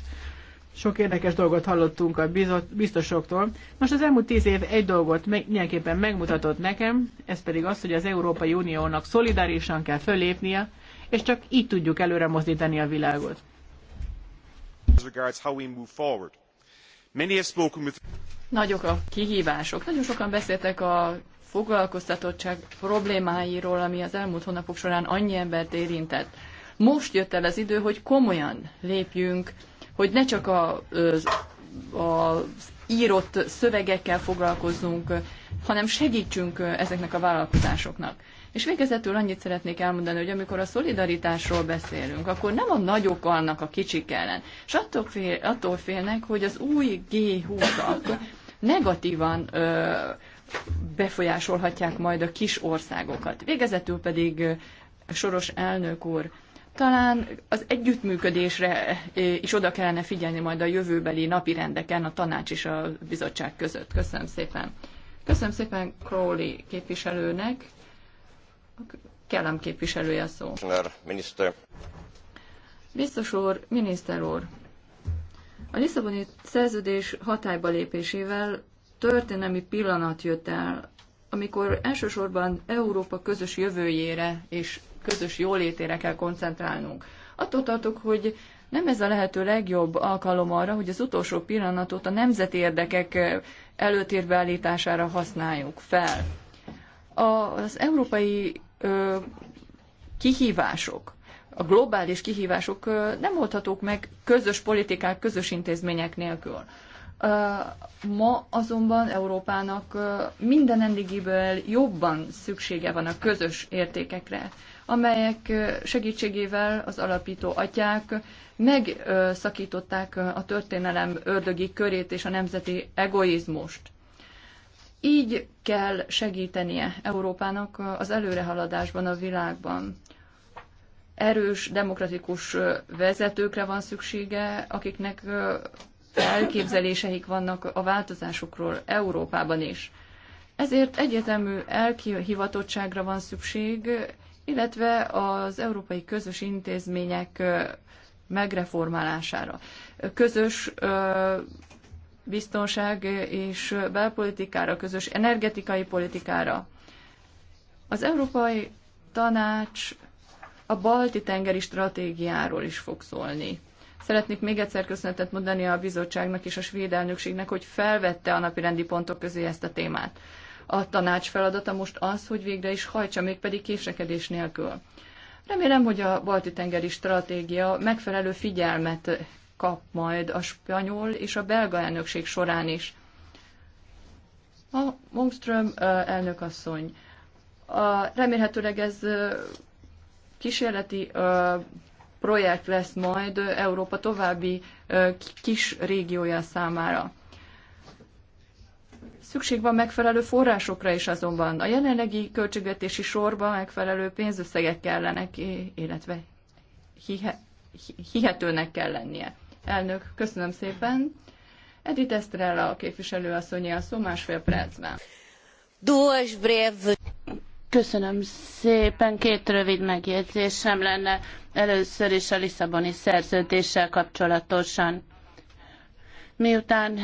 Speaker 2: sok érdekes dolgot hallottunk a biztosoktól. Most az elmúlt tíz év egy dolgot meg, mindenképpen megmutatott nekem, ez pedig az, hogy az Európai Uniónak szolidárisan kell fölépnie, és csak így tudjuk előre mozdítani a világot. Nagyok a kihívások.
Speaker 6: Nagyon sokan beszéltek a foglalkoztatottság problémáiról, ami az elmúlt hónapok során annyi embert érintett. Most jött el az idő, hogy komolyan lépjünk, hogy ne csak a, az, az írott szövegekkel foglalkozzunk, hanem segítsünk ezeknek a vállalkozásoknak. És végezetül annyit szeretnék elmondani, hogy amikor a szolidaritásról beszélünk, akkor nem a nagyok annak a kicsik ellen. És attól, fél, attól félnek, hogy az új G20-ak negatívan ö, befolyásolhatják majd a kis országokat. Végezetül pedig Soros elnök úr, talán az együttműködésre is oda kellene figyelni majd a jövőbeli napi rendeken a tanács és a bizottság között. Köszönöm szépen. Köszönöm szépen Crowley képviselőnek. Kellem képviselője a szó. Minister. Biztos úr, miniszter úr, a Lisszaboni szerződés hatályba lépésével történelmi pillanat jött el, amikor elsősorban Európa közös jövőjére és közös jólétére kell koncentrálnunk. Attól tartok, hogy nem ez a lehető legjobb alkalom arra, hogy az utolsó pillanatot a nemzeti érdekek előtérbe állítására használjuk fel. Az európai ö, kihívások, a globális kihívások ö, nem oldhatók meg közös politikák, közös intézmények nélkül. Ma azonban Európának minden eddigiből jobban szüksége van a közös értékekre, amelyek segítségével az alapító atyák megszakították a történelem ördögi körét és a nemzeti egoizmust. Így kell segítenie Európának az előrehaladásban a világban. Erős, demokratikus vezetőkre van szüksége, akiknek elképzeléseik vannak a változásokról Európában is. Ezért egyetemű elhivatottságra van szükség, illetve az európai közös intézmények megreformálására. Közös biztonság és belpolitikára, közös energetikai politikára. Az Európai Tanács a balti tengeri stratégiáról is fog szólni. Szeretnék még egyszer köszönetet mondani a bizottságnak és a svéd elnökségnek, hogy felvette a napirendi pontok közé ezt a témát. A tanács feladata most az, hogy végre is hajtsa, mégpedig késlekedés nélkül. Remélem, hogy a balti-tengeri stratégia megfelelő figyelmet kap majd a spanyol és a belga elnökség során is. A Malmström elnökasszony. A, remélhetőleg ez kísérleti projekt lesz majd Európa további kis régiója számára. Szükség van megfelelő forrásokra is azonban. A jelenlegi költségvetési sorban megfelelő pénzösszegek kellenek, illetve hihetőnek kell lennie. Elnök, köszönöm szépen. Edith Estrella, a képviselőasszonyi a szó másfél percben.
Speaker 7: Duas breve Köszönöm szépen. Két rövid megjegyzésem lenne. Először is a Lisszaboni szerződéssel kapcsolatosan. Miután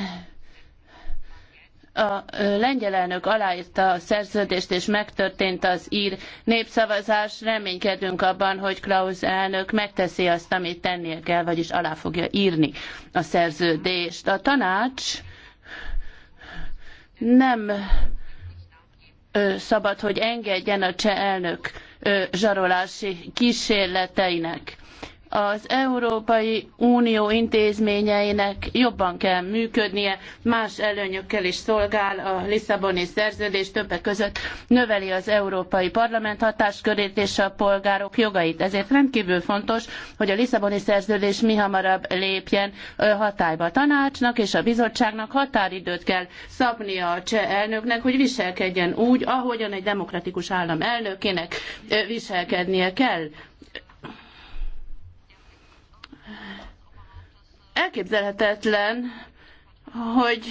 Speaker 7: a lengyel elnök aláírta a szerződést, és megtörtént az ír népszavazás. Reménykedünk abban, hogy Klaus elnök megteszi azt, amit tennie kell, vagyis alá fogja írni a szerződést. A tanács nem szabad, hogy engedjen a cseh elnök zsarolási kísérleteinek az Európai Unió intézményeinek jobban kell működnie, más előnyökkel is szolgál a Lisszaboni szerződés, többek között növeli az Európai Parlament hatáskörét és a polgárok jogait. Ezért rendkívül fontos, hogy a Lisszaboni szerződés mihamarabb lépjen hatályba. A tanácsnak és a bizottságnak határidőt kell szabnia a cseh elnöknek, hogy viselkedjen úgy, ahogyan egy demokratikus állam elnökének viselkednie kell. Elképzelhetetlen, hogy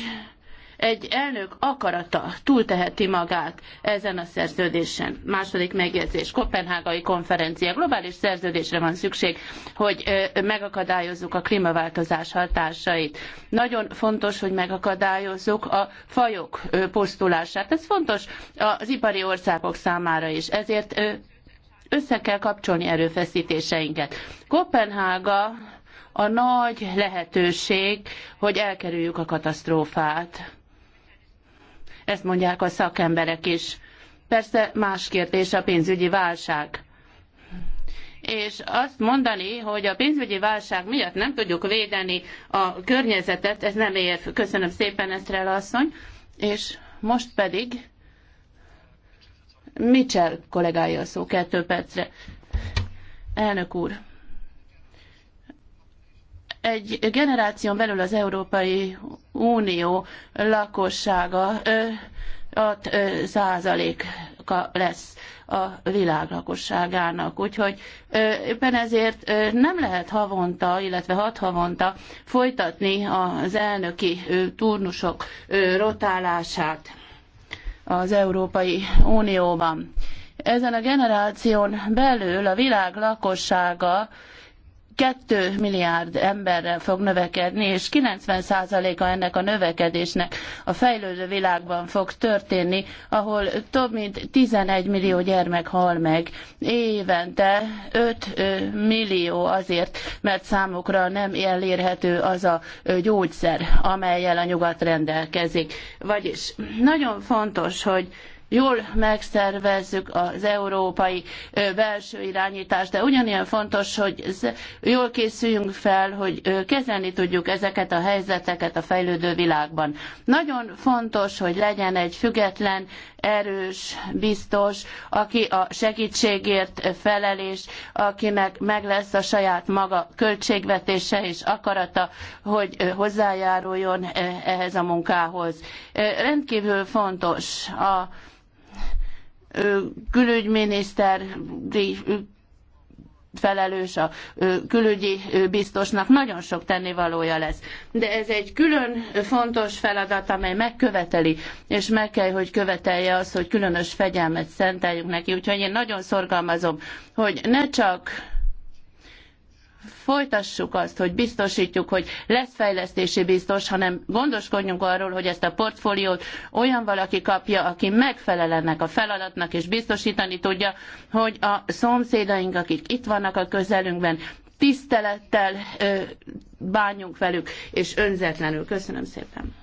Speaker 7: egy elnök akarata túlteheti magát ezen a szerződésen. Második megjegyzés, Kopenhágai konferencia, globális szerződésre van szükség, hogy megakadályozzuk a klímaváltozás hatásait. Nagyon fontos, hogy megakadályozzuk a fajok pusztulását. Ez fontos az ipari országok számára is. Ezért össze kell kapcsolni erőfeszítéseinket. Kopenhága a nagy lehetőség, hogy elkerüljük a katasztrófát. Ezt mondják a szakemberek is. Persze más kérdés a pénzügyi válság és azt mondani, hogy a pénzügyi válság miatt nem tudjuk védeni a környezetet, ez nem ér. Köszönöm szépen, Esztrel asszony. És most pedig Mitchell kollégája a szó kettő percre. Elnök úr egy generáción belül az Európai Unió lakossága 5 százaléka lesz a világ lakosságának. Úgyhogy éppen ezért nem lehet havonta, illetve hat havonta folytatni az elnöki turnusok rotálását az Európai Unióban. Ezen a generáción belül a világ lakossága 2 milliárd emberre fog növekedni, és 90%-a ennek a növekedésnek a fejlődő világban fog történni, ahol több mint 11 millió gyermek hal meg évente, 5 millió azért, mert számukra nem elérhető az a gyógyszer, amelyel a nyugat rendelkezik. Vagyis nagyon fontos, hogy jól megszervezzük az európai belső irányítást, de ugyanilyen fontos, hogy jól készüljünk fel, hogy kezelni tudjuk ezeket a helyzeteket a fejlődő világban. Nagyon fontos, hogy legyen egy független, erős, biztos, aki a segítségért felel, és akinek meg lesz a saját maga költségvetése és akarata, hogy hozzájáruljon e, ehhez a munkához. Rendkívül fontos a külügyminiszter felelős a külügyi biztosnak, nagyon sok tennivalója lesz. De ez egy külön fontos feladat, amely megköveteli, és meg kell, hogy követelje az, hogy különös fegyelmet szenteljünk neki. Úgyhogy én nagyon szorgalmazom, hogy ne csak folytassuk azt, hogy biztosítjuk, hogy lesz fejlesztési biztos, hanem gondoskodjunk arról, hogy ezt a portfóliót olyan valaki kapja, aki megfelel ennek a feladatnak, és biztosítani tudja, hogy a szomszédaink, akik itt vannak a közelünkben, tisztelettel ö, bánjunk velük, és önzetlenül. Köszönöm szépen.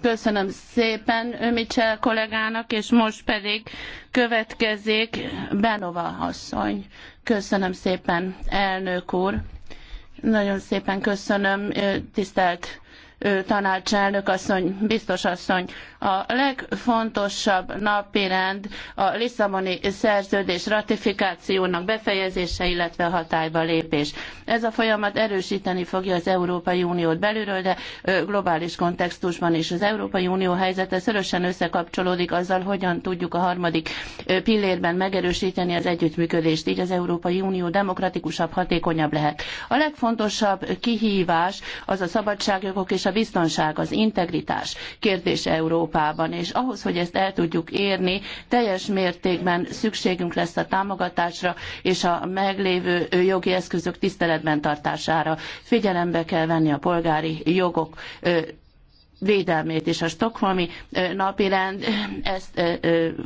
Speaker 7: Köszönöm szépen Mitchell kollégának, és most pedig következik Benova asszony Köszönöm szépen, elnök úr. Nagyon szépen köszönöm, tisztelt tanácselnök asszony, biztos asszony. A legfontosabb napirend a Lisszaboni szerződés ratifikációnak befejezése, illetve hatályba lépés. Ez a folyamat erősíteni fogja az Európai Uniót belülről, de globális kontextusban is. Az Európai Unió helyzete szorosan összekapcsolódik azzal, hogyan tudjuk a harmadik pillérben megerősíteni az együttműködést. Így az Európai Unió demokratikusabb, hatékonyabb lehet. A legfontosabb kihívás az a szabadságjogok és a biztonság, az integritás kérdése Európa. Európában, és ahhoz, hogy ezt el tudjuk érni, teljes mértékben szükségünk lesz a támogatásra és a meglévő jogi eszközök tiszteletben tartására. Figyelembe kell venni a polgári jogok védelmét is. A stokholmi napirend ezt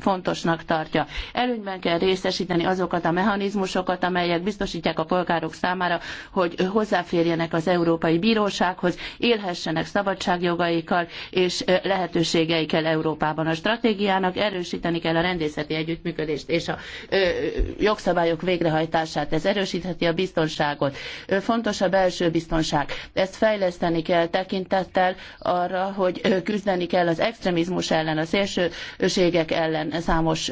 Speaker 7: fontosnak tartja. Előnyben kell részesíteni azokat a mechanizmusokat, amelyek biztosítják a polgárok számára, hogy hozzáférjenek az Európai Bírósághoz, élhessenek szabadságjogaikkal és lehetőségeikkel Európában. A stratégiának erősíteni kell a rendészeti együttműködést és a jogszabályok végrehajtását. Ez erősítheti a biztonságot. Fontos a belső biztonság. Ezt fejleszteni kell tekintettel arra, hogy küzdeni kell az extrémizmus ellen, a szélsőségek ellen számos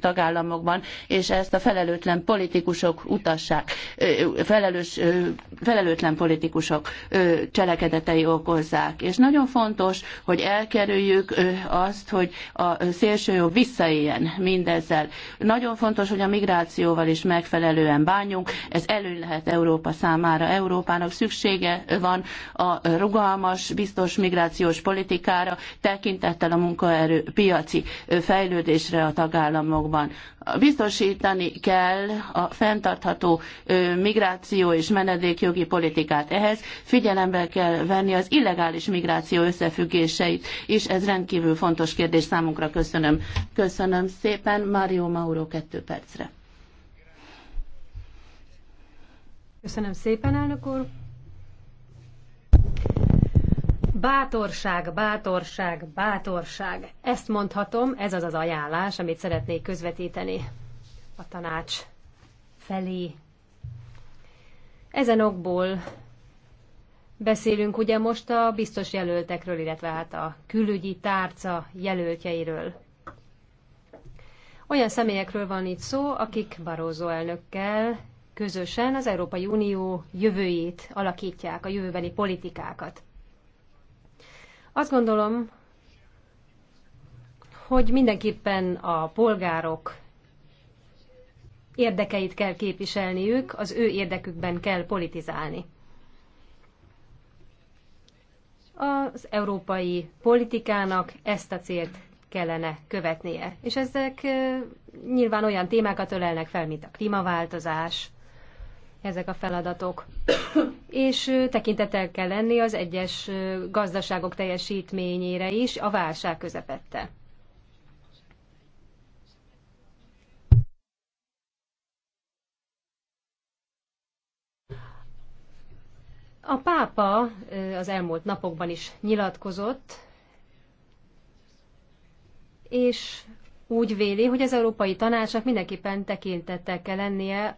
Speaker 7: tagállamokban, és ezt a felelőtlen politikusok utassák, felelős, felelőtlen politikusok cselekedetei okozzák. És nagyon fontos, hogy elkerüljük azt, hogy a szélsőjobb visszaéljen mindezzel. Nagyon fontos, hogy a migrációval is megfelelően bánjunk, ez előny lehet Európa számára. Európának szüksége van a rugalmas, biztos migrációs kohéziós politikára, tekintettel a munkaerő piaci fejlődésre a tagállamokban. Biztosítani kell a fenntartható migráció és menedékjogi politikát. Ehhez figyelembe kell venni az illegális migráció összefüggéseit, és ez rendkívül fontos kérdés számunkra. Köszönöm. Köszönöm szépen. Mário Mauro kettő percre.
Speaker 5: Köszönöm szépen, elnök úr. Bátorság, bátorság, bátorság. Ezt mondhatom, ez az az ajánlás, amit szeretnék közvetíteni a tanács felé. Ezen okból beszélünk ugye most a biztos jelöltekről, illetve hát a külügyi tárca jelöltjeiről. Olyan személyekről van itt szó, akik Barózó elnökkel közösen az Európai Unió jövőjét alakítják, a jövőbeni politikákat. Azt gondolom, hogy mindenképpen a polgárok érdekeit kell képviselniük, az ő érdekükben kell politizálni. Az európai politikának ezt a célt kellene követnie. És ezek eh, nyilván olyan témákat ölelnek fel, mint a klímaváltozás, ezek a feladatok. És tekintetel kell lenni az egyes gazdaságok teljesítményére is a válság közepette. A pápa az elmúlt napokban is nyilatkozott, és úgy véli, hogy az Európai Tanácsnak mindenképpen tekintettel kell lennie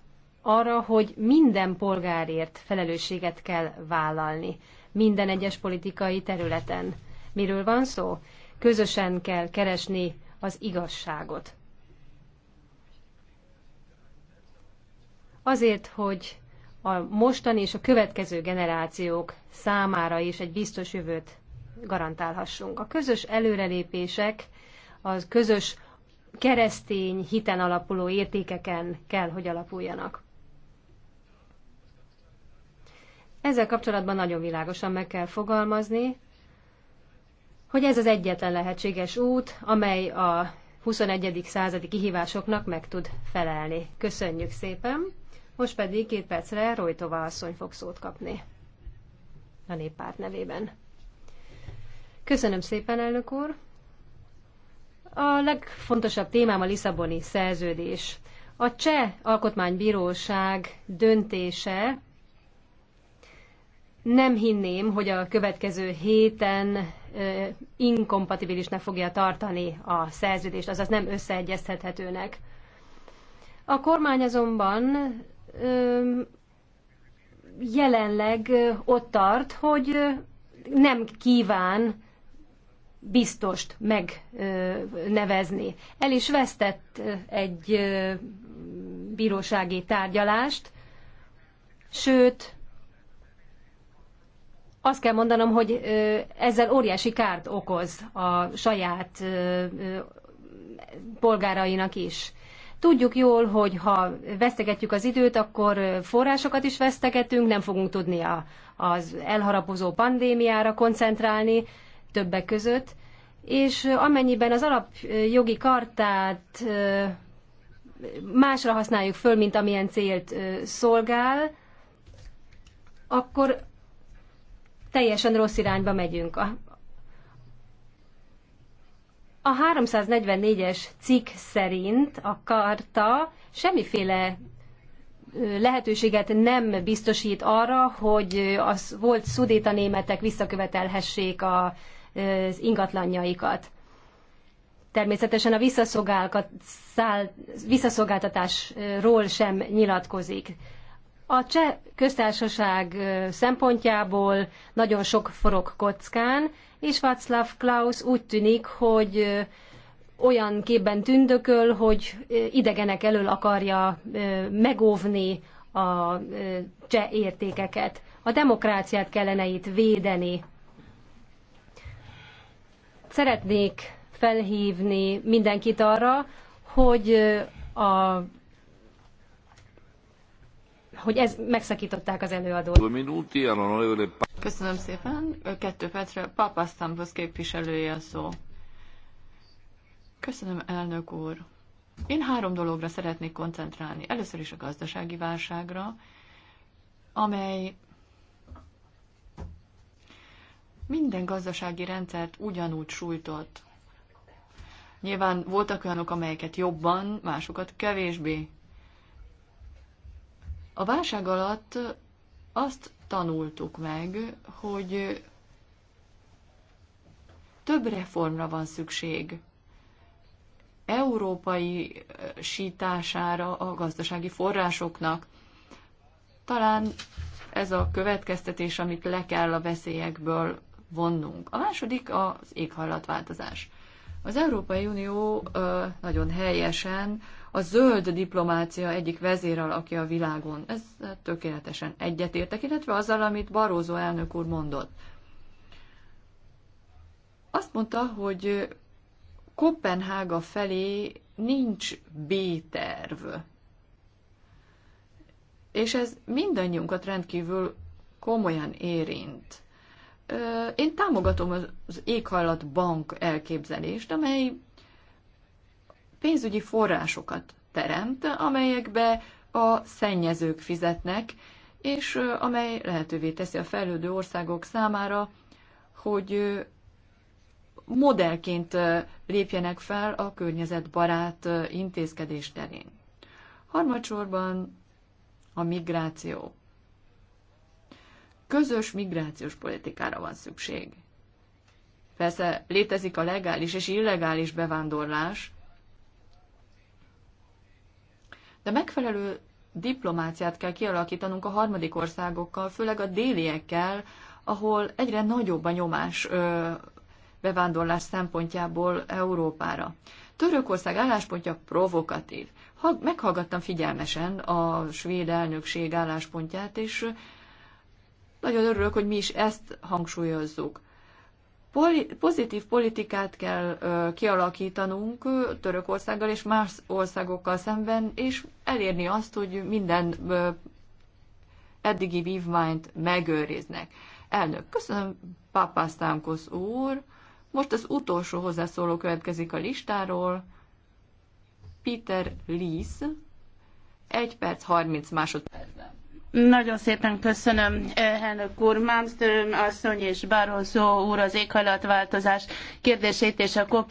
Speaker 5: arra, hogy minden polgárért felelősséget kell vállalni, minden egyes politikai területen. Miről van szó? Közösen kell keresni az igazságot. Azért, hogy a mostani és a következő generációk számára is egy biztos jövőt garantálhassunk. A közös előrelépések, az közös keresztény hiten alapuló értékeken kell, hogy alapuljanak. Ezzel kapcsolatban nagyon világosan meg kell fogalmazni, hogy ez az egyetlen lehetséges út, amely a 21. századi kihívásoknak meg tud felelni. Köszönjük szépen! Most pedig két percre Rojtova asszony fog szót kapni a néppárt nevében. Köszönöm szépen, elnök úr! A legfontosabb témám a Lisszaboni szerződés. A Cseh Alkotmánybíróság döntése nem hinném, hogy a következő héten inkompatibilisnek fogja tartani a szerződést, azaz nem összeegyeztethetőnek. A kormány azonban jelenleg ott tart, hogy nem kíván biztost megnevezni. El is vesztett egy bírósági tárgyalást, sőt, azt kell mondanom, hogy ezzel óriási kárt okoz a saját polgárainak is. Tudjuk jól, hogy ha vesztegetjük az időt, akkor forrásokat is vesztegetünk, nem fogunk tudni a, az elharapozó pandémiára koncentrálni többek között, és amennyiben az alapjogi kartát másra használjuk föl, mint amilyen célt szolgál, akkor teljesen rossz irányba megyünk. A, a 344-es cikk szerint a karta semmiféle lehetőséget nem biztosít arra, hogy az volt szudéta németek visszakövetelhessék a, az ingatlanjaikat. Természetesen a visszaszolgáltatásról sem nyilatkozik. A cseh köztársaság szempontjából nagyon sok forog kockán, és Václav Klaus úgy tűnik, hogy olyan képben tündököl, hogy idegenek elől akarja megóvni a cseh értékeket. A demokráciát kellene itt védeni. Szeretnék felhívni mindenkit arra, hogy a hogy ez megszakították az előadót.
Speaker 6: Köszönöm szépen. Kettő percre Papasztambusz képviselője a szó. Köszönöm, elnök úr. Én három dologra szeretnék koncentrálni. Először is a gazdasági válságra, amely minden gazdasági rendszert ugyanúgy sújtott. Nyilván voltak olyanok, amelyeket jobban, másokat kevésbé a válság alatt azt tanultuk meg, hogy több reformra van szükség. Európai eh, sítására a gazdasági forrásoknak. Talán ez a következtetés, amit le kell a veszélyekből vonnunk. A második az éghajlatváltozás. Az Európai Unió eh, nagyon helyesen a zöld diplomácia egyik aki a világon. Ez tökéletesen egyetértek, illetve azzal, amit Barózó elnök úr mondott. Azt mondta, hogy Kopenhága felé nincs B-terv. És ez mindannyiunkat rendkívül komolyan érint. Én támogatom az éghajlatbank elképzelést, amely pénzügyi forrásokat teremt, amelyekbe a szennyezők fizetnek, és amely lehetővé teszi a fejlődő országok számára, hogy modellként lépjenek fel a környezetbarát intézkedés terén. Harmadsorban a migráció. Közös migrációs politikára van szükség. Persze létezik a legális és illegális bevándorlás, de megfelelő diplomáciát kell kialakítanunk a harmadik országokkal, főleg a déliekkel, ahol egyre nagyobb a nyomás ö, bevándorlás szempontjából Európára. Törökország álláspontja provokatív. Ha, meghallgattam figyelmesen a svéd elnökség álláspontját, és nagyon örülök, hogy mi is ezt hangsúlyozzuk pozitív politikát kell kialakítanunk Törökországgal és más országokkal szemben, és elérni azt, hogy minden eddigi vívmányt megőriznek. Elnök, köszönöm, Papasztánkosz úr. Most az utolsó hozzászóló következik a listáról. Peter Lees, 1 perc 30 másodpercben.
Speaker 7: Nagyon szépen köszönöm, eh, elnök úr, Malmström asszony és Barroso úr az éghajlatváltozás kérdését és a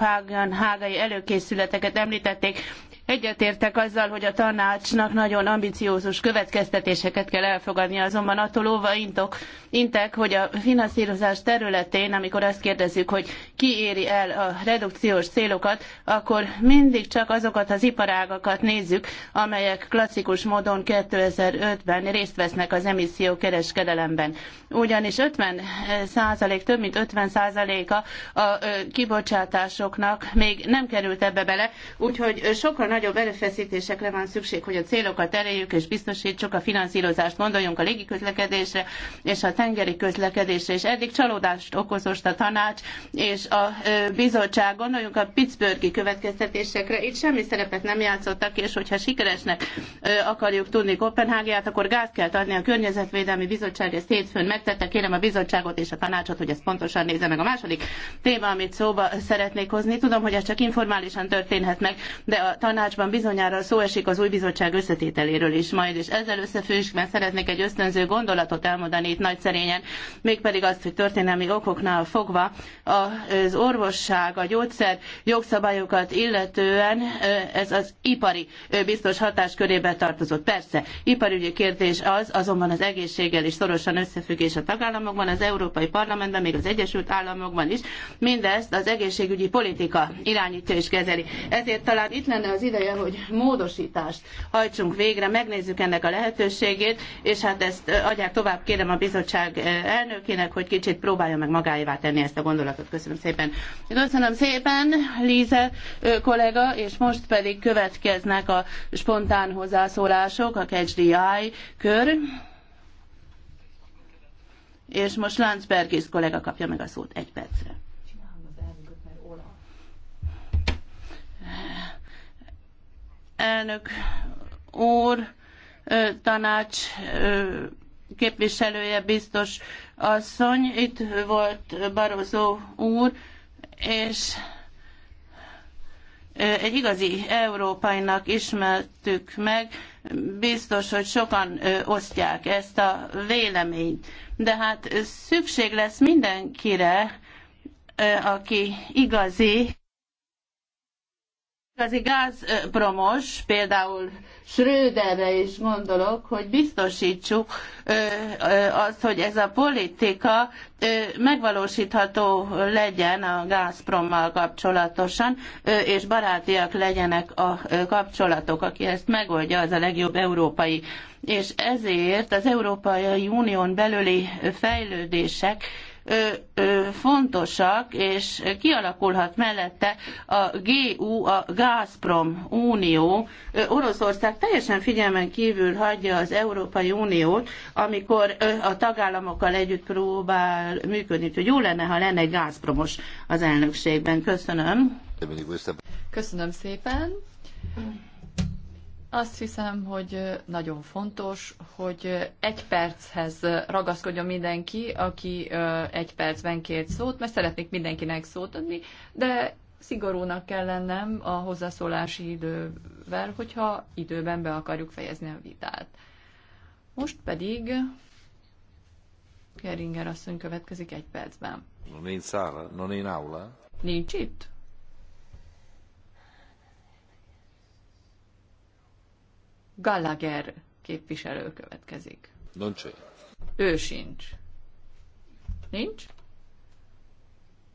Speaker 7: Hágai előkészületeket említették. Egyetértek azzal, hogy a tanácsnak nagyon ambiciózus következtetéseket kell elfogadnia, azonban attól óva intok, intek, hogy a finanszírozás területén, amikor azt kérdezzük, hogy ki éri el a redukciós célokat, akkor mindig csak azokat az iparágakat nézzük, amelyek klasszikus módon 2005-ben részt vesznek az emissziókereskedelemben. Ugyanis 50 százalék, több mint 50 százaléka a kibocsátásoknak még nem került ebbe bele, úgyhogy sokan nagyobb erőfeszítésekre van szükség, hogy a célokat elérjük és biztosítsuk a finanszírozást, gondoljunk a légiközlekedésre és a tengeri közlekedésre. És eddig csalódást okozott a tanács és a bizottság, gondoljunk a Pittsburghi következtetésekre, itt semmi szerepet nem játszottak, és hogyha sikeresnek akarjuk tudni Kopenhágiát, akkor gáz kell adni a Környezetvédelmi Bizottság, ezt hétfőn megtette, kérem a bizottságot és a tanácsot, hogy ezt pontosan nézze meg. A második téma, amit szóba szeretnék hozni, tudom, hogy ez csak informálisan történhet meg, de a tanács tanácsban bizonyára szó esik az új bizottság összetételéről is majd, és ezzel összefüggésben szeretnék egy ösztönző gondolatot elmondani itt nagyszerényen, mégpedig azt, hogy történelmi okoknál fogva az orvosság, a gyógyszer jogszabályokat illetően ez az ipari biztos hatáskörébe tartozott. Persze, iparügyi kérdés az, azonban az egészséggel is szorosan összefüggés a tagállamokban, az Európai Parlamentben, még az Egyesült Államokban is. Mindezt az egészségügyi politika irányítja és kezeli. Ezért talán itt lenne az ide ideje, hogy módosítást hajtsunk végre, megnézzük ennek a lehetőségét, és hát ezt adják tovább, kérem a bizottság elnökének, hogy kicsit próbálja meg magáévá tenni ezt a gondolatot. Köszönöm szépen. Köszönöm szépen, Líze kollega, és most pedig következnek a spontán hozzászólások, a KHDI kör. És most Lánc Bergész kollega kapja meg a szót egy percre. elnök úr, tanács képviselője, biztos asszony, itt volt Barozó úr, és egy igazi európainak ismertük meg, biztos, hogy sokan osztják ezt a véleményt. De hát szükség lesz mindenkire, aki igazi, igazi gázpromos, például Schröderre is gondolok, hogy biztosítsuk azt, hogy ez a politika megvalósítható legyen a Gazprommal kapcsolatosan, és barátiak legyenek a kapcsolatok. Aki ezt megoldja, az a legjobb európai. És ezért az Európai Unión belüli fejlődések fontosak, és kialakulhat mellette a GU, a Gazprom Unió. Oroszország teljesen figyelmen kívül hagyja az Európai Uniót, amikor a tagállamokkal együtt próbál működni. Úgyhogy jó lenne, ha lenne egy Gazpromos az elnökségben. Köszönöm. Köszönöm szépen.
Speaker 6: Azt hiszem, hogy nagyon fontos, hogy egy perchez ragaszkodjon mindenki, aki egy percben két szót, mert szeretnék mindenkinek szót adni, de szigorúnak kell lennem a hozzászólási idővel, hogyha időben be akarjuk fejezni a vitát. Most pedig Geringer asszony következik egy percben.
Speaker 3: nincs szála, nincs aula.
Speaker 6: Nincs itt? Gallagher képviselő következik. Nincs Ő sincs. Nincs?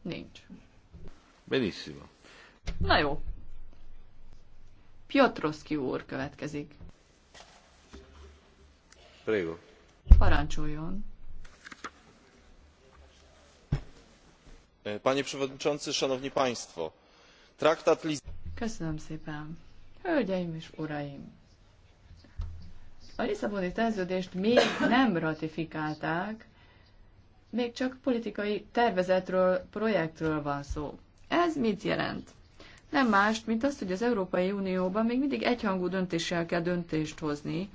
Speaker 6: Nincs. Benissimo. Na jó. Piotrowski úr következik. Prego. Parancsoljon.
Speaker 3: Panie Przewodniczący, Szanowni Państwo, traktat Liz...
Speaker 6: Köszönöm szépen. Hölgyeim és uraim! A Lisszaboni szerződést még nem ratifikálták, még csak politikai tervezetről, projektről van szó. Ez mit jelent? Nem mást, mint azt, hogy az Európai Unióban még mindig egyhangú döntéssel kell döntést hozni,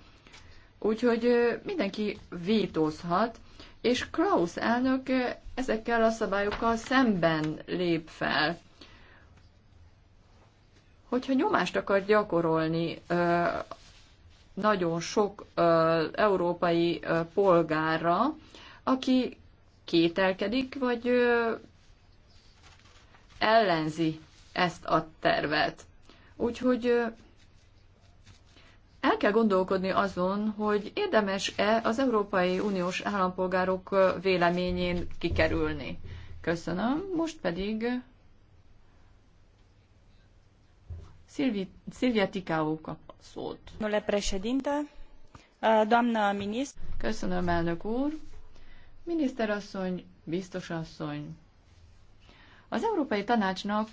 Speaker 6: úgyhogy mindenki vétózhat, és Klaus elnök ezekkel a szabályokkal szemben lép fel. Hogyha nyomást akar gyakorolni nagyon sok európai polgárra, aki kételkedik, vagy ellenzi ezt a tervet. Úgyhogy el kell gondolkodni azon, hogy érdemes-e az Európai Uniós állampolgárok véleményén kikerülni. Köszönöm. Most pedig Szilvia Tikáó kap szót. Köszönöm, elnök úr. Miniszterasszony, asszony. Az Európai Tanácsnak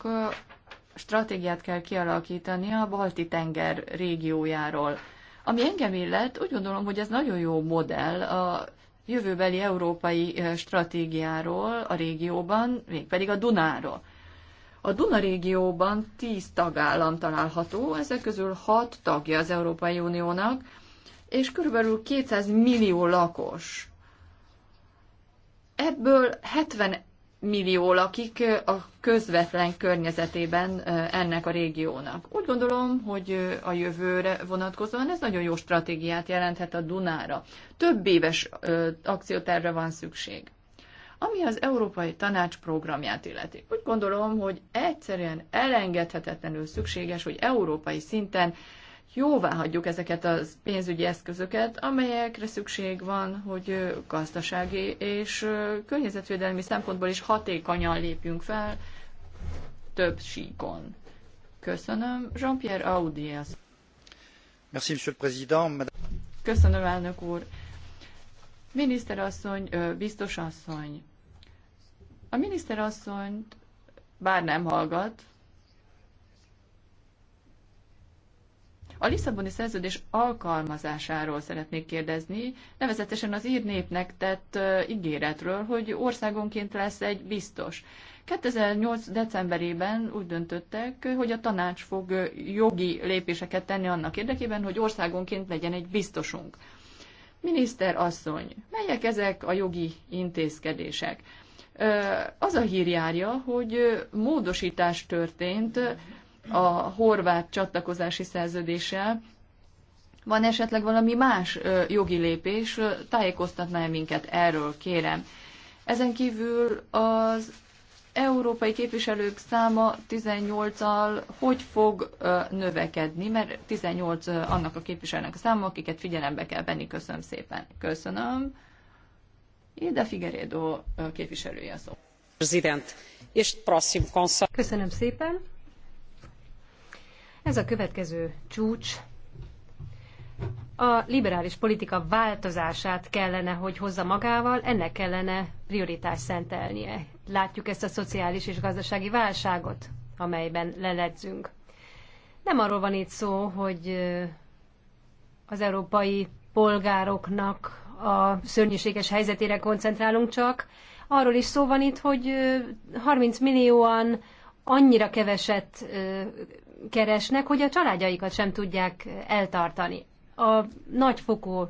Speaker 6: stratégiát kell kialakítani a Balti-tenger régiójáról. Ami engem illet, úgy gondolom, hogy ez nagyon jó modell a jövőbeli európai stratégiáról a régióban, mégpedig a Dunáról. A Duna régióban 10 tagállam található, ezek közül 6 tagja az Európai Uniónak, és körülbelül 200 millió lakos. Ebből 70 millió lakik a közvetlen környezetében ennek a régiónak. Úgy gondolom, hogy a jövőre vonatkozóan ez nagyon jó stratégiát jelenthet a Dunára. Több éves akciótervre van szükség. Ami az Európai Tanács programját illeti, úgy gondolom, hogy egyszerűen elengedhetetlenül szükséges, hogy európai szinten jóvá hagyjuk ezeket a pénzügyi eszközöket, amelyekre szükség van, hogy gazdasági és környezetvédelmi szempontból is hatékonyan lépjünk fel több síkon. Köszönöm. Jean-Pierre Audias. Merci, Monsieur
Speaker 7: le Président.
Speaker 6: Köszönöm, elnök úr. Miniszterasszony, biztos asszony, a miniszter asszonyt bár nem hallgat, A Lisszaboni szerződés alkalmazásáról szeretnék kérdezni, nevezetesen az ír népnek tett ígéretről, hogy országonként lesz egy biztos. 2008. decemberében úgy döntöttek, hogy a tanács fog jogi lépéseket tenni annak érdekében, hogy országonként legyen egy biztosunk. Miniszter asszony, melyek ezek a jogi intézkedések? az a járja, hogy módosítás történt a horvát csatlakozási szerződéssel. Van esetleg valami más jogi lépés? Tájékoztatná minket erről, kérem. Ezen kívül az európai képviselők száma 18-al hogy fog növekedni, mert 18 annak a képviselőnek a száma, akiket figyelembe kell venni. Köszönöm szépen. Köszönöm. Ida
Speaker 5: Figueredo képviselője szó. Köszönöm szépen. Ez a következő csúcs a liberális politika változását kellene, hogy hozza magával, ennek kellene prioritást szentelnie. Látjuk ezt a szociális és gazdasági válságot, amelyben leledzünk. Nem arról van itt szó, hogy az európai polgároknak a szörnyűséges helyzetére koncentrálunk csak. Arról is szó van itt, hogy 30 millióan annyira keveset keresnek, hogy a családjaikat sem tudják eltartani. A nagyfokú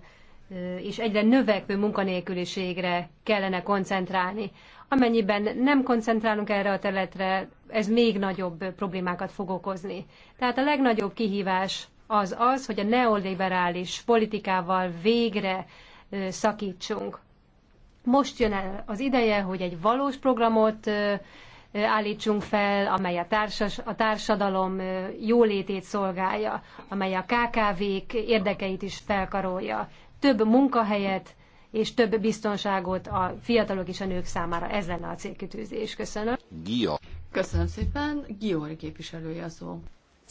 Speaker 5: és egyre növekvő munkanélküliségre kellene koncentrálni. Amennyiben nem koncentrálunk erre a területre, ez még nagyobb problémákat fog okozni. Tehát a legnagyobb kihívás az az, hogy a neoliberális politikával végre szakítsunk. Most jön el az ideje, hogy egy valós programot állítsunk fel, amely a, társas, a társadalom jólétét szolgálja, amely a KKV-k érdekeit is felkarolja. Több munkahelyet és több biztonságot a fiatalok és a nők számára. Ez lenne a célkitűzés. Köszönöm. Gia. Köszönöm szépen. Giori képviselője a szó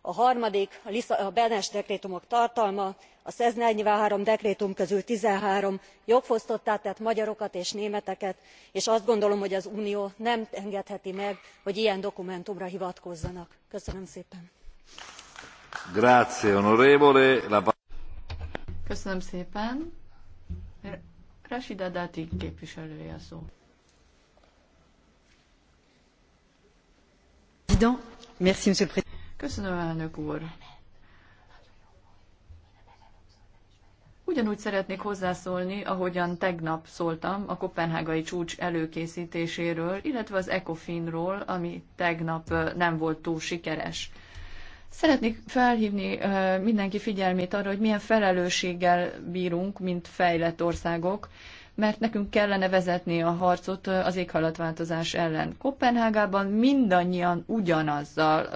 Speaker 8: a harmadik a bene dekrétumok tartalma a one hundred and forty three dekrétum közül thirteen jogfosztottá tett magyarokat és németeket és azt gondolom hogy az unió nem engedheti meg hogy ilyen dokumentumra hivatkozzanak. köszönöm szépen!
Speaker 6: Köszönöm, elnök úr. Ugyanúgy szeretnék hozzászólni, ahogyan tegnap szóltam a kopenhágai csúcs előkészítéséről, illetve az ECOFIN-ról, ami tegnap nem volt túl sikeres. Szeretnék felhívni mindenki figyelmét arra, hogy milyen felelősséggel bírunk, mint fejlett országok, mert nekünk kellene vezetni a harcot az éghajlatváltozás ellen. Kopenhágában mindannyian ugyanazzal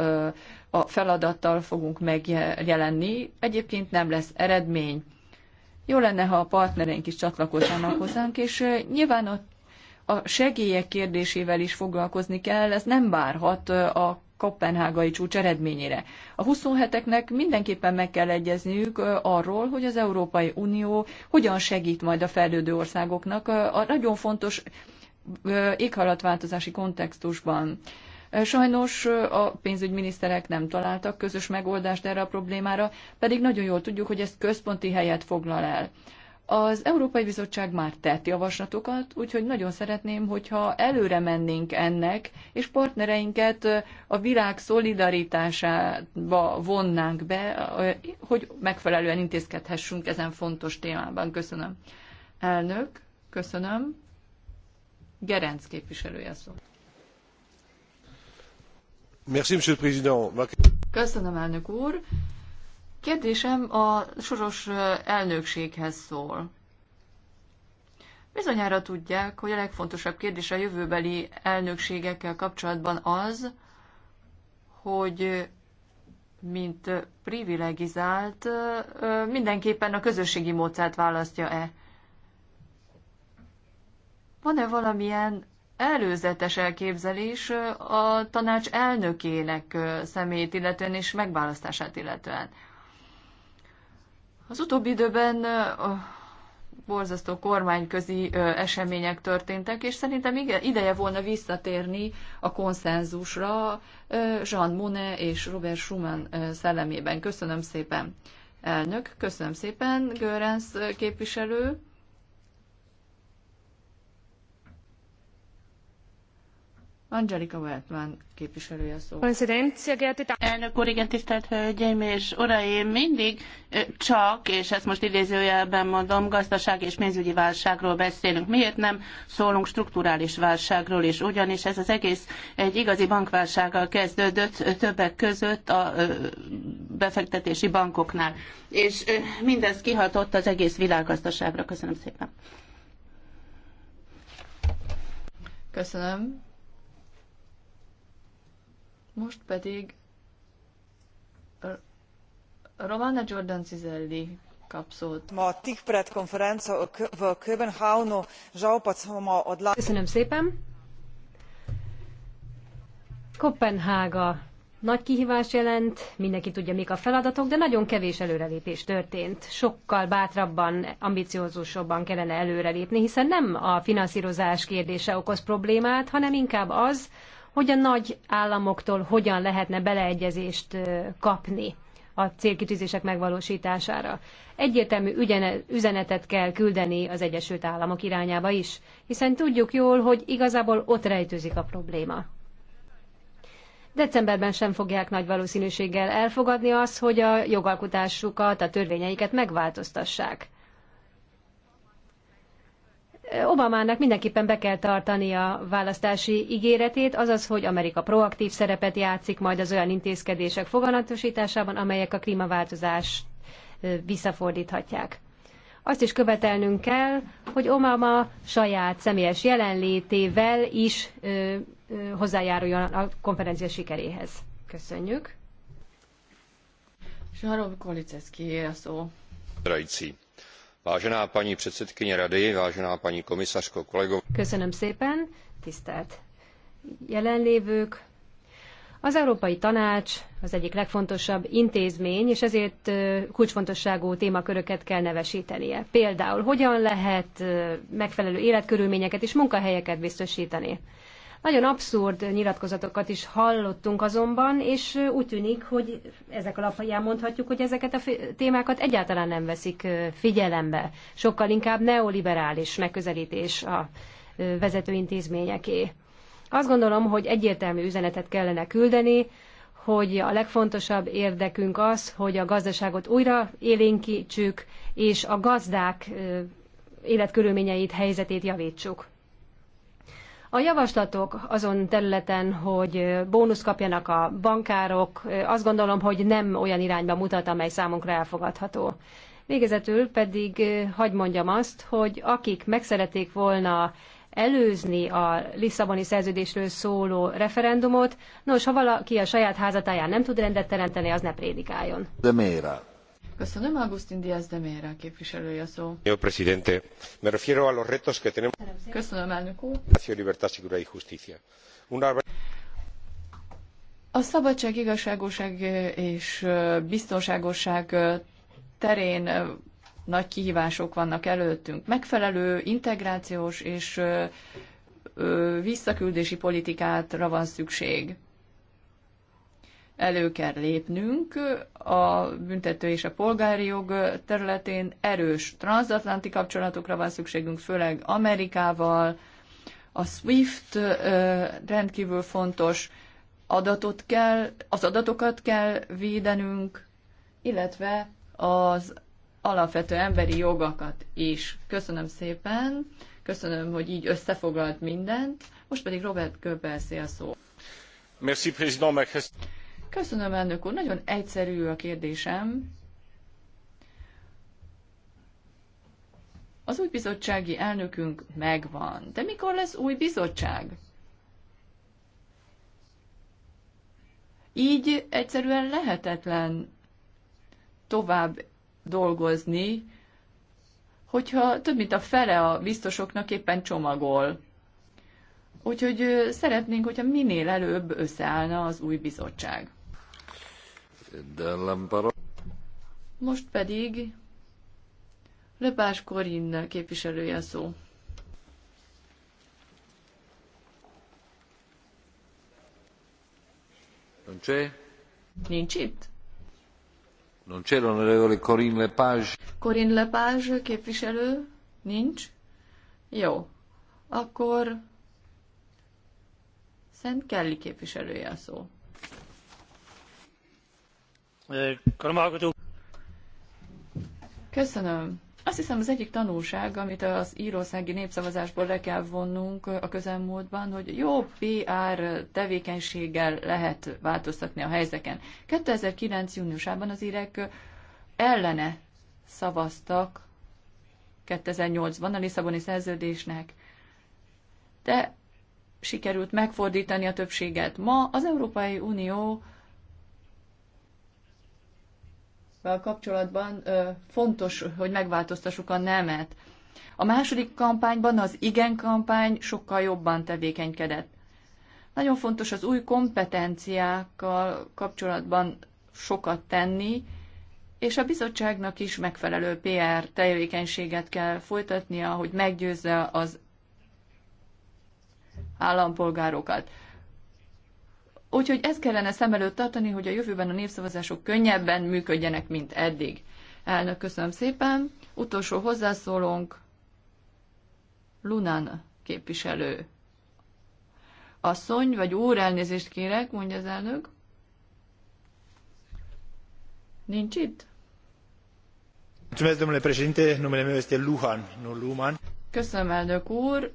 Speaker 6: a feladattal fogunk megjelenni, egyébként nem lesz eredmény. Jó lenne, ha a partnereink is csatlakoznának hozzánk, és nyilván a, a segélyek kérdésével is foglalkozni kell, ez nem várhat a kopenhágai csúcs eredményére. A 27-eknek mindenképpen meg kell egyezniük arról, hogy az Európai Unió hogyan segít majd a fejlődő országoknak a nagyon fontos éghajlatváltozási kontextusban. Sajnos a pénzügyminiszterek nem találtak közös megoldást erre a problémára, pedig nagyon jól tudjuk, hogy ezt központi helyet foglal el. Az Európai Bizottság már tett javaslatokat, úgyhogy nagyon szeretném, hogyha előre mennénk ennek, és partnereinket a világ szolidaritásába vonnánk be, hogy megfelelően intézkedhessünk ezen fontos témában. Köszönöm. Elnök, köszönöm. Gerenc képviselője szó
Speaker 7: monsieur le président.
Speaker 6: Köszönöm, elnök úr. Kérdésem a soros elnökséghez szól. Bizonyára tudják, hogy a legfontosabb kérdés a jövőbeli elnökségekkel kapcsolatban az, hogy mint privilegizált, mindenképpen a közösségi módszert választja-e. Van-e valamilyen előzetes elképzelés a tanács elnökének személyét illetően és megválasztását illetően. Az utóbbi időben borzasztó kormányközi események történtek, és szerintem ideje volna visszatérni a konszenzusra Jean Monnet és Robert Schumann szellemében. Köszönöm szépen, elnök, köszönöm szépen, Görens képviselő. Angelika Weltman képviselője szó.
Speaker 7: Elnök úr, igen, tisztelt hölgyeim és uraim, mindig csak, és ezt most idézőjelben mondom, gazdaság és pénzügyi válságról beszélünk. Miért nem szólunk strukturális válságról is? Ugyanis ez az egész egy igazi bankválsággal kezdődött többek között a befektetési bankoknál. És mindez kihatott az egész világgazdaságra. Köszönöm szépen. Köszönöm.
Speaker 6: Most pedig Romana Jordan Cizelli
Speaker 2: kapszót. Ma tik pred konferencia v Köbenhavnu žal Ma smo
Speaker 5: odla... Köszönöm szépen. Kopenhága nagy kihívás jelent, mindenki tudja, mik a feladatok, de nagyon kevés előrelépés történt. Sokkal bátrabban, ambiciózusabban kellene előrelépni, hiszen nem a finanszírozás kérdése okoz problémát, hanem inkább az, hogy a nagy államoktól hogyan lehetne beleegyezést kapni a célkitűzések megvalósítására. Egyértelmű üzenetet kell küldeni az Egyesült Államok irányába is, hiszen tudjuk jól, hogy igazából ott rejtőzik a probléma. Decemberben sem fogják nagy valószínűséggel elfogadni azt, hogy a jogalkotásukat, a törvényeiket megváltoztassák. Obamának mindenképpen be kell tartani a választási ígéretét, azaz, hogy Amerika proaktív szerepet játszik majd az olyan intézkedések foganatosításában, amelyek a klímaváltozást visszafordíthatják. Azt is követelnünk kell, hogy Obama saját személyes jelenlétével is ö, ö, hozzájáruljon a konferencia sikeréhez. Köszönjük.
Speaker 6: Zsarov Kolicecki a szó.
Speaker 1: Rajci vážená paní předsedkyně rady vážená paní komisařko kolegové
Speaker 5: köszönöm szépen tisztelt jelenlévők az Európai Tanács az egyik legfontosabb intézmény, és ezért kulcsfontosságú témaköröket kell nevesítenie. Például hogyan lehet megfelelő életkörülményeket és munkahelyeket biztosítani. Nagyon abszurd nyilatkozatokat is hallottunk azonban, és úgy tűnik, hogy ezek alapján mondhatjuk, hogy ezeket a témákat egyáltalán nem veszik figyelembe. Sokkal inkább neoliberális megközelítés a vezető intézményeké. Azt gondolom, hogy egyértelmű üzenetet kellene küldeni, hogy a legfontosabb érdekünk az, hogy a gazdaságot újra élénkítsük, és a gazdák életkörülményeit, helyzetét javítsuk. A javaslatok azon területen, hogy bónusz kapjanak a bankárok, azt gondolom, hogy nem olyan irányba mutat, amely számunkra elfogadható. Végezetül pedig eh, hagy mondjam azt, hogy akik megszerették volna előzni a Lisszaboni szerződésről szóló referendumot, nos, ha valaki a saját házatáján nem tud rendet teremteni, az ne prédikáljon. De miért? Köszönöm, Augustin
Speaker 6: Díaz de Mera képviselője a szó.
Speaker 3: Jó, presidente. Me refiero a los retos que tenemos.
Speaker 6: Köszönöm, elnök úr.
Speaker 3: Libertad, seguridad y justicia. Una...
Speaker 6: A szabadság, igazságosság és biztonságosság terén nagy kihívások vannak előttünk. Megfelelő integrációs és visszaküldési politikátra van szükség elő kell lépnünk a büntető és a polgári jog területén. Erős transatlanti kapcsolatokra van szükségünk, főleg Amerikával. A SWIFT rendkívül fontos adatot kell, az adatokat kell védenünk, illetve az alapvető emberi jogakat is. Köszönöm szépen, köszönöm, hogy így összefoglalt mindent. Most pedig Robert Göbbel szél szó.
Speaker 3: Merci, président
Speaker 6: Köszönöm, elnök úr. Nagyon egyszerű a kérdésem. Az új bizottsági elnökünk megvan, de mikor lesz új bizottság? Így egyszerűen lehetetlen tovább dolgozni, hogyha több mint a fele a biztosoknak éppen csomagol. Úgyhogy szeretnénk, hogyha minél előbb összeállna az új bizottság. Most pedig Lepás Korin képviselője szó. Non c'è? Nincs itt?
Speaker 3: Non c'è l'onorevole Corinne Lepage?
Speaker 6: Corinne Lepage képviselő? Nincs? Jó. Akkor Szent Kelly képviselője a szó. Köszönöm. Azt hiszem az egyik tanulság, amit az írországi népszavazásból le kell vonnunk a közelmúltban, hogy jó PR tevékenységgel lehet változtatni a helyzeken. 2009. júniusában az írek ellene szavaztak 2008-ban a Lisszaboni szerződésnek, de sikerült megfordítani a többséget. Ma az Európai Unió kapcsolatban fontos, hogy megváltoztassuk a nemet. A második kampányban az igen kampány sokkal jobban tevékenykedett. Nagyon fontos az új kompetenciákkal kapcsolatban sokat tenni, és a bizottságnak is megfelelő PR tevékenységet kell folytatnia, hogy meggyőzze az állampolgárokat. Úgyhogy ezt kellene szem előtt tartani, hogy a jövőben a népszavazások könnyebben működjenek, mint eddig. Elnök, köszönöm szépen. Utolsó hozzászólónk, Lunan képviselő. Asszony, vagy úr, elnézést kérek, mondja az elnök. Nincs itt? Luman. Köszönöm, elnök úr.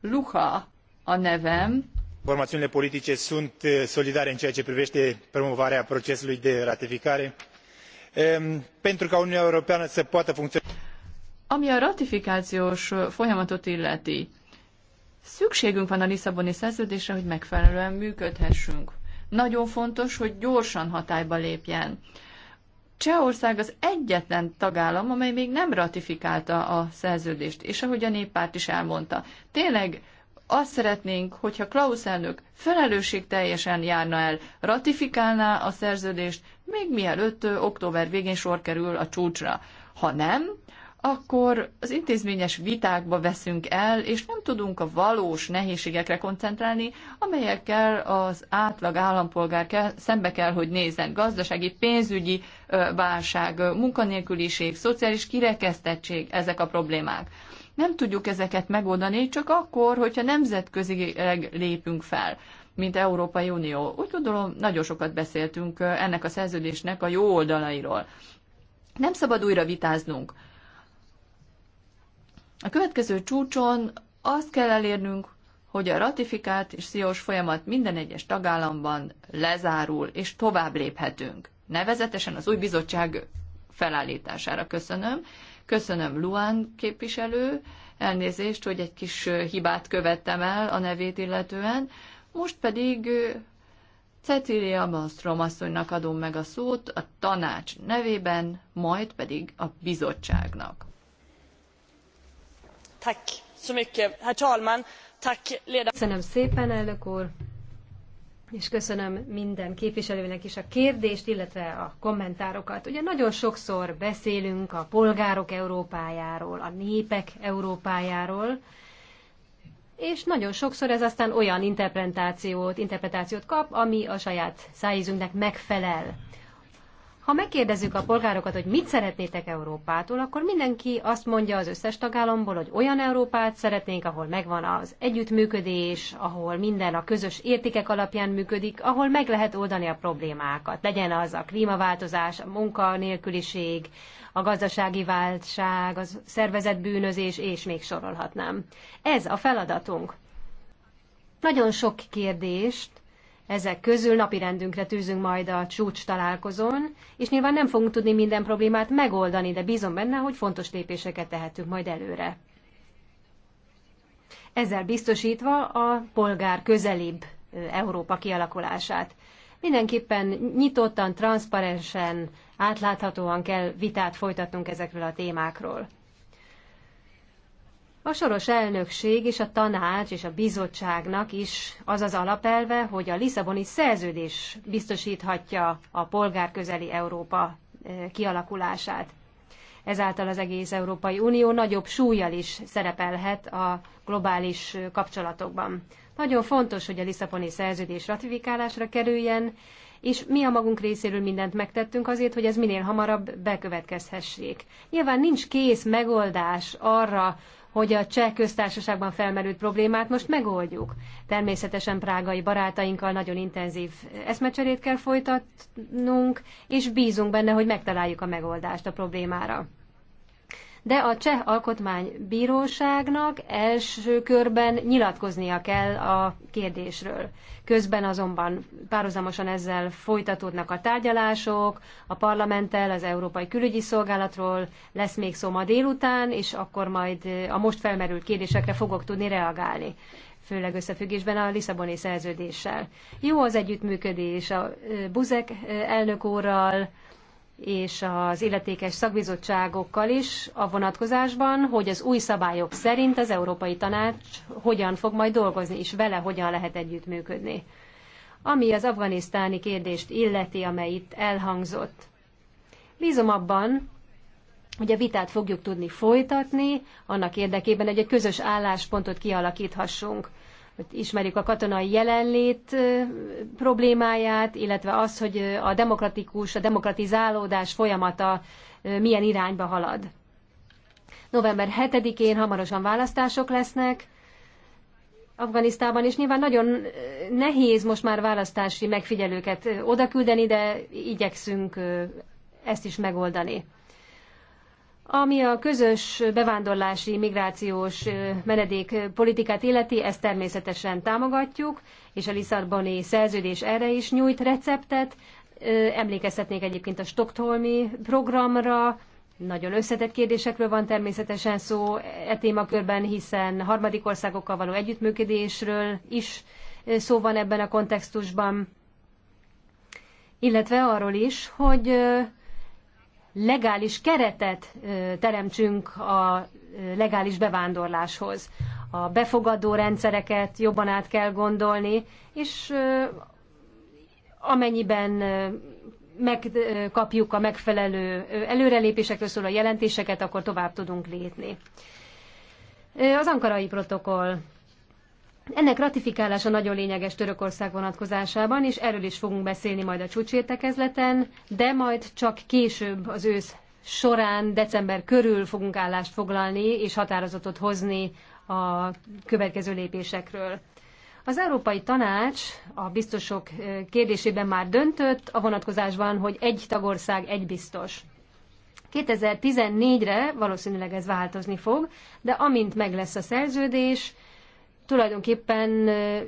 Speaker 6: Luha a nevem,
Speaker 1: formaiunile politice sunt eh, solidare în ceea ce privete promovarea procesului de ratificare ehm, pentru ca uniunea europeană să poată funciona.
Speaker 6: Ami a ratifikációs folyamatot illeti, szükségünk van a Lisszaboni szerződésre, hogy megfelelően működhessünk. Nagyon fontos, hogy gyorsan hatályba lépjen. Csehország az egyetlen tagállam, amely még nem ratifikálta a szerződést, és ahogy a néppárt is elmondta, tényleg azt szeretnénk, hogyha Klaus elnök felelősségteljesen járna el, ratifikálná a szerződést, még mielőtt október végén sor kerül a csúcsra. Ha nem, akkor az intézményes vitákba veszünk el, és nem tudunk a valós nehézségekre koncentrálni, amelyekkel az átlag állampolgár kell, szembe kell, hogy nézzen. Gazdasági, pénzügyi válság, munkanélküliség, szociális kirekesztettség, ezek a problémák. Nem tudjuk ezeket megoldani, csak akkor, hogyha nemzetközileg lépünk fel mint Európai Unió. Úgy gondolom, nagyon sokat beszéltünk ennek a szerződésnek a jó oldalairól. Nem szabad újra vitáznunk. A következő csúcson azt kell elérnünk, hogy a ratifikált és sziós folyamat minden egyes tagállamban lezárul, és tovább léphetünk. Nevezetesen az új bizottság felállítására köszönöm. Köszönöm Luán képviselő, elnézést, hogy egy kis hibát követtem el a nevét illetően. Most pedig Cecilia Malmström asszonynak adom meg a szót a tanács nevében, majd pedig a
Speaker 5: bizottságnak.
Speaker 2: Tack so mycket, herr talman.
Speaker 5: Tack, Köszönöm szépen, elnök úr és köszönöm minden képviselőnek is a kérdést, illetve a kommentárokat. Ugye nagyon sokszor beszélünk a polgárok Európájáról, a népek Európájáról, és nagyon sokszor ez aztán olyan interpretációt, interpretációt kap, ami a saját szájízünknek megfelel. Ha megkérdezzük a polgárokat, hogy mit szeretnétek Európától, akkor mindenki azt mondja az összes tagállamból, hogy olyan Európát szeretnénk, ahol megvan az együttműködés, ahol minden a közös értékek alapján működik, ahol meg lehet oldani a problémákat. Legyen az a klímaváltozás, a munkanélküliség, a gazdasági váltság, a szervezetbűnözés, és még sorolhatnám. Ez a feladatunk. Nagyon sok kérdést ezek közül napirendünkre tűzünk majd a csúcs találkozón, és nyilván nem fogunk tudni minden problémát megoldani, de bízom benne, hogy fontos lépéseket tehetünk majd előre. Ezzel biztosítva a polgár közelibb Európa kialakulását. Mindenképpen nyitottan, transzparensen, átláthatóan kell vitát folytatnunk ezekről a témákról. A soros elnökség és a tanács és a bizottságnak is az az alapelve, hogy a Lisszaboni szerződés biztosíthatja a polgárközeli Európa eh, kialakulását. Ezáltal az egész Európai Unió nagyobb súlyjal is szerepelhet a globális eh, kapcsolatokban. Nagyon fontos, hogy a Lisszaboni szerződés ratifikálásra kerüljen, és mi a magunk részéről mindent megtettünk azért, hogy ez minél hamarabb bekövetkezhessék. Nyilván nincs kész megoldás arra, hogy a cseh köztársaságban felmerült problémát most megoldjuk. Természetesen prágai barátainkkal nagyon intenzív eszmecserét kell folytatnunk, és bízunk benne, hogy megtaláljuk a megoldást a problémára de a Cseh Alkotmánybíróságnak első körben nyilatkoznia kell a kérdésről. Közben azonban párhuzamosan ezzel folytatódnak a tárgyalások, a parlamenttel, az Európai Külügyi Szolgálatról lesz még szó ma délután, és akkor majd a most felmerült kérdésekre fogok tudni reagálni főleg összefüggésben a Lisszaboni szerződéssel. Jó az együttműködés a Buzek eh, elnök úrral, és az illetékes szakbizottságokkal is a vonatkozásban, hogy az új szabályok szerint az Európai Tanács hogyan fog majd dolgozni, és vele hogyan lehet együttműködni. Ami az afganisztáni kérdést illeti, amely itt elhangzott. Bízom abban, hogy a vitát fogjuk tudni folytatni, annak érdekében, hogy egy közös álláspontot kialakíthassunk ismerjük a katonai jelenlét problémáját, illetve az, hogy a demokratikus, a demokratizálódás folyamata milyen irányba halad. November 7-én hamarosan választások lesznek, Afganisztában, és nyilván nagyon nehéz most már választási megfigyelőket odaküldeni, de igyekszünk ezt is megoldani. Ami a közös bevándorlási, migrációs menedékpolitikát illeti, ezt természetesen támogatjuk, és a Lisszaboni szerződés erre is nyújt receptet. Emlékeztetnék egyébként a Stockholmi programra, nagyon összetett kérdésekről van természetesen szó e témakörben, hiszen harmadik országokkal való együttműködésről is szó van ebben a kontextusban, illetve arról is, hogy legális keretet teremtsünk a legális bevándorláshoz. A befogadó rendszereket jobban át kell gondolni, és amennyiben megkapjuk a megfelelő előrelépésekről szóló jelentéseket, akkor tovább tudunk lépni. Az ankarai protokoll ennek ratifikálása nagyon lényeges Törökország vonatkozásában, és erről is fogunk beszélni majd a csúcsértekezleten, de majd csak később az ősz során, december körül fogunk állást foglalni és határozatot hozni a következő lépésekről. Az Európai Tanács a biztosok kérdésében már döntött a vonatkozásban, hogy egy tagország, egy biztos. 2014-re valószínűleg ez változni fog, de amint meg lesz a szerződés, tulajdonképpen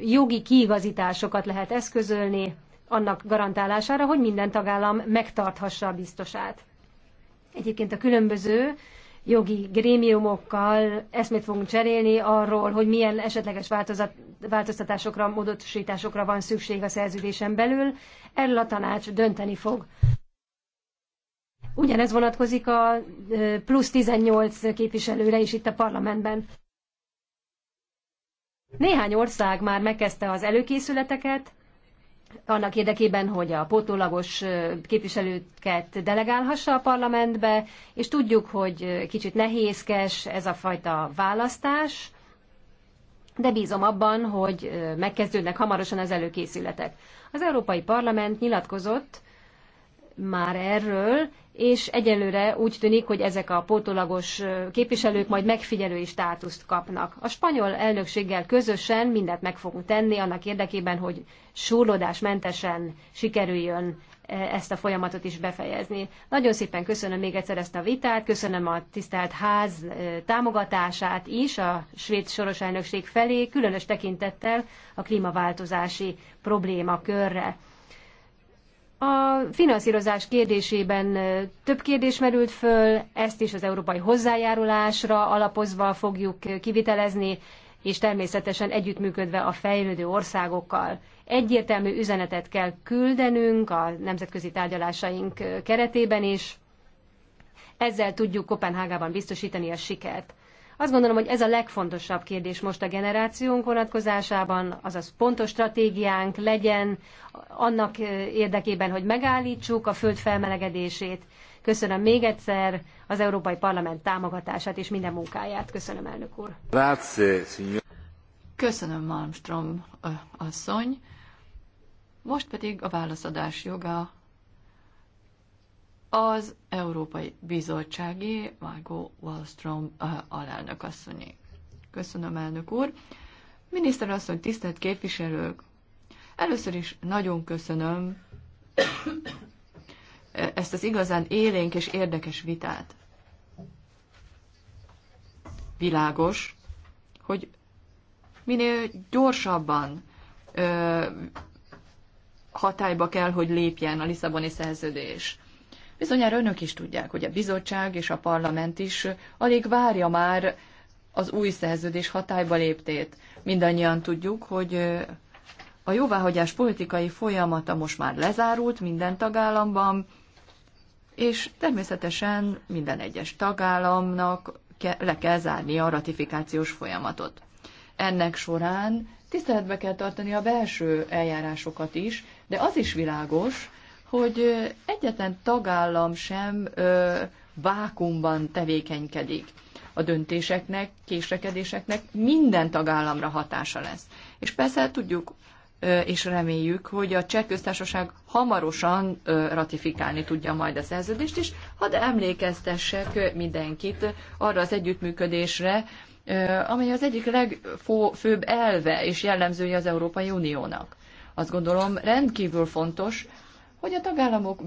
Speaker 5: jogi kiigazításokat lehet eszközölni annak garantálására, hogy minden tagállam megtarthassa a biztosát. Egyébként a különböző jogi grémiumokkal eszmét fogunk cserélni arról, hogy milyen esetleges változat, változtatásokra, módosításokra van szükség a szerződésen belül. Erről a tanács dönteni fog. Ugyanez vonatkozik a plusz 18 képviselőre is itt a parlamentben. Néhány ország már megkezdte az előkészületeket, annak érdekében, hogy a pótólagos képviselőket delegálhassa a parlamentbe, és tudjuk, hogy kicsit nehézkes ez a fajta választás, de bízom abban, hogy megkezdődnek hamarosan az előkészületek. Az Európai Parlament nyilatkozott már erről, és egyelőre úgy tűnik, hogy ezek a pótolagos képviselők majd megfigyelői státuszt kapnak. A spanyol elnökséggel közösen mindent meg fogunk tenni annak érdekében, hogy súrlódásmentesen sikerüljön e, ezt a folyamatot is befejezni. Nagyon szépen köszönöm még egyszer ezt a vitát, köszönöm a tisztelt ház támogatását is a svéd soros elnökség felé, különös tekintettel a klímaváltozási problémakörre. A finanszírozás kérdésében több kérdés merült föl, ezt is az európai hozzájárulásra alapozva fogjuk kivitelezni, és természetesen együttműködve a fejlődő országokkal. Egyértelmű üzenetet kell küldenünk a nemzetközi tárgyalásaink keretében is. Ezzel tudjuk Kopenhágában biztosítani a sikert. Azt gondolom, hogy ez a legfontosabb kérdés most a generációnk vonatkozásában, azaz pontos stratégiánk legyen annak érdekében, hogy megállítsuk a föld felmelegedését. Köszönöm még egyszer az Európai Parlament támogatását és minden munkáját. Köszönöm, elnök úr. Köszönöm, Malmström asszony. Most pedig a válaszadás
Speaker 6: joga az Európai Bizottsági Margot Wallström alelnök asszonyi Köszönöm, elnök úr. Miniszter asszony, tisztelt képviselők! Először is nagyon köszönöm ezt az igazán élénk és érdekes vitát. Világos, hogy minél gyorsabban ö, hatályba kell, hogy lépjen a Lisszaboni szerződés. Bizonyára önök is tudják, hogy a bizottság és a parlament is alig várja már az új szerződés hatályba léptét. Mindannyian tudjuk, hogy a jóváhagyás politikai folyamata most már lezárult minden tagállamban, és természetesen minden egyes tagállamnak le kell zárni a ratifikációs folyamatot. Ennek során tiszteletbe kell tartani a belső eljárásokat is, de az is világos, hogy egyetlen tagállam sem ö, vákumban tevékenykedik. A döntéseknek, késrekedéseknek minden tagállamra hatása lesz. És persze tudjuk ö, és reméljük, hogy a cseh köztársaság hamarosan ö, ratifikálni tudja majd a szerződést, és de emlékeztessek mindenkit arra az együttműködésre, amely az egyik legfőbb elve és jellemzője az Európai Uniónak. Azt gondolom rendkívül fontos, hogy a tagállamok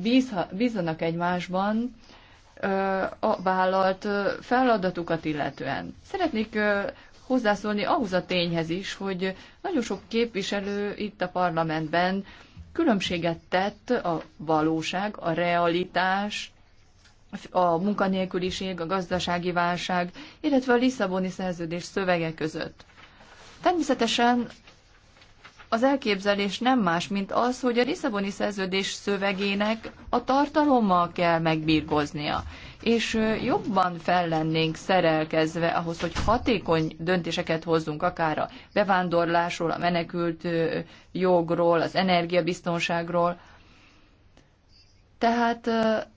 Speaker 6: bízzanak egymásban a vállalt feladatukat illetően. Szeretnék hozzászólni ahhoz a tényhez is, hogy nagyon sok képviselő itt a parlamentben különbséget tett a valóság, a realitás, a munkanélküliség, a gazdasági válság, illetve a Lisszaboni szerződés szövege között. Természetesen az elképzelés nem más, mint az, hogy a Lisszaboni szerződés szövegének a tartalommal kell megbírkoznia és jobban fel lennénk szerelkezve ahhoz, hogy hatékony döntéseket hozzunk, akár a bevándorlásról, a menekült jogról, az energiabiztonságról. Tehát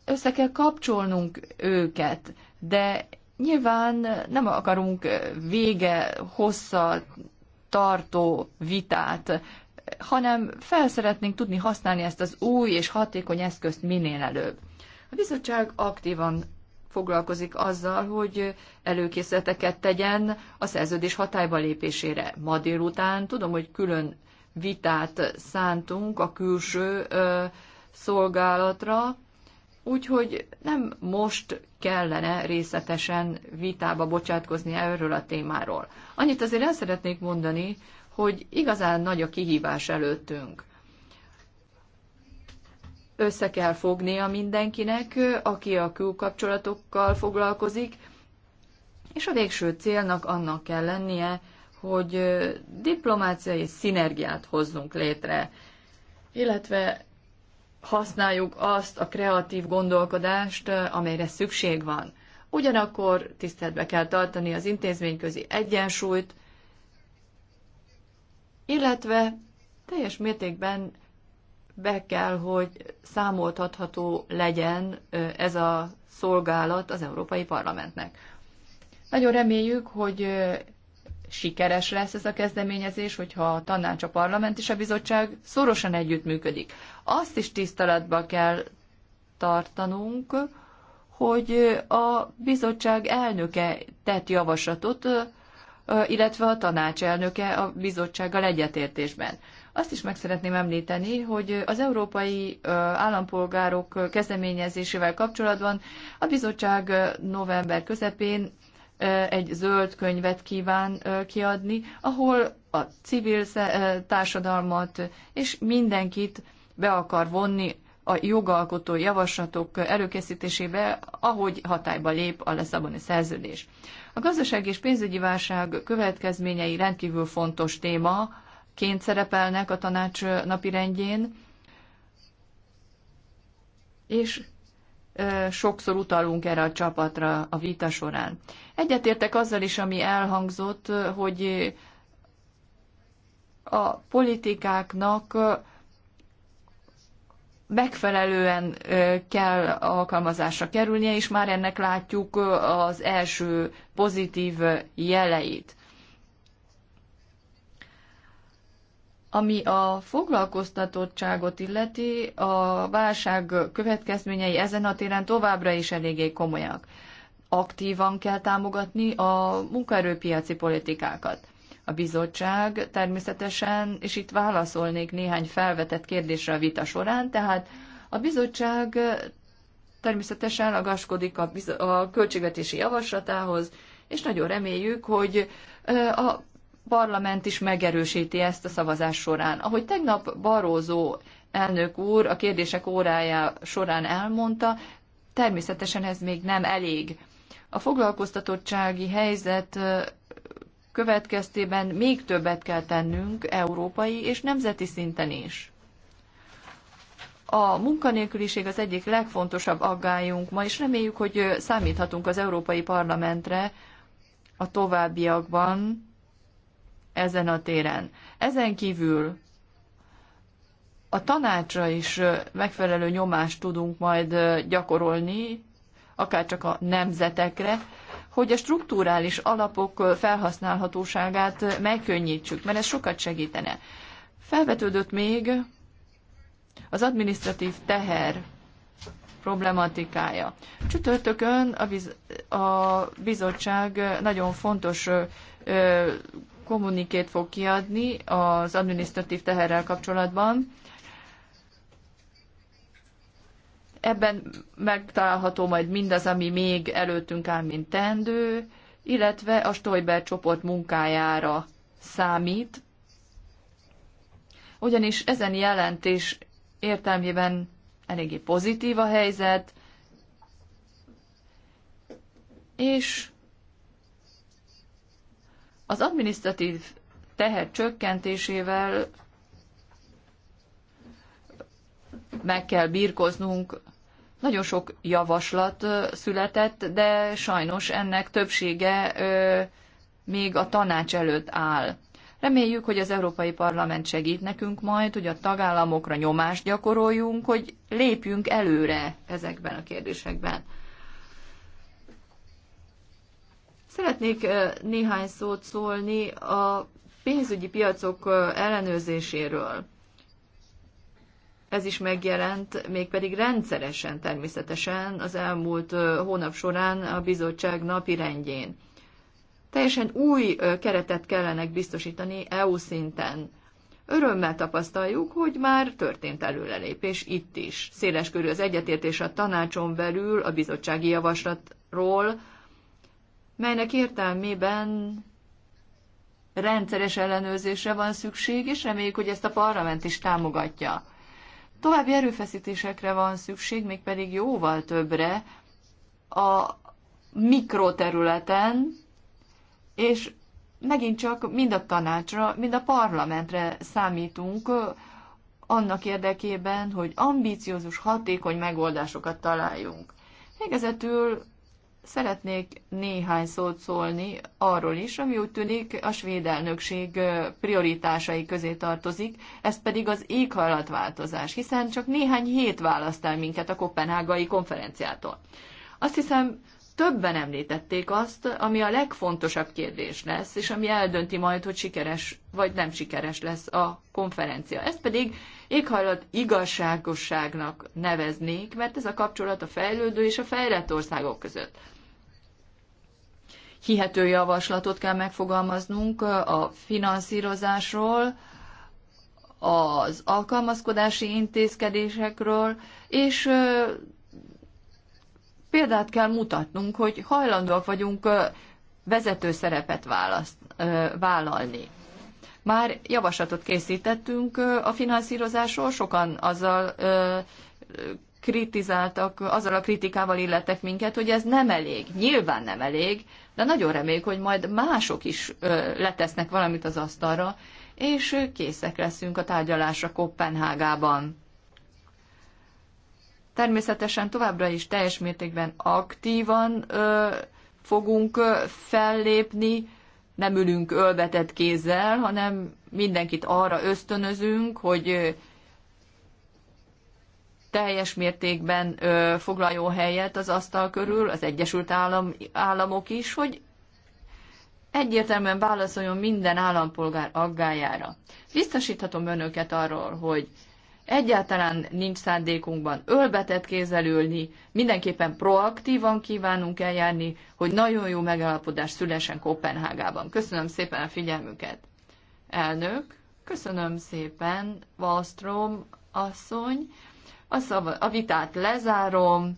Speaker 6: össze kell kapcsolnunk őket, de nyilván nem akarunk vége hossza tartó vitát, hanem felszeretnénk tudni használni ezt az új és hatékony eszközt minél előbb. A bizottság aktívan foglalkozik azzal, hogy előkészleteket tegyen a szerződés hatályba lépésére. Ma délután tudom, hogy külön vitát szántunk a külső ö, szolgálatra, úgyhogy nem most kellene részletesen vitába bocsátkozni erről a témáról. Annyit azért el szeretnék mondani, hogy igazán nagy a kihívás előttünk. Össze kell fognia mindenkinek, aki a külkapcsolatokkal foglalkozik, és a végső célnak annak kell lennie, hogy diplomáciai szinergiát hozzunk létre, illetve használjuk azt a kreatív gondolkodást, amelyre szükség van. Ugyanakkor tiszteletbe kell tartani az intézményközi egyensúlyt, illetve teljes mértékben be kell, hogy számoltatható legyen ez a szolgálat az Európai Parlamentnek. Nagyon reméljük, hogy sikeres lesz ez a kezdeményezés, hogyha a tanács, a parlament és a bizottság szorosan együttműködik. Azt is tiszteletbe kell tartanunk, hogy a bizottság elnöke tett javaslatot, illetve a tanács elnöke a bizottsággal egyetértésben. Azt is meg szeretném említeni, hogy az európai állampolgárok kezdeményezésével kapcsolatban a bizottság november közepén egy zöld könyvet kíván kiadni, ahol a civil társadalmat és mindenkit be akar vonni a jogalkotó javaslatok előkészítésébe, ahogy hatályba lép a leszaboni szerződés. A gazdaság és pénzügyi válság következményei rendkívül fontos téma, ként szerepelnek a tanács napirendjén, és sokszor utalunk erre a csapatra a vita során. Egyetértek azzal is, ami elhangzott, hogy a politikáknak megfelelően kell alkalmazásra kerülnie, és már ennek látjuk az első pozitív jeleit. Ami a foglalkoztatottságot illeti, a válság következményei ezen a téren továbbra is eléggé komolyak. Aktívan kell támogatni a munkaerőpiaci politikákat. A bizottság természetesen, és itt válaszolnék néhány felvetett kérdésre a vita során, tehát a bizottság természetesen ragaskodik a, a költségvetési javaslatához, és nagyon reméljük, hogy a parlament is megerősíti ezt a szavazás során. Ahogy tegnap Barózó elnök úr a kérdések órája során elmondta, természetesen ez még nem elég. A foglalkoztatottsági helyzet következtében még többet kell tennünk európai és nemzeti szinten is. A munkanélküliség az egyik legfontosabb aggályunk ma, és reméljük, hogy számíthatunk az Európai Parlamentre a továbbiakban, ezen a téren. Ezen kívül a tanácsra is megfelelő nyomást tudunk majd gyakorolni, akárcsak a nemzetekre, hogy a strukturális alapok felhasználhatóságát megkönnyítsük, mert ez sokat segítene. Felvetődött még az administratív teher problematikája. Csütörtökön a, biz, a bizottság nagyon fontos kommunikét fog kiadni az adminisztratív teherrel kapcsolatban. Ebben megtalálható majd mindaz, ami még előttünk áll, mint tendő, illetve a Stoiber csoport munkájára számít, ugyanis ezen jelentés értelmében eléggé pozitív a helyzet, és az administratív teher csökkentésével meg kell birkoznunk. Nagyon sok javaslat született, de sajnos ennek többsége még a tanács előtt áll. Reméljük, hogy az Európai Parlament segít nekünk majd, hogy a tagállamokra nyomást gyakoroljunk, hogy lépjünk előre ezekben a kérdésekben. Szeretnék néhány szót szólni a pénzügyi piacok ellenőrzéséről. Ez is megjelent, mégpedig rendszeresen természetesen az elmúlt hónap során a bizottság napi rendjén. Teljesen új keretet kellene biztosítani EU szinten. Örömmel tapasztaljuk, hogy már történt előrelépés itt is. Széles körű az egyetértés a tanácson belül a bizottsági javaslatról, melynek értelmében rendszeres ellenőrzésre van szükség, és reméljük, hogy ezt a parlament is támogatja. További erőfeszítésekre van szükség, mégpedig jóval többre a mikroterületen, és megint csak mind a tanácsra, mind a parlamentre számítunk annak érdekében, hogy ambíciózus, hatékony megoldásokat találjunk. Végezetül Szeretnék néhány szót szólni arról is, ami úgy tűnik a svéd elnökség prioritásai közé tartozik, ez pedig az éghajlatváltozás, hiszen csak néhány hét választ el minket a kopenhágai konferenciától. Azt hiszem, többen említették azt, ami a legfontosabb kérdés lesz, és ami eldönti majd, hogy sikeres vagy nem sikeres lesz a konferencia. Ez pedig éghajlat igazságosságnak neveznék, mert ez a kapcsolat a fejlődő és a fejlett országok között hihető javaslatot kell megfogalmaznunk a finanszírozásról, az alkalmazkodási intézkedésekről, és példát kell mutatnunk, hogy hajlandóak vagyunk vezető szerepet választ, vállalni. Már javaslatot készítettünk a finanszírozásról, sokan azzal kritizáltak, azzal a kritikával illettek minket, hogy ez nem elég, nyilván nem elég, de nagyon reméljük, hogy majd mások is letesznek valamit az asztalra, és készek leszünk a tárgyalásra Kopenhágában. Természetesen továbbra is teljes mértékben aktívan ö, fogunk ö, fellépni, nem ülünk ölvetett kézzel, hanem mindenkit arra ösztönözünk, hogy teljes mértékben ö, foglaljon helyet az asztal körül, az Egyesült Állam, Államok is, hogy egyértelműen válaszoljon minden állampolgár aggájára. Biztosíthatom önöket arról, hogy egyáltalán nincs szándékunkban ölbetett kézzel ülni, mindenképpen proaktívan kívánunk eljárni, hogy nagyon jó megállapodás szülesen Kopenhágában. Köszönöm szépen a figyelmüket. Elnök, köszönöm szépen, Wallström asszony. A, szava- a vitát lezárom,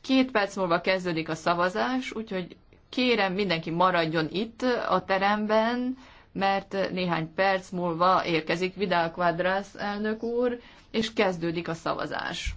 Speaker 6: két perc múlva kezdődik a szavazás, úgyhogy kérem mindenki maradjon itt a teremben, mert néhány perc múlva érkezik Vidal Quadras elnök úr, és kezdődik a szavazás.